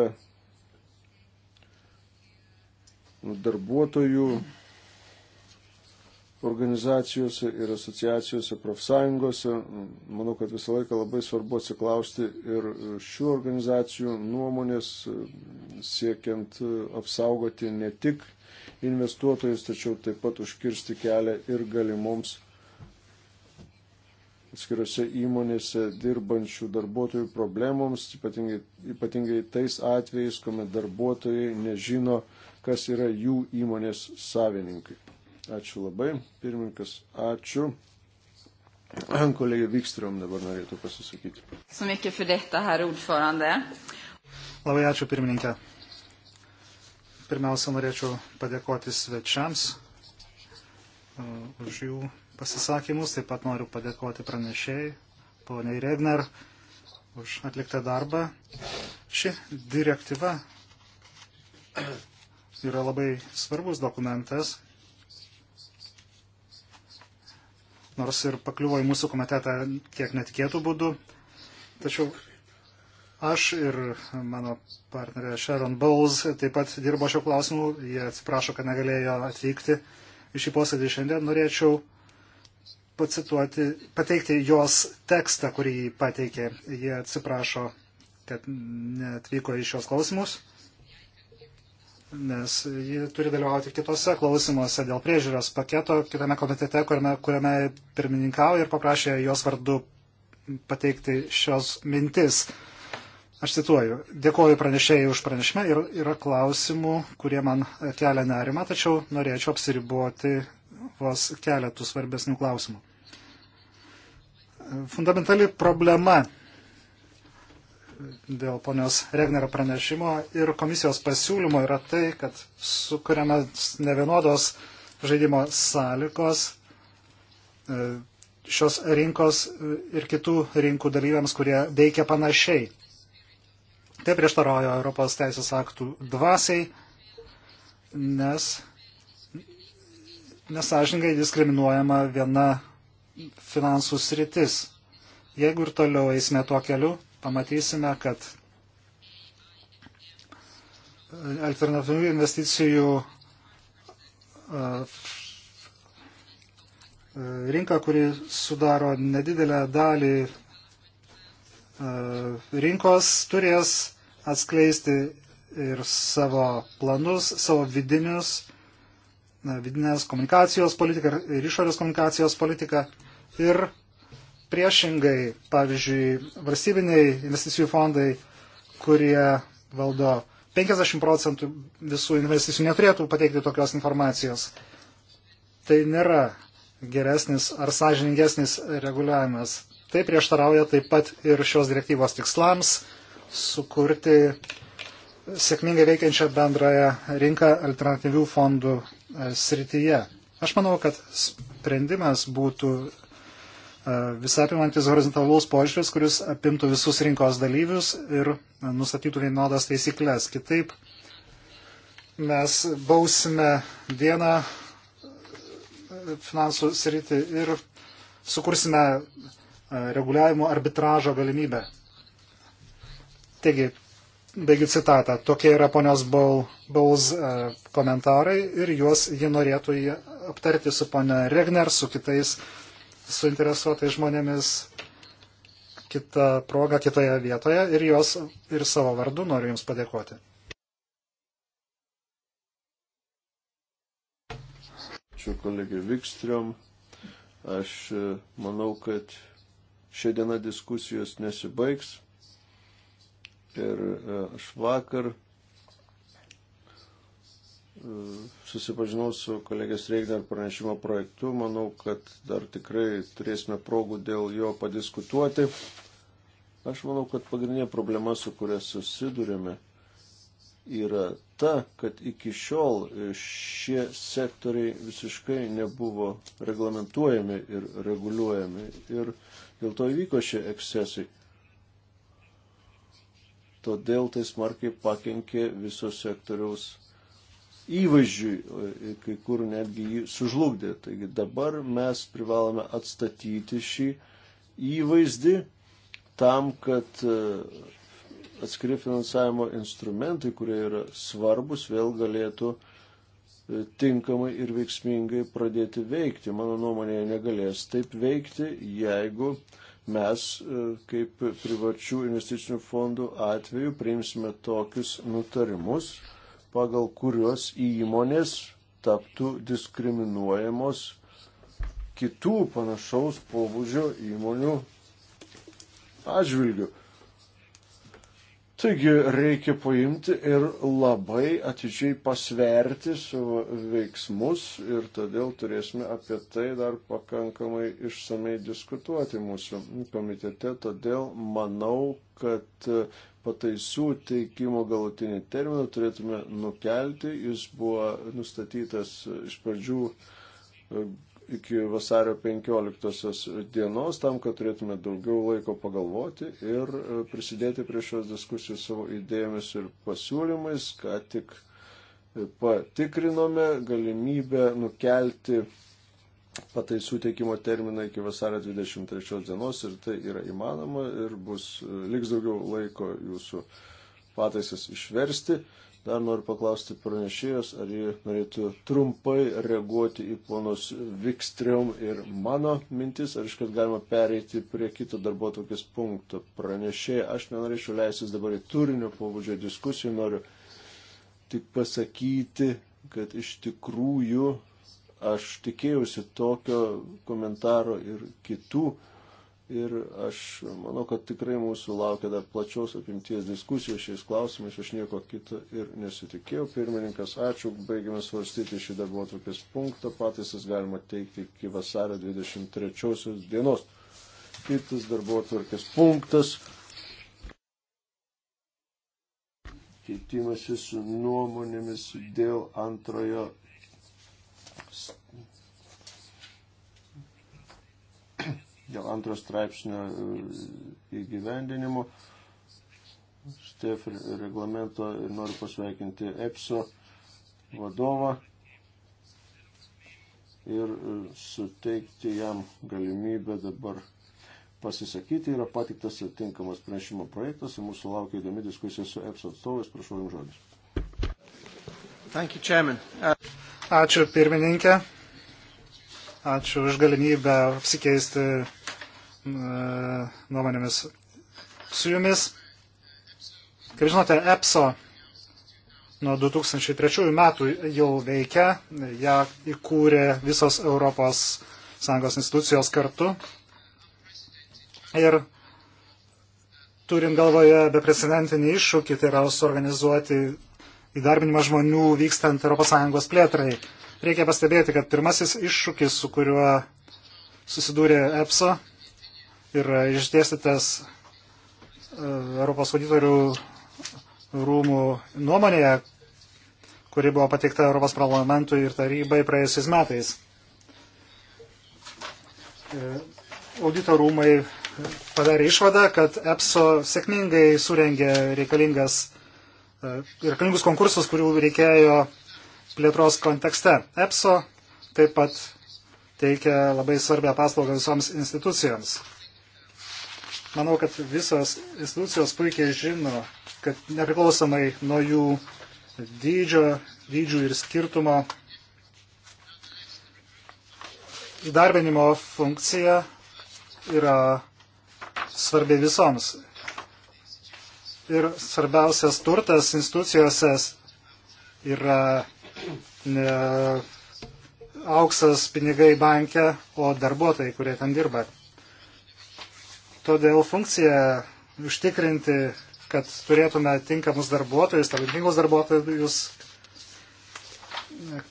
nu, darbuotojų organizacijose ir asociacijose, profsąjungose. Manau, kad visą laiką labai svarbu atsiklausti ir šių organizacijų nuomonės, siekiant apsaugoti ne tik investuotojus, tačiau taip pat užkirsti kelią ir galimoms atskirose įmonėse dirbančių darbuotojų problemoms, ypatingai, ypatingai tais atvejais, kuomet darbuotojai nežino, kas yra jų įmonės savininkai. Ačiū labai, pirmininkas. Ačiū. Kolegė Vikstrom dabar norėtų pasisakyti. Sumikė Fidėta, herr ordförande. Labai ačiū, pirmininkė. Pirmiausia, norėčiau padėkoti svečiams e, už jų pasisakymus. Taip pat noriu padėkoti pranešėjai, poniai Regner, už atliktą darbą. Ši direktyva yra labai svarbus dokumentas nors ir pakliuvo į mūsų komitetą kiek netikėtų būdų. Tačiau aš ir mano partnerė Sharon Bowles taip pat dirbo šio klausimu. Jie atsiprašo, kad negalėjo atvykti į šį posėdį šiandien. Norėčiau pacituoti, pateikti jos tekstą, kurį jį pateikė. Jie atsiprašo, kad netvyko į šios klausimus nes ji turi dalyvauti kitose klausimuose dėl priežiūros paketo kitame komitete, kuriame, kuriame pirmininkauja ir paprašė jos vardu pateikti šios mintis. Aš cituoju, dėkoju pranešėjai už pranešimą ir yra klausimų, kurie man kelia nerimą, tačiau norėčiau apsiriboti vos keletų svarbesnių klausimų. Fundamentali problema dėl ponios Regner pranešimo ir komisijos pasiūlymo yra tai, kad sukuriamas nevienodos žaidimo sąlygos e, šios rinkos ir kitų rinkų dalyviams, kurie veikia panašiai. Tai prieštarauja Europos teisės aktų dvasiai, nes nesažingai diskriminuojama viena finansų sritis. Jeigu ir toliau eisime tuo keliu, pamatysime, kad alternatyvių investicijų rinka, kuri sudaro nedidelę dalį rinkos, turės atskleisti ir savo planus, savo vidinius, vidinės komunikacijos politiką ir išorės komunikacijos politiką ir priešingai, pavyzdžiui, valstybiniai investicijų fondai, kurie valdo 50 procentų visų investicijų, neturėtų pateikti tokios informacijos. Tai nėra geresnis ar sąžiningesnis reguliavimas. Tai prieštarauja taip pat ir šios direktyvos tikslams sukurti sėkmingai veikiančią bendrąją rinką alternatyvių fondų e, srityje. Aš manau, kad sprendimas būtų visapimantis horizontalus požiūris, kuris apimtų visus rinkos dalyvius ir nustatytų vienodas taisyklės. Kitaip mes bausime vieną finansų sritį ir sukursime reguliavimo arbitražo galimybę. Taigi, baigiu citatą. Tokie yra ponios Bauls komentarai ir juos ji norėtų aptarti su ponia Regner, su kitais uh, suinteresuotais žmonėmis kitą progą kitoje vietoje ir jos ir savo vardu noriu Jums padėkoti. Ačiū kolegė Vikstriom. Aš e, manau, kad šiandieną diskusijos nesibaigs. Ir e, aš vakar susipažinau su kolegės Reigner pranešimo projektu. Manau, kad dar tikrai turėsime progų dėl jo padiskutuoti. Aš manau, kad pagrindinė problema, su kuria susidurėme, yra ta, kad iki šiol šie sektoriai visiškai nebuvo reglamentuojami ir reguliuojami. Ir dėl to įvyko šie ekscesai. Todėl tai smarkiai pakenkė viso sektoriaus įvaizdžiui, kai kur netgi jį sužlugdė. Taigi dabar mes privalome atstatyti šį įvaizdį tam, kad e, atskiri finansavimo instrumentai, kurie yra svarbus, vėl galėtų e, tinkamai ir veiksmingai pradėti veikti. Mano nuomonėje negalės taip veikti, jeigu mes e, kaip privačių investicinių fondų atveju priimsime tokius nutarimus, pagal kuriuos įmonės taptų diskriminuojamos kitų panašaus pobūdžio įmonių atžvilgių. Taigi reikia paimti ir labai atidžiai pasverti savo veiksmus ir todėl turėsime apie tai dar pakankamai išsamei diskutuoti mūsų komitete. Todėl manau, kad pataisų teikimo galutinį terminą turėtume nukelti. Jis buvo nustatytas iš pradžių iki vasario 15 dienos, tam, kad turėtume daugiau laiko pagalvoti ir e, prisidėti prie šios diskusijos savo idėjomis ir pasiūlymais, ką tik e, patikrinome galimybę nukelti pataisų teikimo terminą iki vasario 23 dienos ir tai yra įmanoma ir bus, e, liks daugiau laiko jūsų pataisas išversti. Dar noriu paklausti pranešėjos, ar jie norėtų trumpai reaguoti į ponos Vikstrium ir mano mintis, ar iškart galima pereiti prie kito darbo tokius punktų. Pranešėjai, aš nenorėčiau leistis dabar į turinio pobūdžio diskusijų, noriu tik pasakyti, kad iš tikrųjų aš tikėjausi tokio komentaro ir kitų Ir aš manau, kad tikrai mūsų laukia dar plačios apimties diskusijos šiais klausimais, aš nieko kito ir nesitikėjau. Pirmininkas, ačiū, baigiame svarstyti šį darbo atrukės punktą, pataisas galima teikti iki vasario 23 dienos. Kitas darbo atvarkės punktas. Keitimasis nuomonėmis dėl antrojo dėl antros straipsnio e, įgyvendinimo. STEF reglamento ir noriu pasveikinti EPSO vadovą ir e, suteikti jam galimybę dabar pasisakyti. Yra patiktas tinkamas pranešimo projektas ir mūsų laukia įdomi diskusija su EPSO atstovais. Prašau jums žodis. Thank you, Chairman. Uh, Ačiū pirmininkė. Ačiū už galimybę apsikeisti E, nuomonėmis su jumis. Kaip žinote, EPSO nuo 2003 metų jau veikia, ją įkūrė visos Europos Sąjungos institucijos kartu. Ir turint galvoje beprecedentinį iššūkį, tai yra suorganizuoti įdarbinimą žmonių vykstant ES plėtrai. Reikia pastebėti, kad pirmasis iššūkis, su kuriuo susidūrė EPSO, yra išdėstytas e, Europos auditorių rūmų nuomonėje, kuri buvo pateikta Europos parlamentui ir tarybai praėjusiais metais. E, audito rūmai padarė išvadą, kad EPSO sėkmingai surengė reikalingas, e, reikalingus konkursus, kurių reikėjo plėtros kontekste. EPSO taip pat teikia labai svarbę paslaugą visoms institucijoms. Manau, kad visos institucijos puikiai žino, kad nepriklausomai nuo jų dydžio, dydžių ir skirtumo, įdarbinimo funkcija yra svarbi visoms. Ir svarbiausias turtas institucijose yra ne auksas pinigai banke, o darbuotojai, kurie ten dirba. Todėl funkcija užtikrinti, kad turėtume tinkamus darbuotojus, talentingus darbuotojus,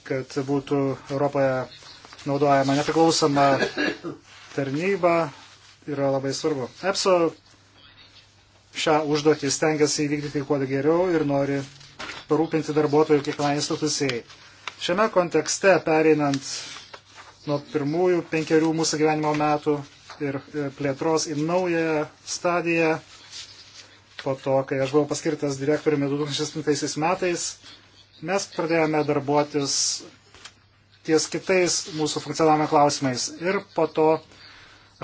kad būtų Europoje naudojama nepriklausoma tarnyba, yra labai svarbu. EPSO šią užduotį stengiasi įvykdyti kuo geriau ir nori parūpinti darbuotojų kiekvienai institucijai. Šiame kontekste, pereinant nuo pirmųjų penkerių mūsų gyvenimo metų ir e, plėtros į naują stadiją. Po to, kai aš buvau paskirtas direktoriumi 2008 metais, mes pradėjome darbuotis ties kitais mūsų funkcionavimo klausimais. Ir po to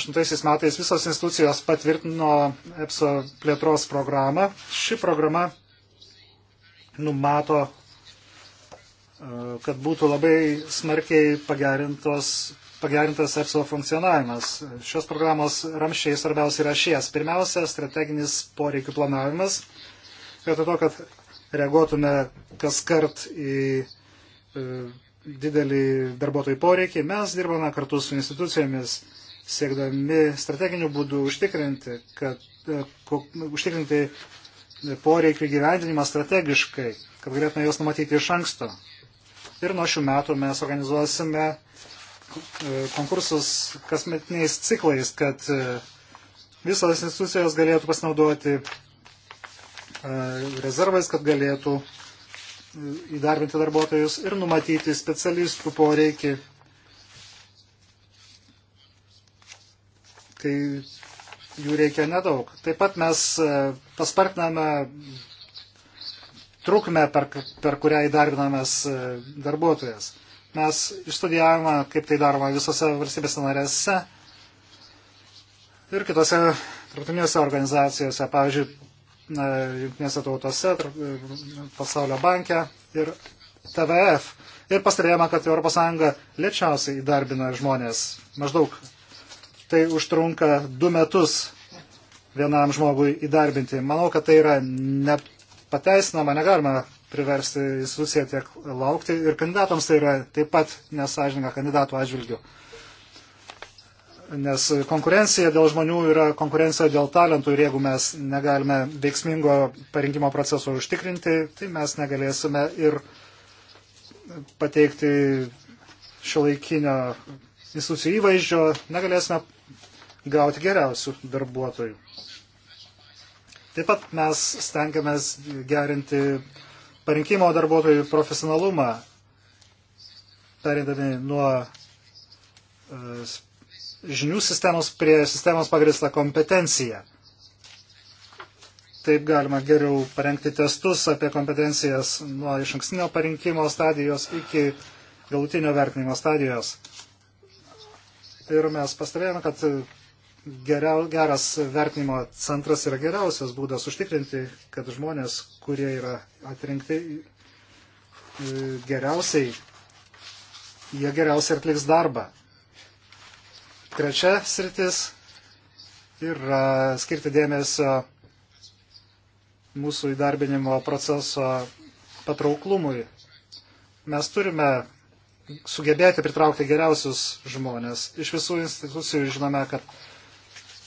2008 metais visos institucijos patvirtino EPSO plėtros programą. Ši programa numato, e, kad būtų labai smarkiai pagerintos pagerintas EPSO funkcionavimas. Šios programos ramščiai svarbiausia yra šies. Pirmiausia, strateginis poreikių planavimas. Vietoj to, kad reaguotume kas kart į e, didelį darbuotojų poreikį, mes dirbame kartu su institucijomis, siekdami strateginių būdų užtikrinti, kad, e, ku, užtikrinti poreikių gyvendinimą strategiškai, kad galėtume juos numatyti iš anksto. Ir nuo šių metų mes organizuosime konkursus kasmetiniais ciklais, kad e, visos institucijos galėtų pasinaudoti e, rezervais, kad galėtų e, įdarbinti darbuotojus ir numatyti specialistų poreikį, kai jų reikia nedaug. Taip pat mes paspartiname trukmę, per, per kurią įdarbinamas darbuotojas. Mes išstudijavome, kaip tai daroma visose valstybėse narėse ir kitose tarptautinėse organizacijose, pavyzdžiui, Junktinėse tautose, pasaulio banke ir TVF. Ir pastebėjome, kad ES lėčiausiai įdarbina žmonės. Maždaug tai užtrunka du metus vienam žmogui įdarbinti. Manau, kad tai yra nepateisinama, negalima priversti instituciją tiek laukti ir kandidatams tai yra taip pat nesažininga kandidatų atžvilgių. Nes konkurencija dėl žmonių yra konkurencija dėl talentų ir jeigu mes negalime veiksmingo parinkimo proceso užtikrinti, tai mes negalėsime ir pateikti šiuolaikinio institucijų įvaizdžio, negalėsime gauti geriausių darbuotojų. Taip pat mes stengiamės gerinti parinkimo darbuotojų profesionalumą, perėdami nuo e, žinių sistemos prie sistemos pagristą kompetenciją. Taip galima geriau parengti testus apie kompetencijas nuo iš ankstinio parinkimo stadijos iki galutinio vertinimo stadijos. Ir mes pastebėjome, kad geriau, geras vertinimo centras yra geriausias būdas užtikrinti, kad žmonės, kurie yra atrinkti e, geriausiai, jie geriausiai atliks darbą. Trečia sritis yra skirti dėmesio mūsų įdarbinimo proceso patrauklumui. Mes turime sugebėti pritraukti geriausius žmonės. Iš visų institucijų žinome, kad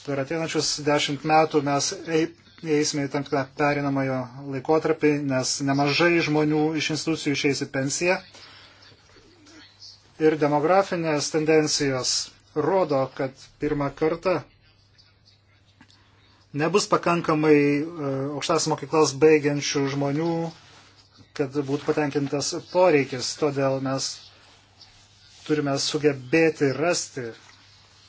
Per ateinančius dešimt metų mes įeisime į tam tikrą perinamojo laikotarpį, nes nemažai žmonių iš institucijų išeis į pensiją. Ir demografinės tendencijos rodo, kad pirmą kartą nebus pakankamai e, aukštas mokyklas baigiančių žmonių, kad būtų patenkintas poreikis. Todėl mes turime sugebėti rasti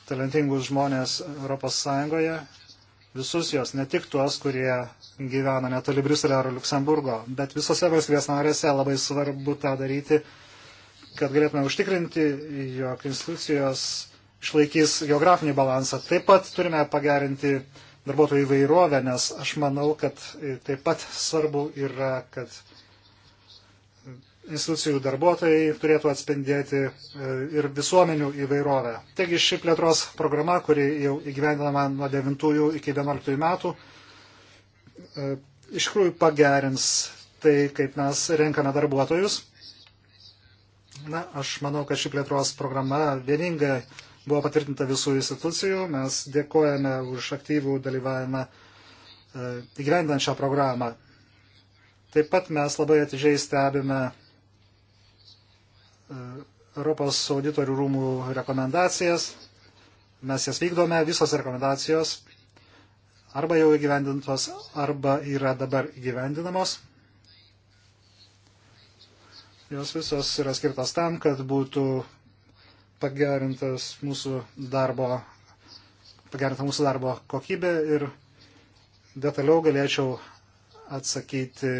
talentingus žmonės ES, visus jos, ne tik tuos, kurie gyvena netoli Briuselio ar Luksemburgo, bet visose valstybės narėse labai svarbu tą daryti, kad galėtume užtikrinti, jog institucijos išlaikys geografinį balansą. Taip pat turime pagerinti darbuotojų įvairovę, nes aš manau, kad taip pat svarbu yra, kad institucijų darbuotojai turėtų atspindėti e, ir visuomenių įvairovę. Taigi ši plėtros programa, kuri jau įgyvendinama nuo 9 iki 11 metų, e, iš tikrųjų pagerins tai, kaip mes renkame darbuotojus. Na, aš manau, kad ši plėtros programa vieningai buvo patvirtinta visų institucijų. Mes dėkojame už aktyvų dalyvavimą e, įgyvendinant šią programą. Taip pat mes labai atidžiai stebime Europos auditorių rūmų rekomendacijas. Mes jas vykdome, visos rekomendacijos arba jau įgyvendintos, arba yra dabar įgyvendinamos. Jos visos yra skirtos tam, kad būtų pagerintas mūsų darbo, pagerinta mūsų darbo kokybė ir detaliau galėčiau atsakyti,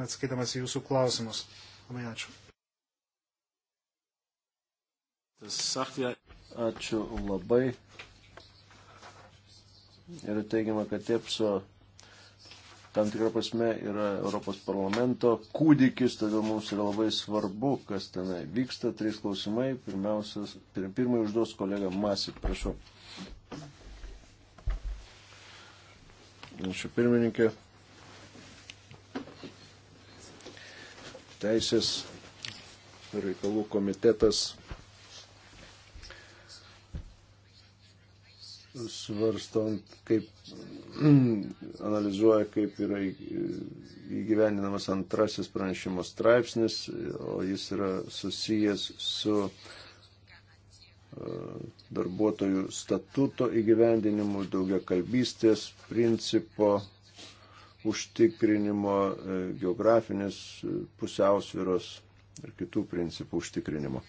atsakydamas į jūsų klausimus. Labai ačiū. Ačiū labai. Ir teigiama, kad EPSO tam tikrą prasme yra Europos parlamento kūdikis, todėl mums yra labai svarbu, kas tenai vyksta. Trys klausimai. Pirmąjį užduos kolega Masip, prašau. Ačiū pirmininkė. Teisės reikalų komitetas svarstom, kaip analizuoja, kaip yra įgyvendinamas antrasis pranešimo straipsnis, o jis yra susijęs su e, darbuotojų statuto įgyvendinimu, daugia kalbystės principo užtikrinimo, e, geografinės e, pusiausviros ir kitų principų užtikrinimo.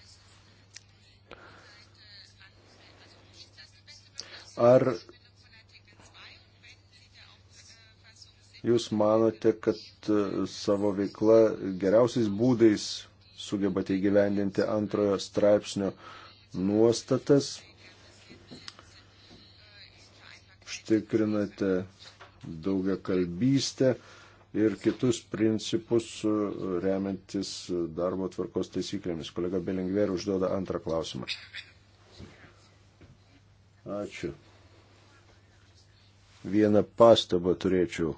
Ar jūs manote, kad e, savo veikla geriausiais būdais sugebate įgyvendinti antrojo straipsnio nuostatas? Štikrinate daugia kalbystę ir kitus principus e, remiantis darbo tvarkos taisyklėmis. Kolega Belingver užduoda antrą klausimą. Ačiū vieną pastabą turėčiau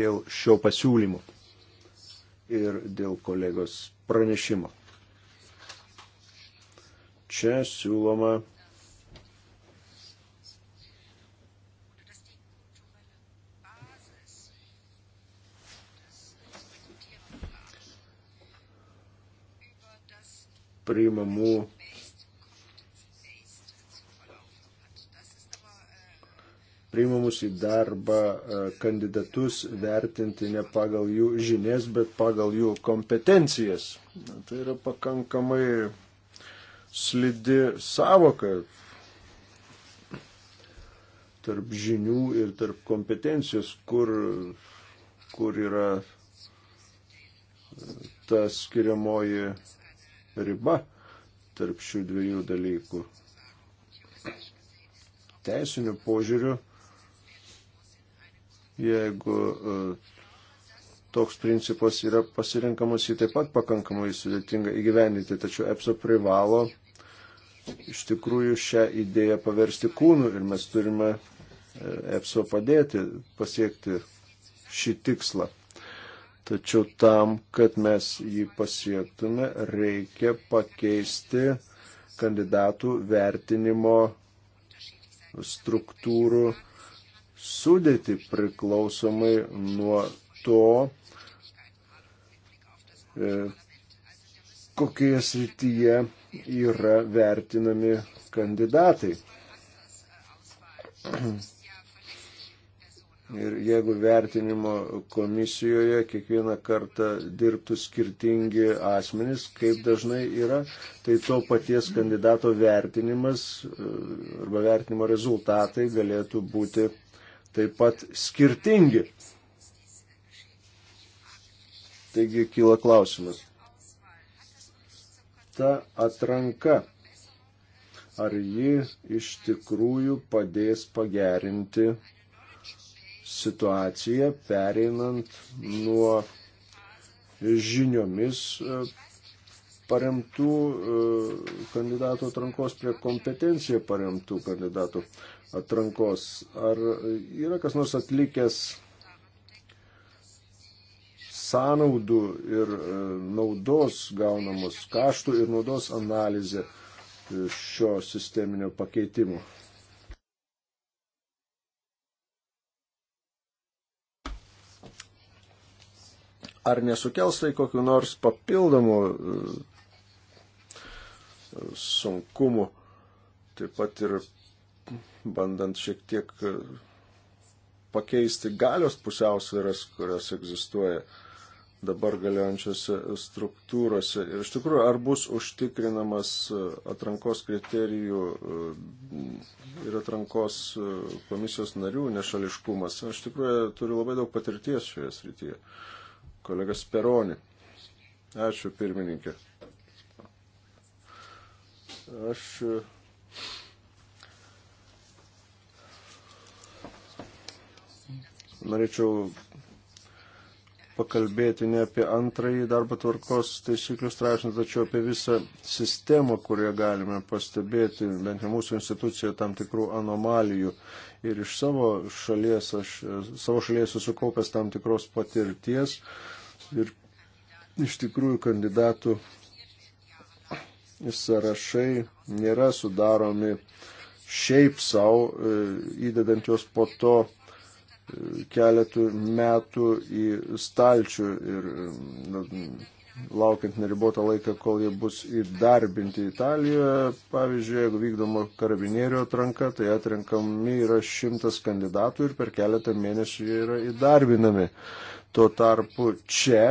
dėl šio pasiūlymo ir dėl kolegos pranešimo. Čia siūloma priimamų priimamus į darbą e, kandidatus vertinti ne pagal jų žinias, bet pagal jų kompetencijas. Tai yra pakankamai slidi savoka tarp žinių ir tarp kompetencijos, kur, kur yra e, ta skiriamoji riba tarp šių dviejų dalykų. Teisinių požiūrių jeigu e, toks principas yra pasirinkamas, jį taip pat pakankamai sudėtinga įgyvendinti, tačiau EPSO privalo iš tikrųjų šią idėją paversti kūnų ir mes turime e, EPSO padėti pasiekti šį tikslą. Tačiau tam, kad mes jį pasiektume, reikia pakeisti kandidatų vertinimo struktūrų sudėti priklausomai nuo to, e, kokioje srityje yra vertinami kandidatai. Ir jeigu vertinimo komisijoje kiekvieną kartą dirbtų skirtingi asmenys, kaip dažnai yra, tai to paties kandidato vertinimas e, arba vertinimo rezultatai galėtų būti taip pat skirtingi. Taigi kyla klausimas. Ta atranka, ar ji iš tikrųjų padės pagerinti situaciją, pereinant nuo žiniomis e, paremtų e, kandidatų atrankos prie kompetenciją paremtų kandidatų atrankos. Ar yra kas nors atlikęs sąnaudų ir e, naudos gaunamos kaštų ir naudos analizė e, šio sisteminio pakeitimo? Ar nesukels tai kokiu nors papildomu e, sunkumu, taip pat ir bandant šiek tiek e, pakeisti galios pusiausvėras, kurios egzistuoja dabar galiojančiose struktūrose. Ir iš tikrųjų, ar bus užtikrinamas e, atrankos kriterijų e, ir atrankos komisijos narių nešališkumas. Aš tikrųjų turiu labai daug patirties šioje srityje. Kolegas Peroni. Ačiū, pirmininkė. Aš norėčiau pakalbėti ne apie antrąjį darbo tvarkos taisyklių straipsnį, tačiau apie visą sistemą, kurioje galime pastebėti, bent jau mūsų institucijoje, tam tikrų anomalijų. Ir iš savo šalies, aš savo šalies susikaupęs tam tikros patirties ir iš tikrųjų kandidatų sąrašai nėra sudaromi šiaip savo, e, įdedant juos po to keletų metų į stalčių ir nu, laukiant neribotą laiką, kol jie bus įdarbinti Italijoje. Pavyzdžiui, jeigu vykdoma karabinierių atranka, tai atrenkami yra šimtas kandidatų ir per keletą mėnesių jie yra įdarbinami. Tuo tarpu čia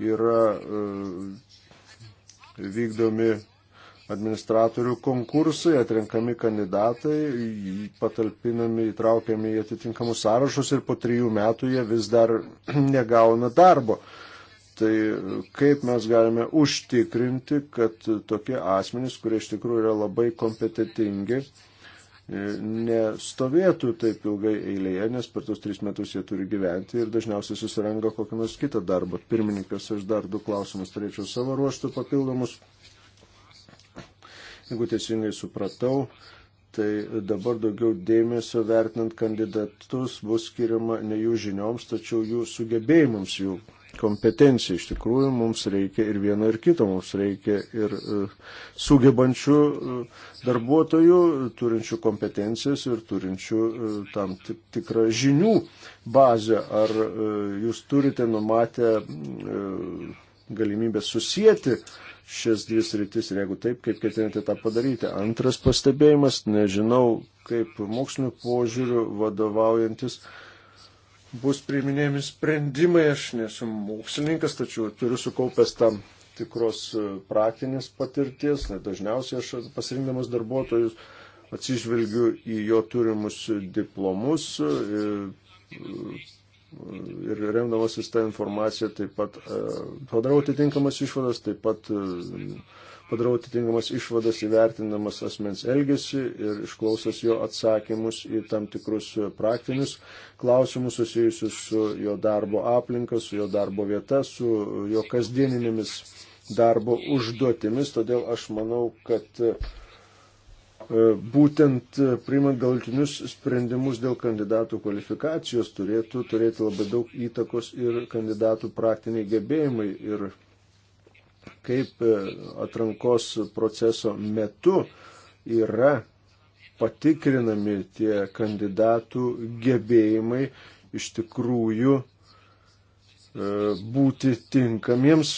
yra e, vykdomi administratorių konkursai, atrenkami kandidatai, patalpinami, įtraukiami į atitinkamus sąrašus ir po trijų metų jie vis dar negauna darbo. Tai kaip mes galime užtikrinti, kad tokie asmenys, kurie iš tikrųjų yra labai kompetitingi, nestovėtų taip ilgai eilėje, nes per tos tris metus jie turi gyventi ir dažniausiai susirenga kokią nors kitą darbą. Pirmininkas, aš dar du klausimus turėčiau savo ruoštų papildomus jeigu teisingai supratau, tai dabar daugiau dėmesio vertinant kandidatus bus skiriama ne jų žinioms, tačiau jų sugebėjimams, jų kompetencija. Iš tikrųjų, mums reikia ir vieno, ir kito. Mums reikia ir e, sugebančių e, darbuotojų, turinčių kompetencijas ir turinčių e, tam tikrą žinių bazę. Ar jūs turite numatę galimybę susijęti šias dvi sritis ir jeigu taip, kaip ketinate tą padaryti. Antras pastebėjimas, nežinau, kaip mokslinio požiūriu vadovaujantis bus priiminėjami sprendimai, aš nesu mokslininkas, tačiau turiu sukaupęs tam tikros e, praktinės patirties, net dažniausiai aš pasirindamas darbuotojus atsižvelgiu į jo turimus diplomus, e, ir remdamasis tą informaciją taip pat e, padarau atitinkamas išvadas, taip pat e, padarau atitinkamas išvadas įvertinamas asmens elgesį ir išklausęs jo atsakymus į tam tikrus e, praktinius klausimus susijusius su jo darbo aplinka, su jo darbo vieta, su jo kasdieninėmis darbo užduotimis. Todėl aš manau, kad uh, E, būtent e, priimant galutinius sprendimus dėl kandidatų kvalifikacijos turėtų turėti labai daug įtakos ir kandidatų praktiniai gebėjimai ir kaip e, atrankos proceso metu yra patikrinami tie kandidatų gebėjimai iš tikrųjų būti tinkamiems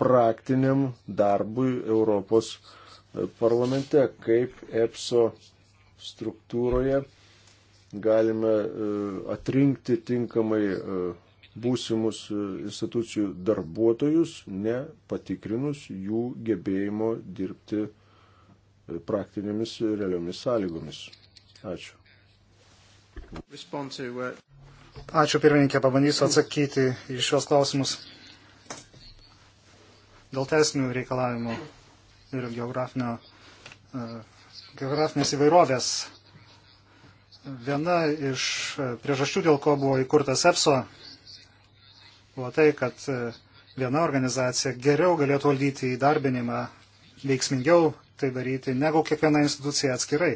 praktiniam darbui Europos parlamente, kaip EPSO struktūroje galime e, atrinkti tinkamai e, būsimus e, institucijų darbuotojus, nepatikrinus jų gebėjimo dirbti praktinėmis realiomis sąlygomis. Ačiū. Uh, Ačiū pirmininkė, pabandysiu atsakyti į šios klausimus. Dėl teisinių reikalavimų ir e, geografinės įvairovės. Viena iš e, priežasčių, dėl ko buvo įkurtas EPSO, buvo tai, kad e, viena organizacija geriau galėtų valdyti įdarbinimą, veiksmingiau tai daryti, negu kiekviena institucija atskirai.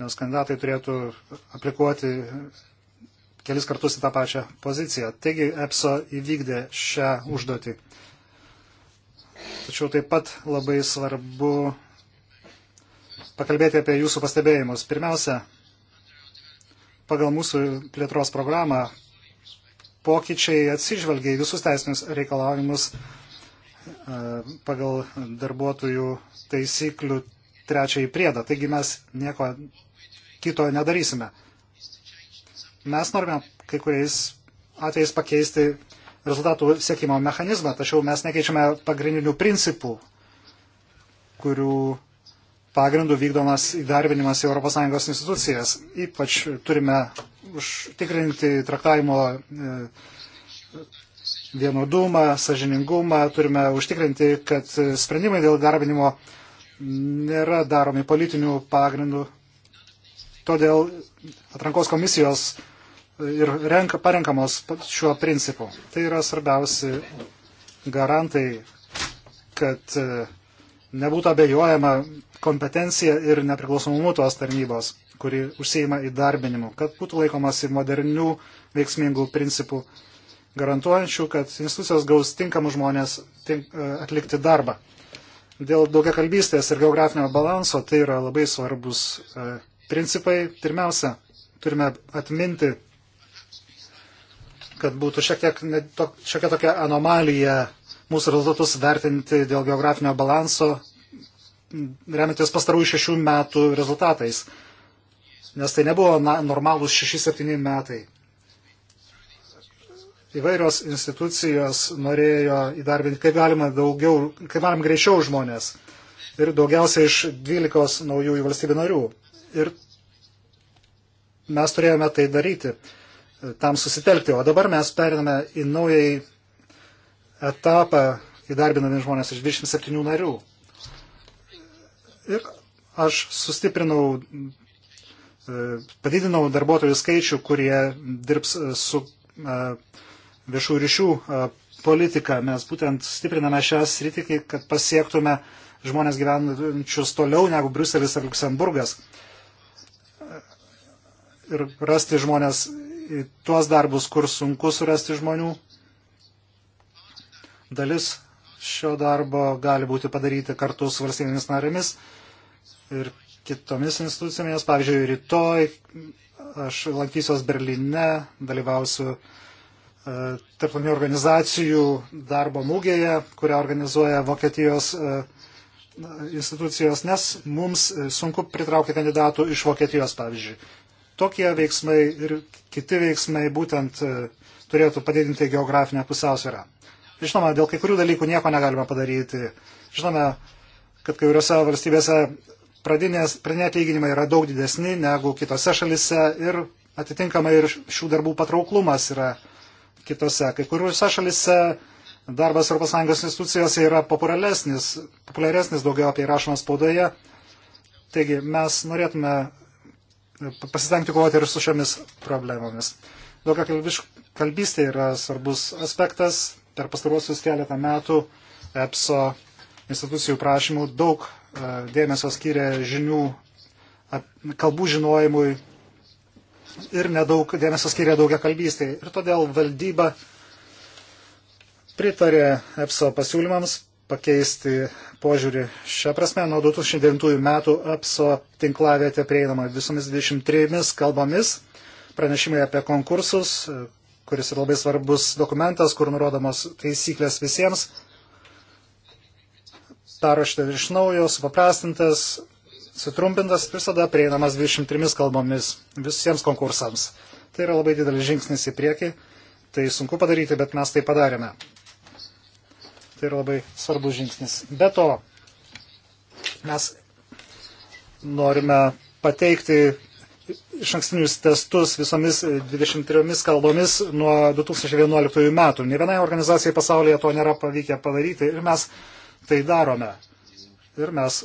Nes kandidatai turėtų aplikuoti kelis kartus į tą pačią poziciją. Taigi EPSO įvykdė šią užduotį. Tačiau taip pat labai svarbu pakalbėti apie jūsų pastebėjimus. Pirmiausia, pagal mūsų plėtros programą pokyčiai atsižvelgia į visus teisinius reikalavimus e, pagal darbuotojų taisyklių trečiąjį priedą. Taigi mes nieko kito nedarysime. Mes norime kai kuriais atvejais pakeisti rezultatų sėkimo mechanizmą, tačiau mes nekeičiame pagrindinių principų, kurių pagrindų vykdomas įdarbinimas į ES institucijas. Ypač turime užtikrinti traktavimo e, vienodumą, sažiningumą, turime užtikrinti, kad sprendimai dėl įdarbinimo nėra daromi politinių pagrindų. Todėl atrankos komisijos ir renka, parenkamos šiuo principu. Tai yra svarbiausi garantai, kad e, nebūtų abejojama kompetencija ir nepriklausomumu tos tarnybos, kuri užsieima įdarbinimu, kad būtų laikomasi modernių veiksmingų principų, garantuojančių, kad institucijos gaus tinkamus žmonės tink, e, atlikti darbą. Dėl daugiakalbystės ir geografinio balanso tai yra labai svarbus e, principai. Pirmiausia, turime atminti kad būtų šiek tiek to, šiek tiek tokia anomalija mūsų rezultatus vertinti dėl geografinio balanso, remiantis pastarųjų šešių metų rezultatais. Nes tai nebuvo na, normalūs šeši, septyni metai. Įvairios institucijos norėjo įdarbinti kaip galima daugiau, kaip galima greičiau žmonės. Ir daugiausia iš 12 naujųjų valstybių narių. Ir mes turėjome tai daryti tam susitelkti. O dabar mes periname į naują etapą, įdarbinami žmonės iš 27 narių. Ir aš sustiprinau, e, padidinau darbuotojų skaičių, kurie dirbs e, su e, viešų ryšių politika. Mes būtent stipriname šią sritį, kad pasiektume žmonės gyvenančius toliau negu Bruselis ar Luksemburgas. Ir rasti žmonės į tuos darbus, kur sunku surasti žmonių. Dalis šio darbo gali būti padaryti kartu su valstybėmis narėmis ir kitomis institucijomis. Pavyzdžiui, rytoj aš lankysiuos Berlyne, dalyvausiu e, tarptautinių organizacijų darbo mūgėje, kurią organizuoja Vokietijos e, institucijos, nes mums sunku pritraukti kandidatų iš Vokietijos, pavyzdžiui. Tokie veiksmai ir kiti veiksmai būtent e, turėtų padidinti geografinę pusiausvyrą. Žinoma, dėl kai kurių dalykų nieko negalime padaryti. Žinome, kad kai kuriuose valstybėse pradinės, pradinė atlyginimai yra daug didesni negu kitose šalise ir atitinkamai ir šių darbų patrauklumas yra kitose. Kai kuriuose šalise darbas ES institucijose yra populiaresnis, populiaresnis daugiau apie rašomą spaudoje. Taigi mes norėtume pasistengti kovoti ir su šiomis problemomis. Daugia kalbystė yra svarbus aspektas. Per pastaruosius keletą metų EPSO institucijų prašymų daug e, dėmesio skiria žinių, kalbų žinojimui ir nedaug dėmesio skiria daugia kalbystė. Ir todėl valdyba pritarė EPSO pasiūlymams pakeisti požiūrį. Šią prasme, nuo 2009 metų apso tinklavietė prieinama visomis 23 kalbomis, pranešimai apie konkursus, kuris yra labai svarbus dokumentas, kur nurodomos taisyklės visiems, perrašyta iš naujo, supaprastintas, sutrumpintas, visada prieinamas 23 kalbomis visiems konkursams. Tai yra labai didelis žingsnis į priekį, tai sunku padaryti, bet mes tai padarėme. Tai yra labai svarbus žingsnis. Be to, mes norime pateikti iš ankstinius testus visomis 23 kalbomis nuo 2011 metų. Ne vienai organizacijai pasaulyje to nėra pavykę padaryti ir mes tai darome. Ir mes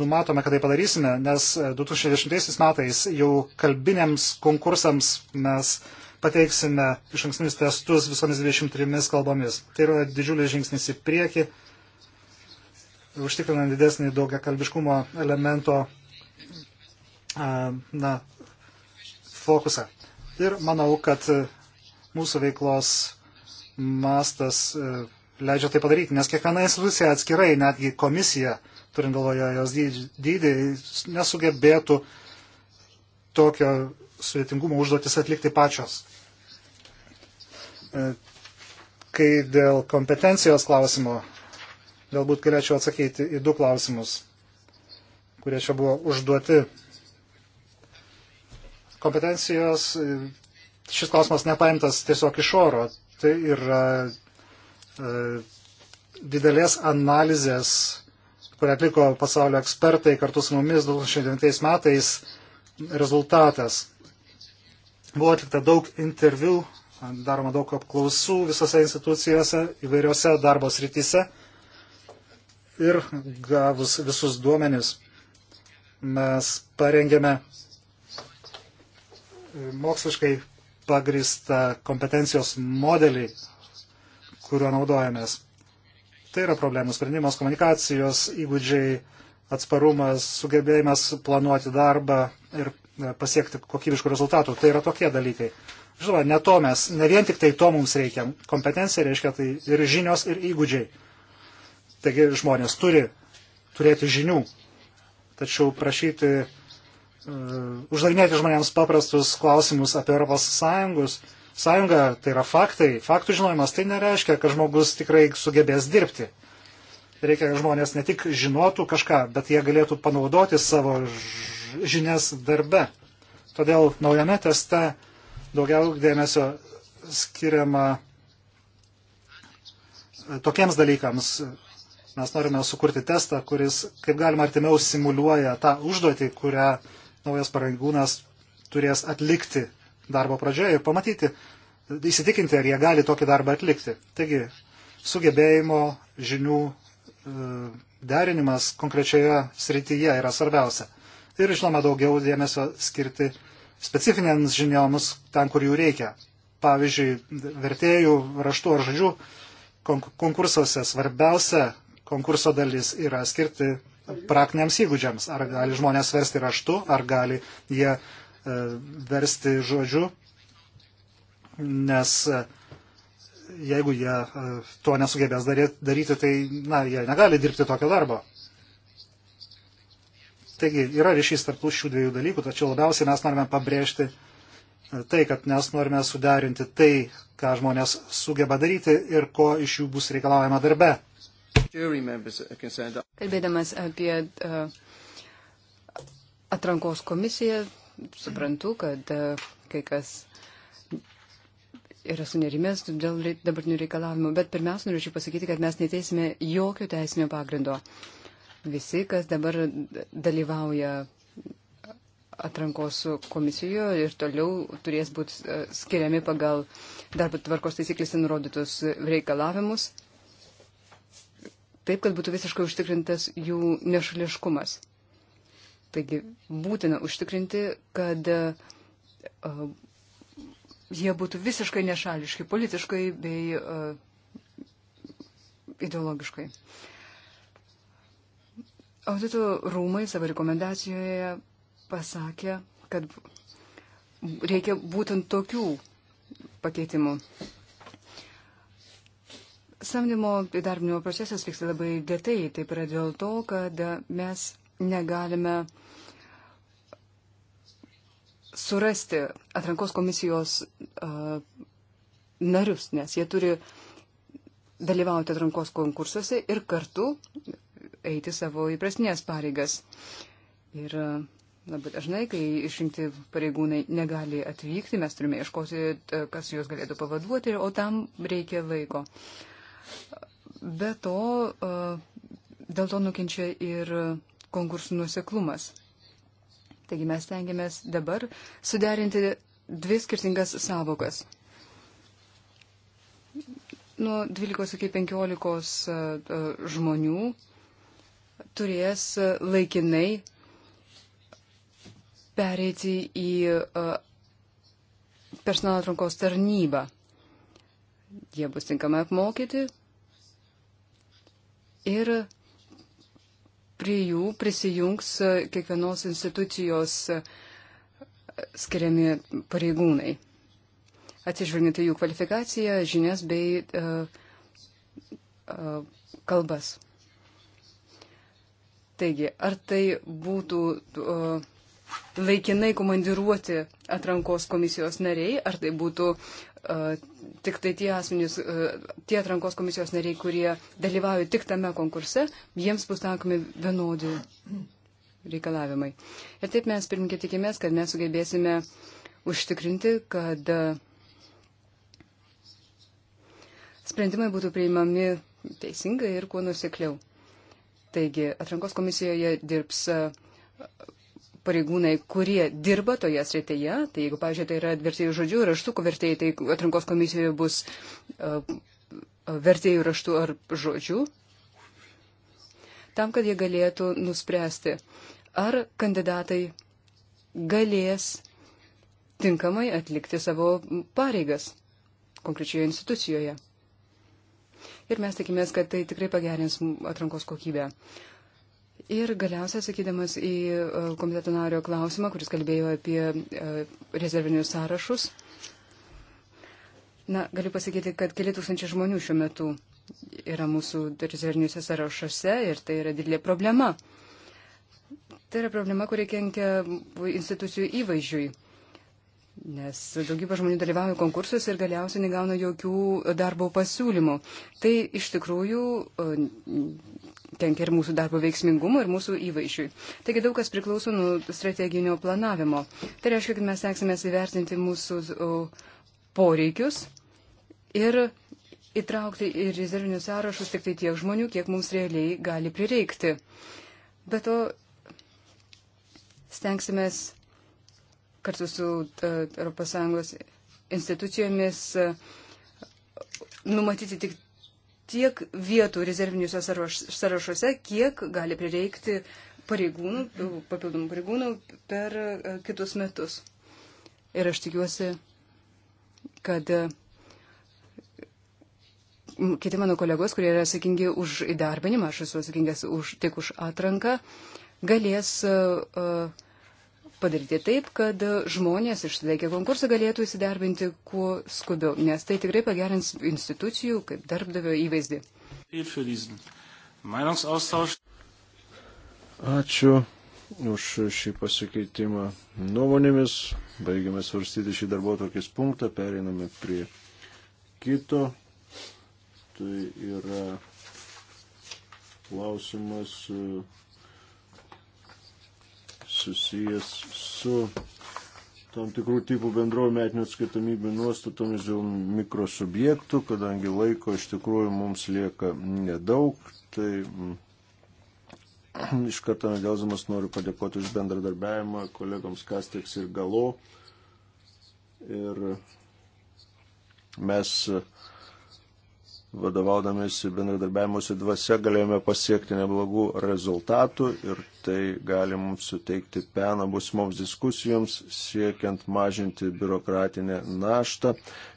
numatome, kad tai padarysime, nes 2020 metais jau kalbinėms konkursams mes uh, pateiksime iš ankstinius testus visomis 23 kalbomis. Tai yra didžiulis žingsnis į priekį, užtikrinant didesnį daugia kalbiškumo elemento na, fokusą. Ir manau, kad mūsų veiklos mastas e, leidžia tai padaryti, nes kiekviena institucija atskirai, netgi komisija, turint galvoje jos dydį, nesugebėtų tokio sudėtingumo užduotis atlikti pačios. E, kai dėl kompetencijos klausimo, galbūt galėčiau atsakyti į du klausimus, kurie čia buvo užduoti. Kompetencijos, e, šis klausimas nepaimtas tiesiog iš oro. Tai yra e, didelės analizės, kurią atliko pasaulio ekspertai kartu su mumis 2009 metais rezultatas. Buvo atlikta daug interviu, daroma daug apklausų visose institucijose, įvairiose darbo srityse. Ir gavus visus duomenis, mes parengėme moksliškai pagristą kompetencijos modelį, kuriuo naudojamės. Tai yra problemų sprendimas, komunikacijos įgūdžiai, atsparumas, sugebėjimas planuoti darbą ir E, pasiekti kokybiškų rezultatų. Tai yra tokie dalykai. Žinoma, ne to mes, ne vien tik tai to mums reikia. Kompetencija reiškia tai ir žinios, ir įgūdžiai. Taigi žmonės turi turėti žinių, tačiau prašyti, uh, uždavinėti žmonėms paprastus klausimus apie Europos Sąjungus, Sąjungą, tai yra faktai, faktų žinojimas, tai nereiškia, kad žmogus tikrai sugebės dirbti. Reikia, kad žmonės ne tik žinotų kažką, bet jie galėtų panaudoti savo žinias darbe. Todėl naujame teste daugiau dėmesio skiriama e, tokiems dalykams. Mes norime sukurti testą, kuris kaip galima artimiau simuliuoja tą užduotį, kurią naujas pareigūnas turės atlikti darbo pradžioje ir pamatyti, įsitikinti, ar jie gali tokį darbą atlikti. Taigi, sugebėjimo žinių e, derinimas konkrečioje srityje yra svarbiausia ir, žinoma, daugiau dėmesio skirti specifinėms žinioms ten, kur jų reikia. Pavyzdžiui, vertėjų raštų ar žodžių konkursuose svarbiausia konkurso dalis yra skirti praktiniams įgūdžiams. Ar gali žmonės versti raštu, ar gali jie e, versti žodžiu, nes e, jeigu jie e, to nesugebės daryti, tai na, jie negali dirbti tokio darbo. Taigi yra ryšys tarp šių dviejų dalykų, tačiau labiausiai mes norime pabrėžti e, tai, kad mes norime suderinti tai, ką žmonės sugeba daryti ir ko iš jų bus reikalaujama darbe. Kalbėdamas apie e, atrankos komisiją, suprantu, kad e, kai kas yra sunerimęs dėl dabartinių reikalavimų, bet pirmiausia, norėčiau pasakyti, kad mes neteisime jokio teisinio pagrindo. Uh, visi, kas dabar dalyvauja atrankos komisijoje ir toliau turės būti e, skiriami pagal darbo tvarkos taisyklėse nurodytus reikalavimus, taip, kad būtų visiškai užtikrintas jų nešališkumas. Taigi būtina užtikrinti, kad uh, jie būtų visiškai nešališki politiškai bei uh, ideologiškai. Uh, Audito rūmai savo rekomendacijoje pasakė, kad reikia būtent tokių pakeitimų. Samdymo įdarbinimo procesas vyksta labai lietai, taip yra dėl to, kad mes negalime surasti atrankos komisijos uh, narius, nes jie turi dalyvauti atrankos konkursuose ir kartu eiti savo įprasnės pareigas. Ir e, labai dažnai, kai išrinkti pareigūnai negali atvykti, mes turime ieškoti, e, kas juos galėtų pavaduoti, o tam reikia laiko. Be to, e, dėl to nukenčia ir konkursų nuseklumas. Taigi mes tengiamės dabar suderinti dvi skirtingas savokas. Nuo 12 iki 15 žmonių turės e, laikinai pereiti į e, personalo atrankos tarnybą. Jie bus tinkamai apmokyti ir prie jų prisijungs e, kiekvienos institucijos skiriami pareigūnai, atsižvelgiant į jų kvalifikaciją, žinias bei uh, uh, kalbas. Taigi, ar tai būtų uh, laikinai komandiruoti atrankos komisijos nariai, ar tai būtų uh, tik tai tie asmenys, uh, tie atrankos komisijos nariai, kurie dalyvauja tik tame konkurse, jiems bus taikomi vienodi reikalavimai. Ir taip mes pirmininkė tikimės, kad mes sugebėsime užtikrinti, kad sprendimai būtų priimami teisingai ir kuo nusikliau. Taigi, atrankos komisijoje dirbs e, pareigūnai, kurie dirba toje srityje. Tai jeigu, pažiūrėjau, tai yra vertėjų žodžių ir raštukų vertėjai, tai atrankos komisijoje bus e, vertėjų raštų ar žodžių. Tam, kad jie galėtų nuspręsti, ar kandidatai galės tinkamai atlikti savo pareigas konkrečioje institucijoje ir mes tikimės, kad tai tikrai pagerins atrankos kokybę. Ir galiausiai, sakydamas į e, komiteto nario klausimą, kuris kalbėjo apie e, rezervinius sąrašus, na, galiu pasakyti, kad keli tūkstančiai žmonių šiuo metu yra mūsų rezerviniuose sąrašuose ir tai yra didelė problema. Tai yra problema, kuri kenkia institucijų įvaizdžiui nes daugybė žmonių dalyvauja konkursuose ir galiausiai negauna jokių darbo pasiūlymų. Tai iš tikrųjų e, kenkia ir mūsų darbo veiksmingumui, ir mūsų įvaizdžiui. Taigi daug kas priklauso nuo strateginio planavimo. Tai reiškia, kad mes seksime įvertinti mūsų poreikius ir įtraukti į rezervinius sąrašus tik tai tiek žmonių, kiek mums realiai gali prireikti. Be to, stengsimės kartu su ES institucijomis e, numatyti tik tiek vietų rezerviniuose sąrašuose, kiek gali prireikti pareigūnų, papildomų pareigūnų per e, kitus metus. Ir aš tikiuosi, kad e, kiti mano kolegos, kurie yra atsakingi už įdarbinimą, aš esu atsakingas už, tik už atranką, galės uh, padaryti taip, kad žmonės išsilaikę konkursą galėtų įsidarbinti kuo skubiau, nes tai tikrai pagerins institucijų kaip darbdavio įvaizdį. Ačiū už šį pasikeitimą nuomonėmis. Baigiame svarstyti šį darbo tokį punktą, pereiname prie kito. Tai yra klausimas. Uh, susijęs su tam tikrų tipų bendrovių metinio atskaitomybė nuostatomis dėl mikrosubjektų, kadangi laiko iš tikrųjų mums lieka nedaug, tai mm, iš karto nedėlzamas noriu padėkoti už bendradarbiavimą kolegoms Kasteks ir Galo. Ir mes vadovaudamėsi bendradarbiavimuose dvasia galėjome pasiekti neblogų rezultatų ir tai gali mums suteikti peną busmoms diskusijoms, siekiant mažinti biurokratinę naštą.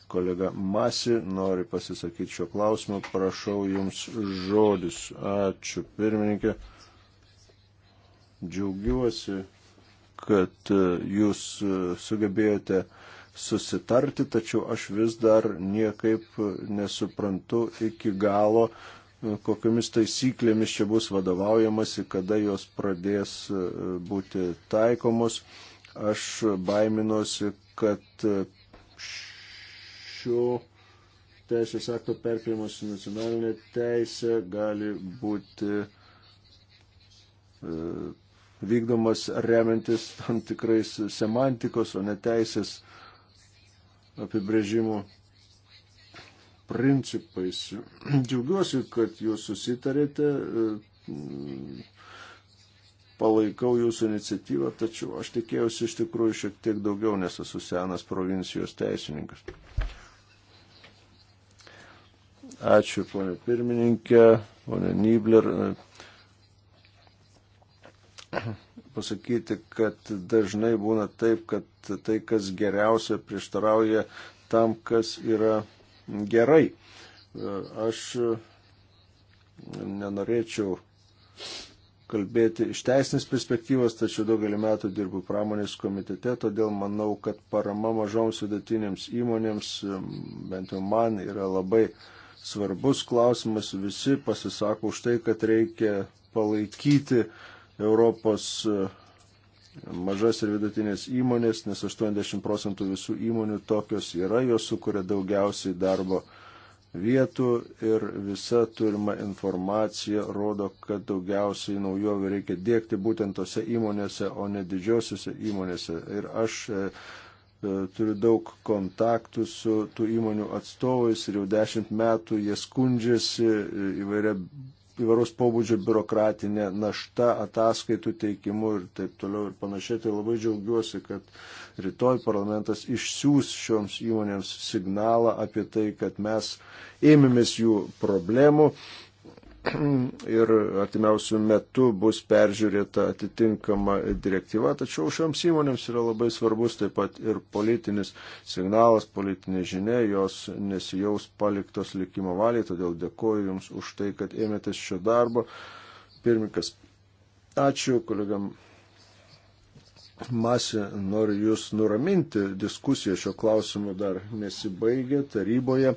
Kolega Masi nori pasisakyti šio klausimu, prašau jums žodis. Ačiū pirmininkė. Džiaugiuosi, kad jūs sugebėjote susitarti, tačiau aš vis dar niekaip nesuprantu iki galo, e, kokiamis taisyklėmis čia bus vadovaujamasi, kada jos pradės e, būti taikomos. Aš baiminosi, kad e, šio teisės akto perkėlimas į nacionalinę teisę gali būti vykdomas remiantis tam tikrais semantikos, o ne teisės apibrėžimo principais. Džiaugiuosi, kad jūs susitarėte, e, palaikau jūsų iniciatyvą, tačiau aš tikėjausi iš tikrųjų šiek tiek daugiau, nes esu senas provincijos teisininkas. Ačiū, ponė pirmininkė, ponė Nibler pasakyti, kad dažnai būna taip, kad tai, kas geriausia, prieštarauja tam, kas yra gerai. Aš nenorėčiau kalbėti iš teisinės perspektyvos, tačiau daugelį metų dirbu pramonės komitete, todėl manau, kad parama mažoms vidutinėms įmonėms, bent jau man, yra labai svarbus klausimas. Visi pasisako už tai, kad reikia palaikyti uh, Europos e, mažas ir vidutinės įmonės, nes 80 procentų visų įmonių tokios yra, jos sukuria daugiausiai darbo vietų ir visa turima informacija rodo, kad daugiausiai naujovių reikia dėkti būtent tose įmonėse, o ne didžiosiuose įmonėse. Ir aš e, e, turiu daug kontaktų su tų įmonių atstovais ir jau dešimt metų jie skundžiasi e, įvairia įvairaus pobūdžio biurokratinė našta, ataskaitų teikimu ir taip toliau ir panašiai. Tai labai džiaugiuosi, kad rytoj parlamentas išsiūs šioms įmonėms signalą apie tai, kad mes ėmėmės jų problemų ir artimiausių metų bus peržiūrėta atitinkama direktyva, tačiau šioms įmonėms yra labai svarbus taip pat ir politinis signalas, politinė žinia, jos nesijaus paliktos likimo valiai, todėl dėkoju Jums už tai, kad ėmėtės šio darbo. Pirmikas, ačiū kolegam. Masė, noriu Jūs nuraminti, diskusija šio klausimu dar nesibaigė taryboje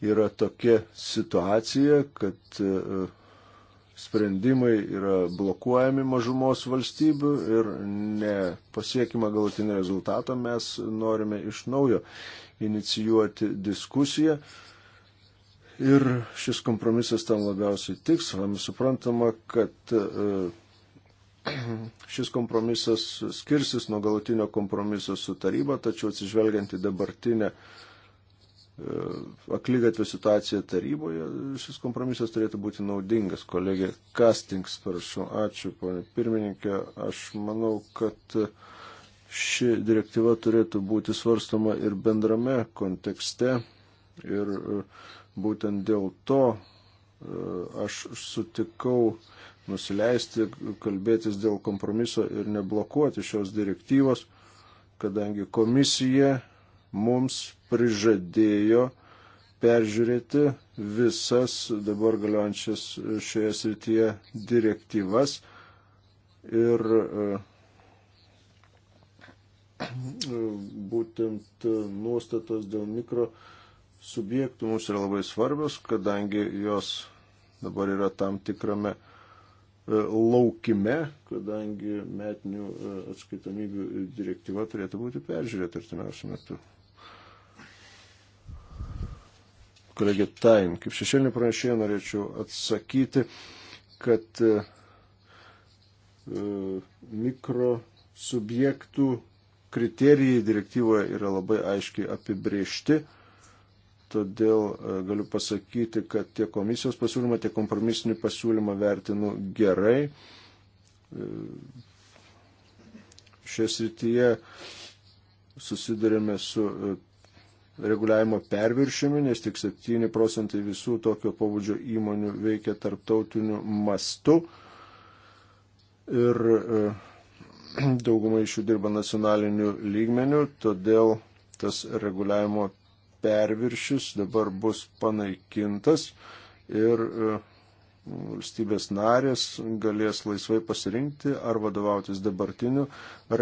yra tokia situacija, kad e, sprendimai yra blokuojami mažumos valstybių ir nepasiekima galutinio rezultato, mes norime iš naujo inicijuoti diskusiją. Ir šis kompromisas tam labiausiai tiks, man suprantama, kad e, šis kompromisas skirsis nuo galutinio kompromiso su taryba, tačiau atsižvelgiant į dabartinę uh, E, aklygatvė situacija taryboje, šis kompromisas turėtų būti naudingas. Kolegė Kastings, prašau, ačiū, ponė pirmininkė. Aš manau, kad ši direktyva turėtų būti svarstoma ir bendrame kontekste. Ir e, būtent dėl to e, aš sutikau nusileisti, kalbėtis dėl kompromiso ir neblokuoti šios direktyvos, kadangi komisija mums prižadėjo peržiūrėti visas dabar galiojančias šioje srityje direktyvas ir e, būtent nuostatos dėl mikro subjektų mums yra labai svarbios, kadangi jos dabar yra tam tikrame e, laukime, kadangi metinių e, atskaitomybių direktyva turėtų būti peržiūrėta artimiausiu metu. kolegė Tain. Kaip šešėlinį pranešėją norėčiau atsakyti, kad e, e, mikro subjektų kriterijai direktyvoje yra labai aiškiai apibriežti, todėl e, galiu pasakyti, kad tiek komisijos pasiūlymą, tiek kompromisinį pasiūlymą vertinu gerai. Šią srityje susidurėme su reguliavimo perviršimi, nes tik 7 procentai visų tokio pobūdžio įmonių veikia tarptautiniu mastu ir e, dauguma iš jų dirba nacionaliniu lygmeniu, todėl tas reguliavimo perviršis dabar bus panaikintas ir e, valstybės narės galės laisvai pasirinkti ar vadovautis dabartiniu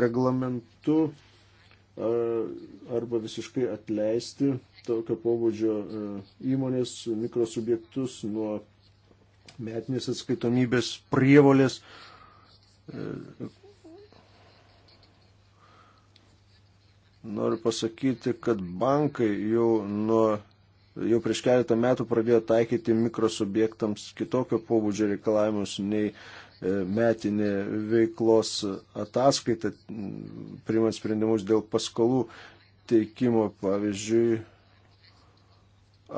reglamentu arba visiškai atleisti tokio pobūdžio įmonės, mikrosubjektus nuo metinės atskaitomybės prievolės. Noriu pasakyti, kad bankai jau nuo jau prieš keletą metų pradėjo taikyti mikrosubjektams kitokio pobūdžio reikalavimus nei E, metinė veiklos ataskaita, priimant sprendimus dėl paskolų teikimo. Pavyzdžiui,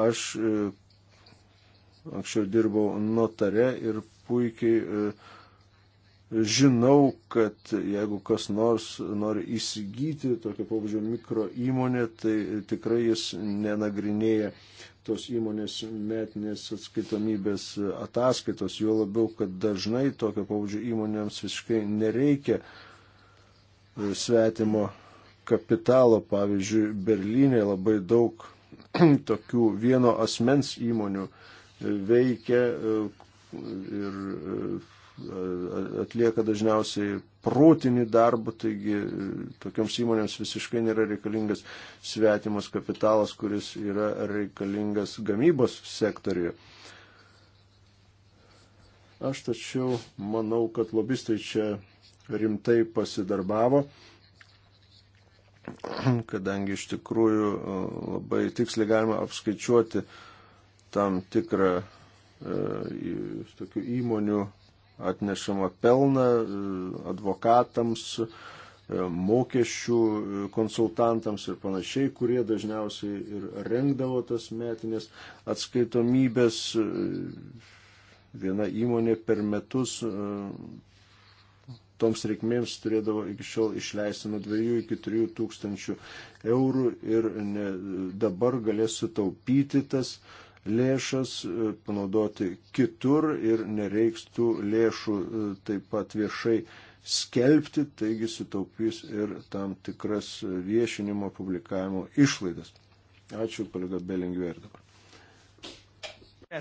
aš e, anksčiau dirbau notare ir puikiai e, žinau, kad jeigu kas nors nori įsigyti tokią pavyzdžių mikro įmonę, tai tikrai jis nenagrinėja tos įmonės metinės atskaitomybės ataskaitos, juo labiau, kad dažnai tokio pavyzdžio įmonėms visiškai nereikia e, svetimo kapitalo. Pavyzdžiui, Berlyne labai daug tokių vieno asmens įmonių e, veikia e, ir atlieka dažniausiai prūtinį darbą, taigi e, tokioms įmonėms visiškai nėra reikalingas svetimas kapitalas, kuris yra reikalingas gamybos sektoriuje. Aš tačiau manau, kad lobistai čia rimtai pasidarbavo kadangi iš tikrųjų e, labai tiksliai galima apskaičiuoti tam tikrą e, tokių įmonių atnešama pelna e, advokatams, e, mokesčių e, konsultantams ir panašiai, kurie dažniausiai ir rengdavo tas metinės atskaitomybės. Viena įmonė per metus toms reikmėms turėdavo iki šiol išleisti nuo 2 iki 3 tūkstančių eurų ir ne, dabar galės sutaupyti tas uh, lėšas e, panaudoti kitur ir nereikstų lėšų e, taip pat viešai skelbti, taigi sutaupys ir tam tikras viešinimo publikavimo išlaidas. Ačiū, kolega Belingver dabar. E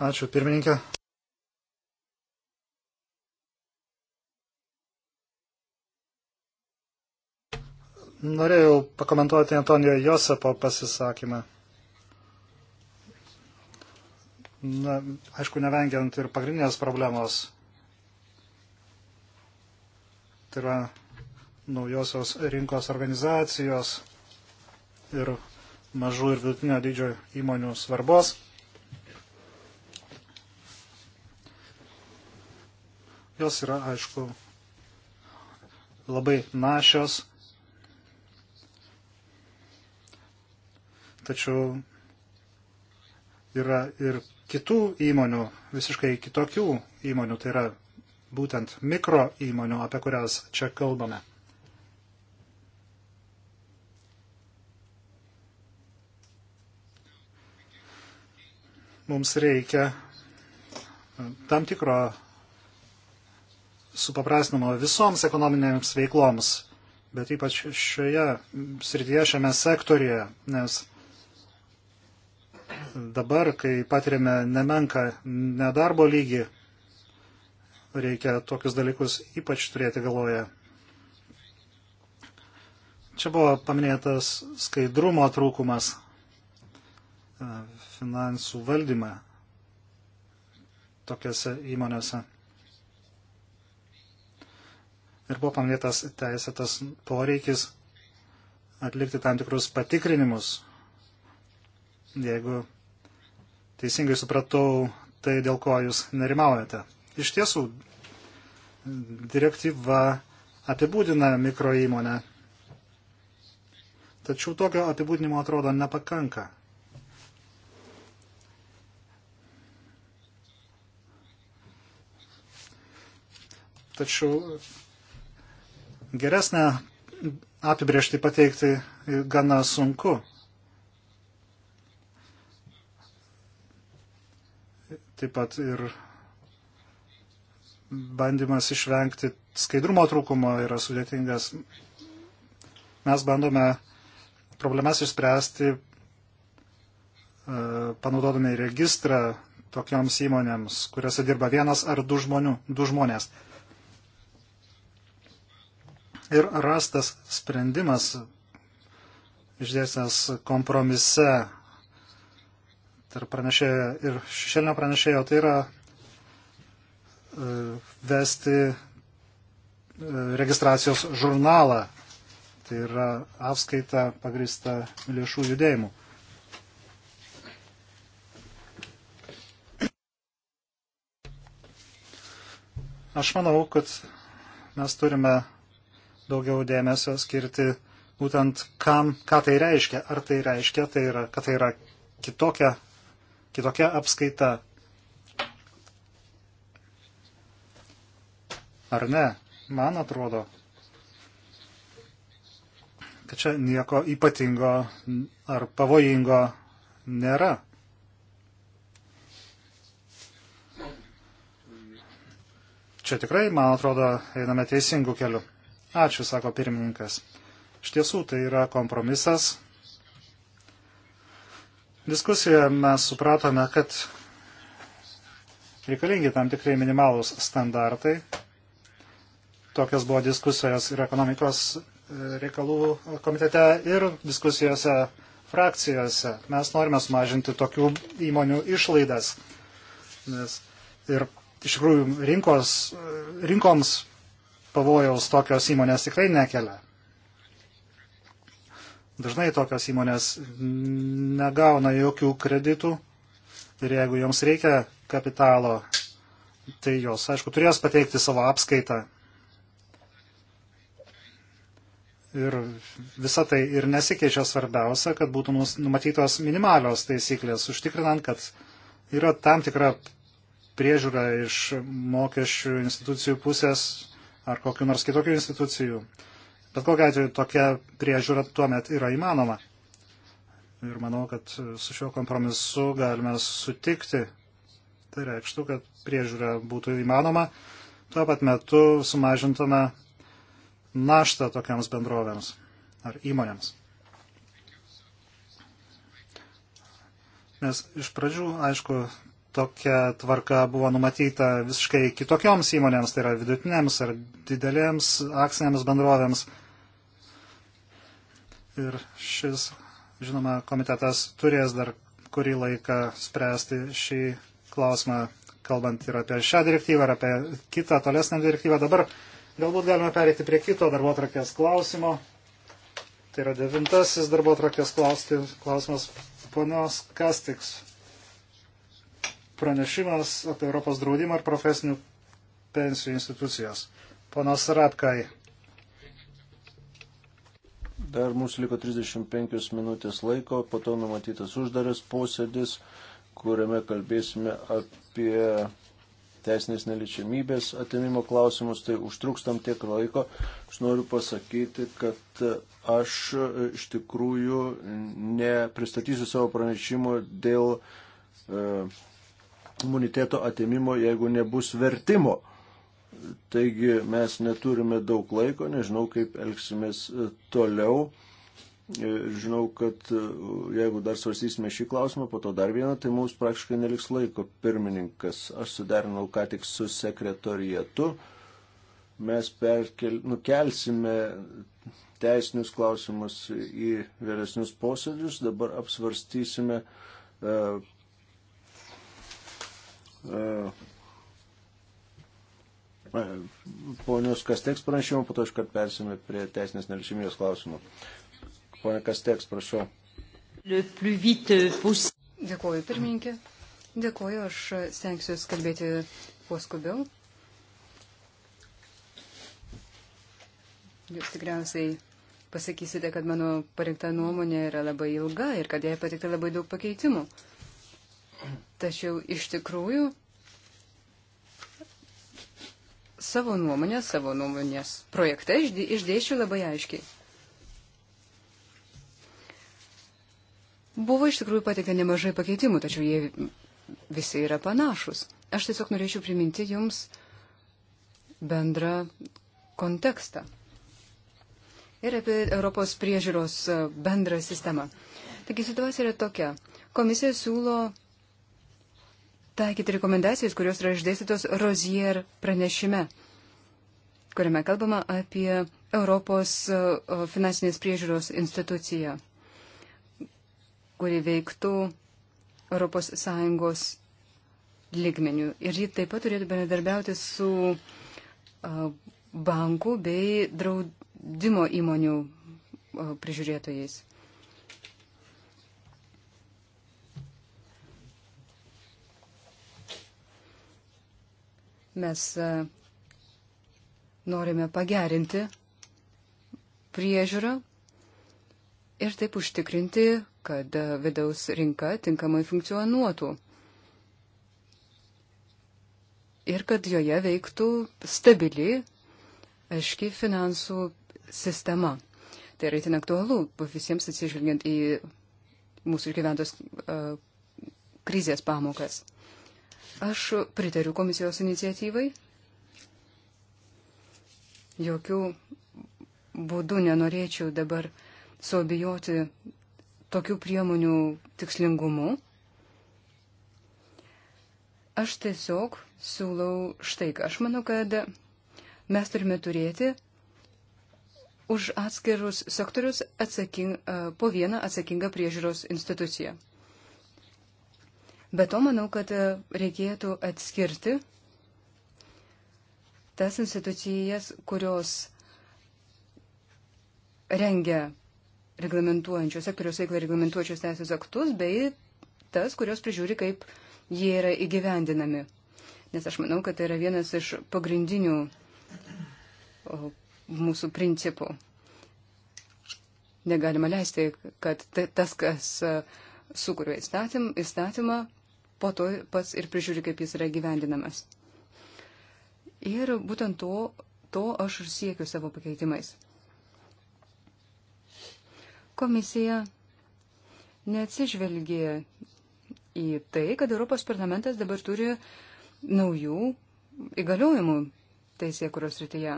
Ačiū, pirmininkė. Norėjau pakomentuoti Antonijo Josepo pasisakymą. Na, aišku, nevengiant ir pagrindinės problemos. Tai yra naujosios rinkos organizacijos ir mažų ir vidutinio dydžio įmonių svarbos. Jos yra, aišku, labai našios tačiau yra ir kitų įmonių, visiškai kitokių įmonių, tai yra būtent mikro įmonių, apie kurias čia kalbame. Mums reikia e, tam tikro supaprastinimo visoms ekonominėms veikloms, bet ypač šioje srityje, šiame sektorijoje, nes dabar, kai patirime nemenka nedarbo lygį, reikia tokius dalykus ypač turėti galvoje. Čia buvo paminėtas skaidrumo trūkumas e, finansų valdymą tokiuose įmonėse. Ir buvo paminėtas teisėtas poreikis atlikti tam tikrus patikrinimus, jeigu teisingai supratau tai, dėl ko jūs nerimaujate. Iš tiesų, direktyva apibūdina mikro įmonę, tačiau tokio apibūdinimo atrodo nepakanka. Tačiau geresnę apibriežtį pateikti gana sunku. taip pat ir bandymas išvengti skaidrumo trūkumo yra sudėtingas. Mes bandome problemas išspręsti e, panaudodami registrą tokioms įmonėms, kuriuose dirba vienas ar du, žmonių, du žmonės. Ir rastas sprendimas išdėstęs kompromise tarp pranešėjo ir šešėlinio pranešėjo, tai yra e, vesti e, registracijos žurnalą. Tai yra apskaita pagrįsta lėšų judėjimu. Aš manau, kad mes turime daugiau dėmesio skirti būtent kam, ką tai reiškia. Ar tai reiškia, tai yra, kad tai yra kitokia kitokia apskaita. Ar ne? Man atrodo, kad čia nieko ypatingo ar pavojingo nėra. Čia tikrai, man atrodo, einame teisingų kelių. Ačiū, sako pirmininkas. Iš tiesų, tai yra kompromisas, Diskusijoje mes supratome, kad reikalingi tam tikrai minimalūs standartai. Tokios buvo diskusijos ir ekonomikos e, reikalų komitete ir diskusijose frakcijose. Mes norime sumažinti tokių įmonių išlaidas. Nes ir iš tikrųjų rinkos, e, rinkoms pavojaus tokios įmonės tikrai nekelia. Dažnai tokios įmonės negauna jokių kreditų ir jeigu joms reikia kapitalo, tai jos, aišku, turės pateikti savo apskaitą. Ir visa tai ir nesikeičia svarbiausia, kad būtų numatytos minimalios taisyklės, užtikrinant, kad yra tam tikra priežiūra iš mokesčių institucijų pusės ar kokiu nors kitokiu institucijų. Bet kokia atveju tokia priežiūra tuomet yra įmanoma. Ir manau, kad su šiuo kompromisu galime sutikti. Tai reikštų, kad priežiūra būtų įmanoma. Tuo pat metu sumažintume naštą tokiams bendrovėms ar įmonėms. Nes iš pradžių, aišku, tokia tvarka buvo numatyta visiškai kitokioms įmonėms, tai yra vidutinėms ar didelėms akcinėms bendrovėms ir šis, žinoma, komitetas turės dar kurį laiką spręsti šį klausimą, kalbant ir apie šią direktyvą, ir apie kitą tolesnę direktyvą. Dabar galbūt galime perėti prie kito darbo trakės klausimo. Tai yra devintasis darbo trakės klausimas ponios Kastiks. Pranešimas apie Europos draudimą ir profesinių pensijų institucijas. Ponas Ratkai Dar mums liko 35 minutės laiko, po to numatytas uždaras posėdis, kuriame kalbėsime apie teisinės neličiamybės atimimo klausimus, tai užtrukstam tiek laiko. Aš noriu pasakyti, kad aš iš tikrųjų nepristatysiu savo pranešimo dėl e, imuniteto atimimo, jeigu nebus vertimo. Taigi mes neturime daug laiko, nežinau, kaip elgsimės e, toliau. E, žinau, kad e, jeigu dar svarstysime šį klausimą, po to dar vieną, tai mums praktiškai neliks laiko. Pirmininkas, aš suderinau ką tik su sekretorijatu. Mes perkel, nukelsime teisinius klausimus į vėlesnius posėdžius. Dabar apsvarstysime uh, uh, ponios Kasteks pranešimo, po to iškart persime prie teisinės nelšimybės klausimų. Pone Kasteks, prašau. Dėkuoju, pirmininkė. Dėkuoju, aš stengsiuosi kalbėti kuo skubiau. Jūs tikriausiai pasakysite, kad mano parengta nuomonė yra labai ilga ir kad jai patikta labai daug pakeitimų. Tačiau iš tikrųjų savo nuomonę, savo nuomonės projekte išdėšiu labai aiškiai. Buvo iš tikrųjų pateikta nemažai pakeitimų, tačiau jie visi yra panašus. Aš tiesiog norėčiau priminti jums bendrą kontekstą ir apie Europos priežiūros bendrą sistemą. Taigi situacija yra tokia. Komisija siūlo taikyti rekomendacijas, kurios yra išdėstytos Rozier pranešime, kuriame kalbama apie Europos e, finansinės priežiūros instituciją, kuri veiktų ES lygmenių. Ir ji taip pat turėtų bendradarbiauti su e, bankų bei draudimo įmonių e, prižiūrėtojais. Mes e, norime pagerinti priežiūrą ir taip užtikrinti, kad e, vidaus rinka tinkamai funkcionuotų. Ir kad joje veiktų stabili, aiški finansų sistema. Tai yra itin aktualu visiems atsižvelgiant į mūsų išgyventos uh, krizės pamokas. Aš pritariu komisijos iniciatyvai. Jokių būdų nenorėčiau dabar suabijoti tokių priemonių tikslingumu. Aš tiesiog siūlau štai, ką aš manau, kad mes turime turėti už atskirus sektorius atsaking, po vieną atsakingą priežiūros instituciją. Bet to manau, kad e, reikėtų atskirti tas institucijas, kurios rengia reglamentuojančios, sektoriaus veiklą reglamentuojančios teisės aktus, bei tas, kurios prižiūri, kaip jie yra įgyvendinami. Nes aš manau, kad tai yra vienas iš pagrindinių mūsų principų. Negalima leisti, kad tas, kas e, sukuria įstatymą, po to pats ir prižiūri, kaip jis yra gyvendinamas. Ir būtent to, to aš ir siekiu savo pakeitimais. Komisija neatsižvelgė į tai, kad Europos parlamentas dabar turi naujų įgaliojimų teisėkuros rytyje.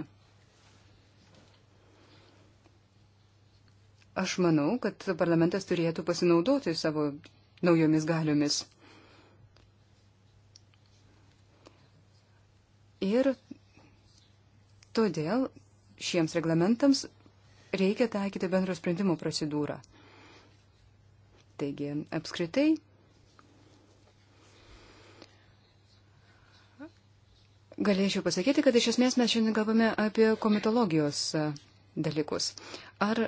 Aš manau, kad parlamentas turėtų pasinaudoti savo naujomis galiomis. Ir todėl šiems reglamentams reikia taikyti bendro sprendimo procedūrą. Taigi, apskritai, galėčiau pasakyti, kad iš esmės mes šiandien kalbame apie komitologijos dalykus. Ar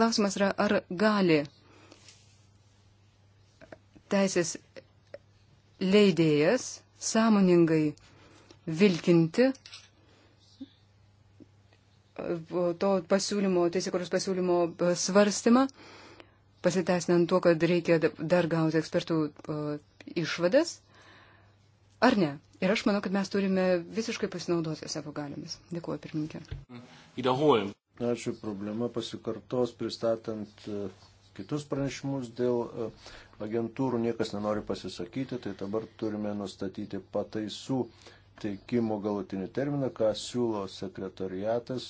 klausimas yra, ar gali teisės leidėjas sąmoningai vilkinti e, to pasiūlymo, teisėkuros pasiūlymo e, svarstymą, pasiteisinant tuo, kad reikia dar gauti ekspertų e, išvadas, ar ne? Ir aš manau, kad mes turime visiškai pasinaudoti savo galiomis. Dėkuoju, pirmininkė. Ačiū, problema pasikartos pristatant kitus pranešimus dėl agentūrų, niekas nenori pasisakyti, tai dabar turime nustatyti pataisų teikimo galutinį terminą, ką siūlo sekretariatas.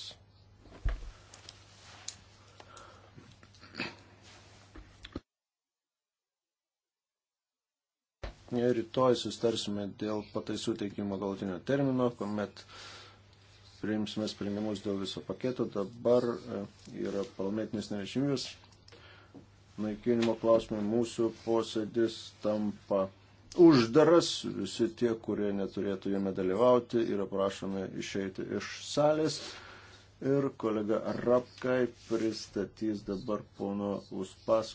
Ir rytoj sustarsime dėl pataisų teikimo galutinio termino, kuomet priimsime sprendimus dėl viso paketo. Dabar e, yra parlamentinis nerežiminis naikinimo klausimai. Mūsų posėdis tampa uždaras, visi tie, kurie neturėtų jame dalyvauti, yra prašomi išeiti iš salės. Ir kolega Rapkai pristatys dabar pono Uspas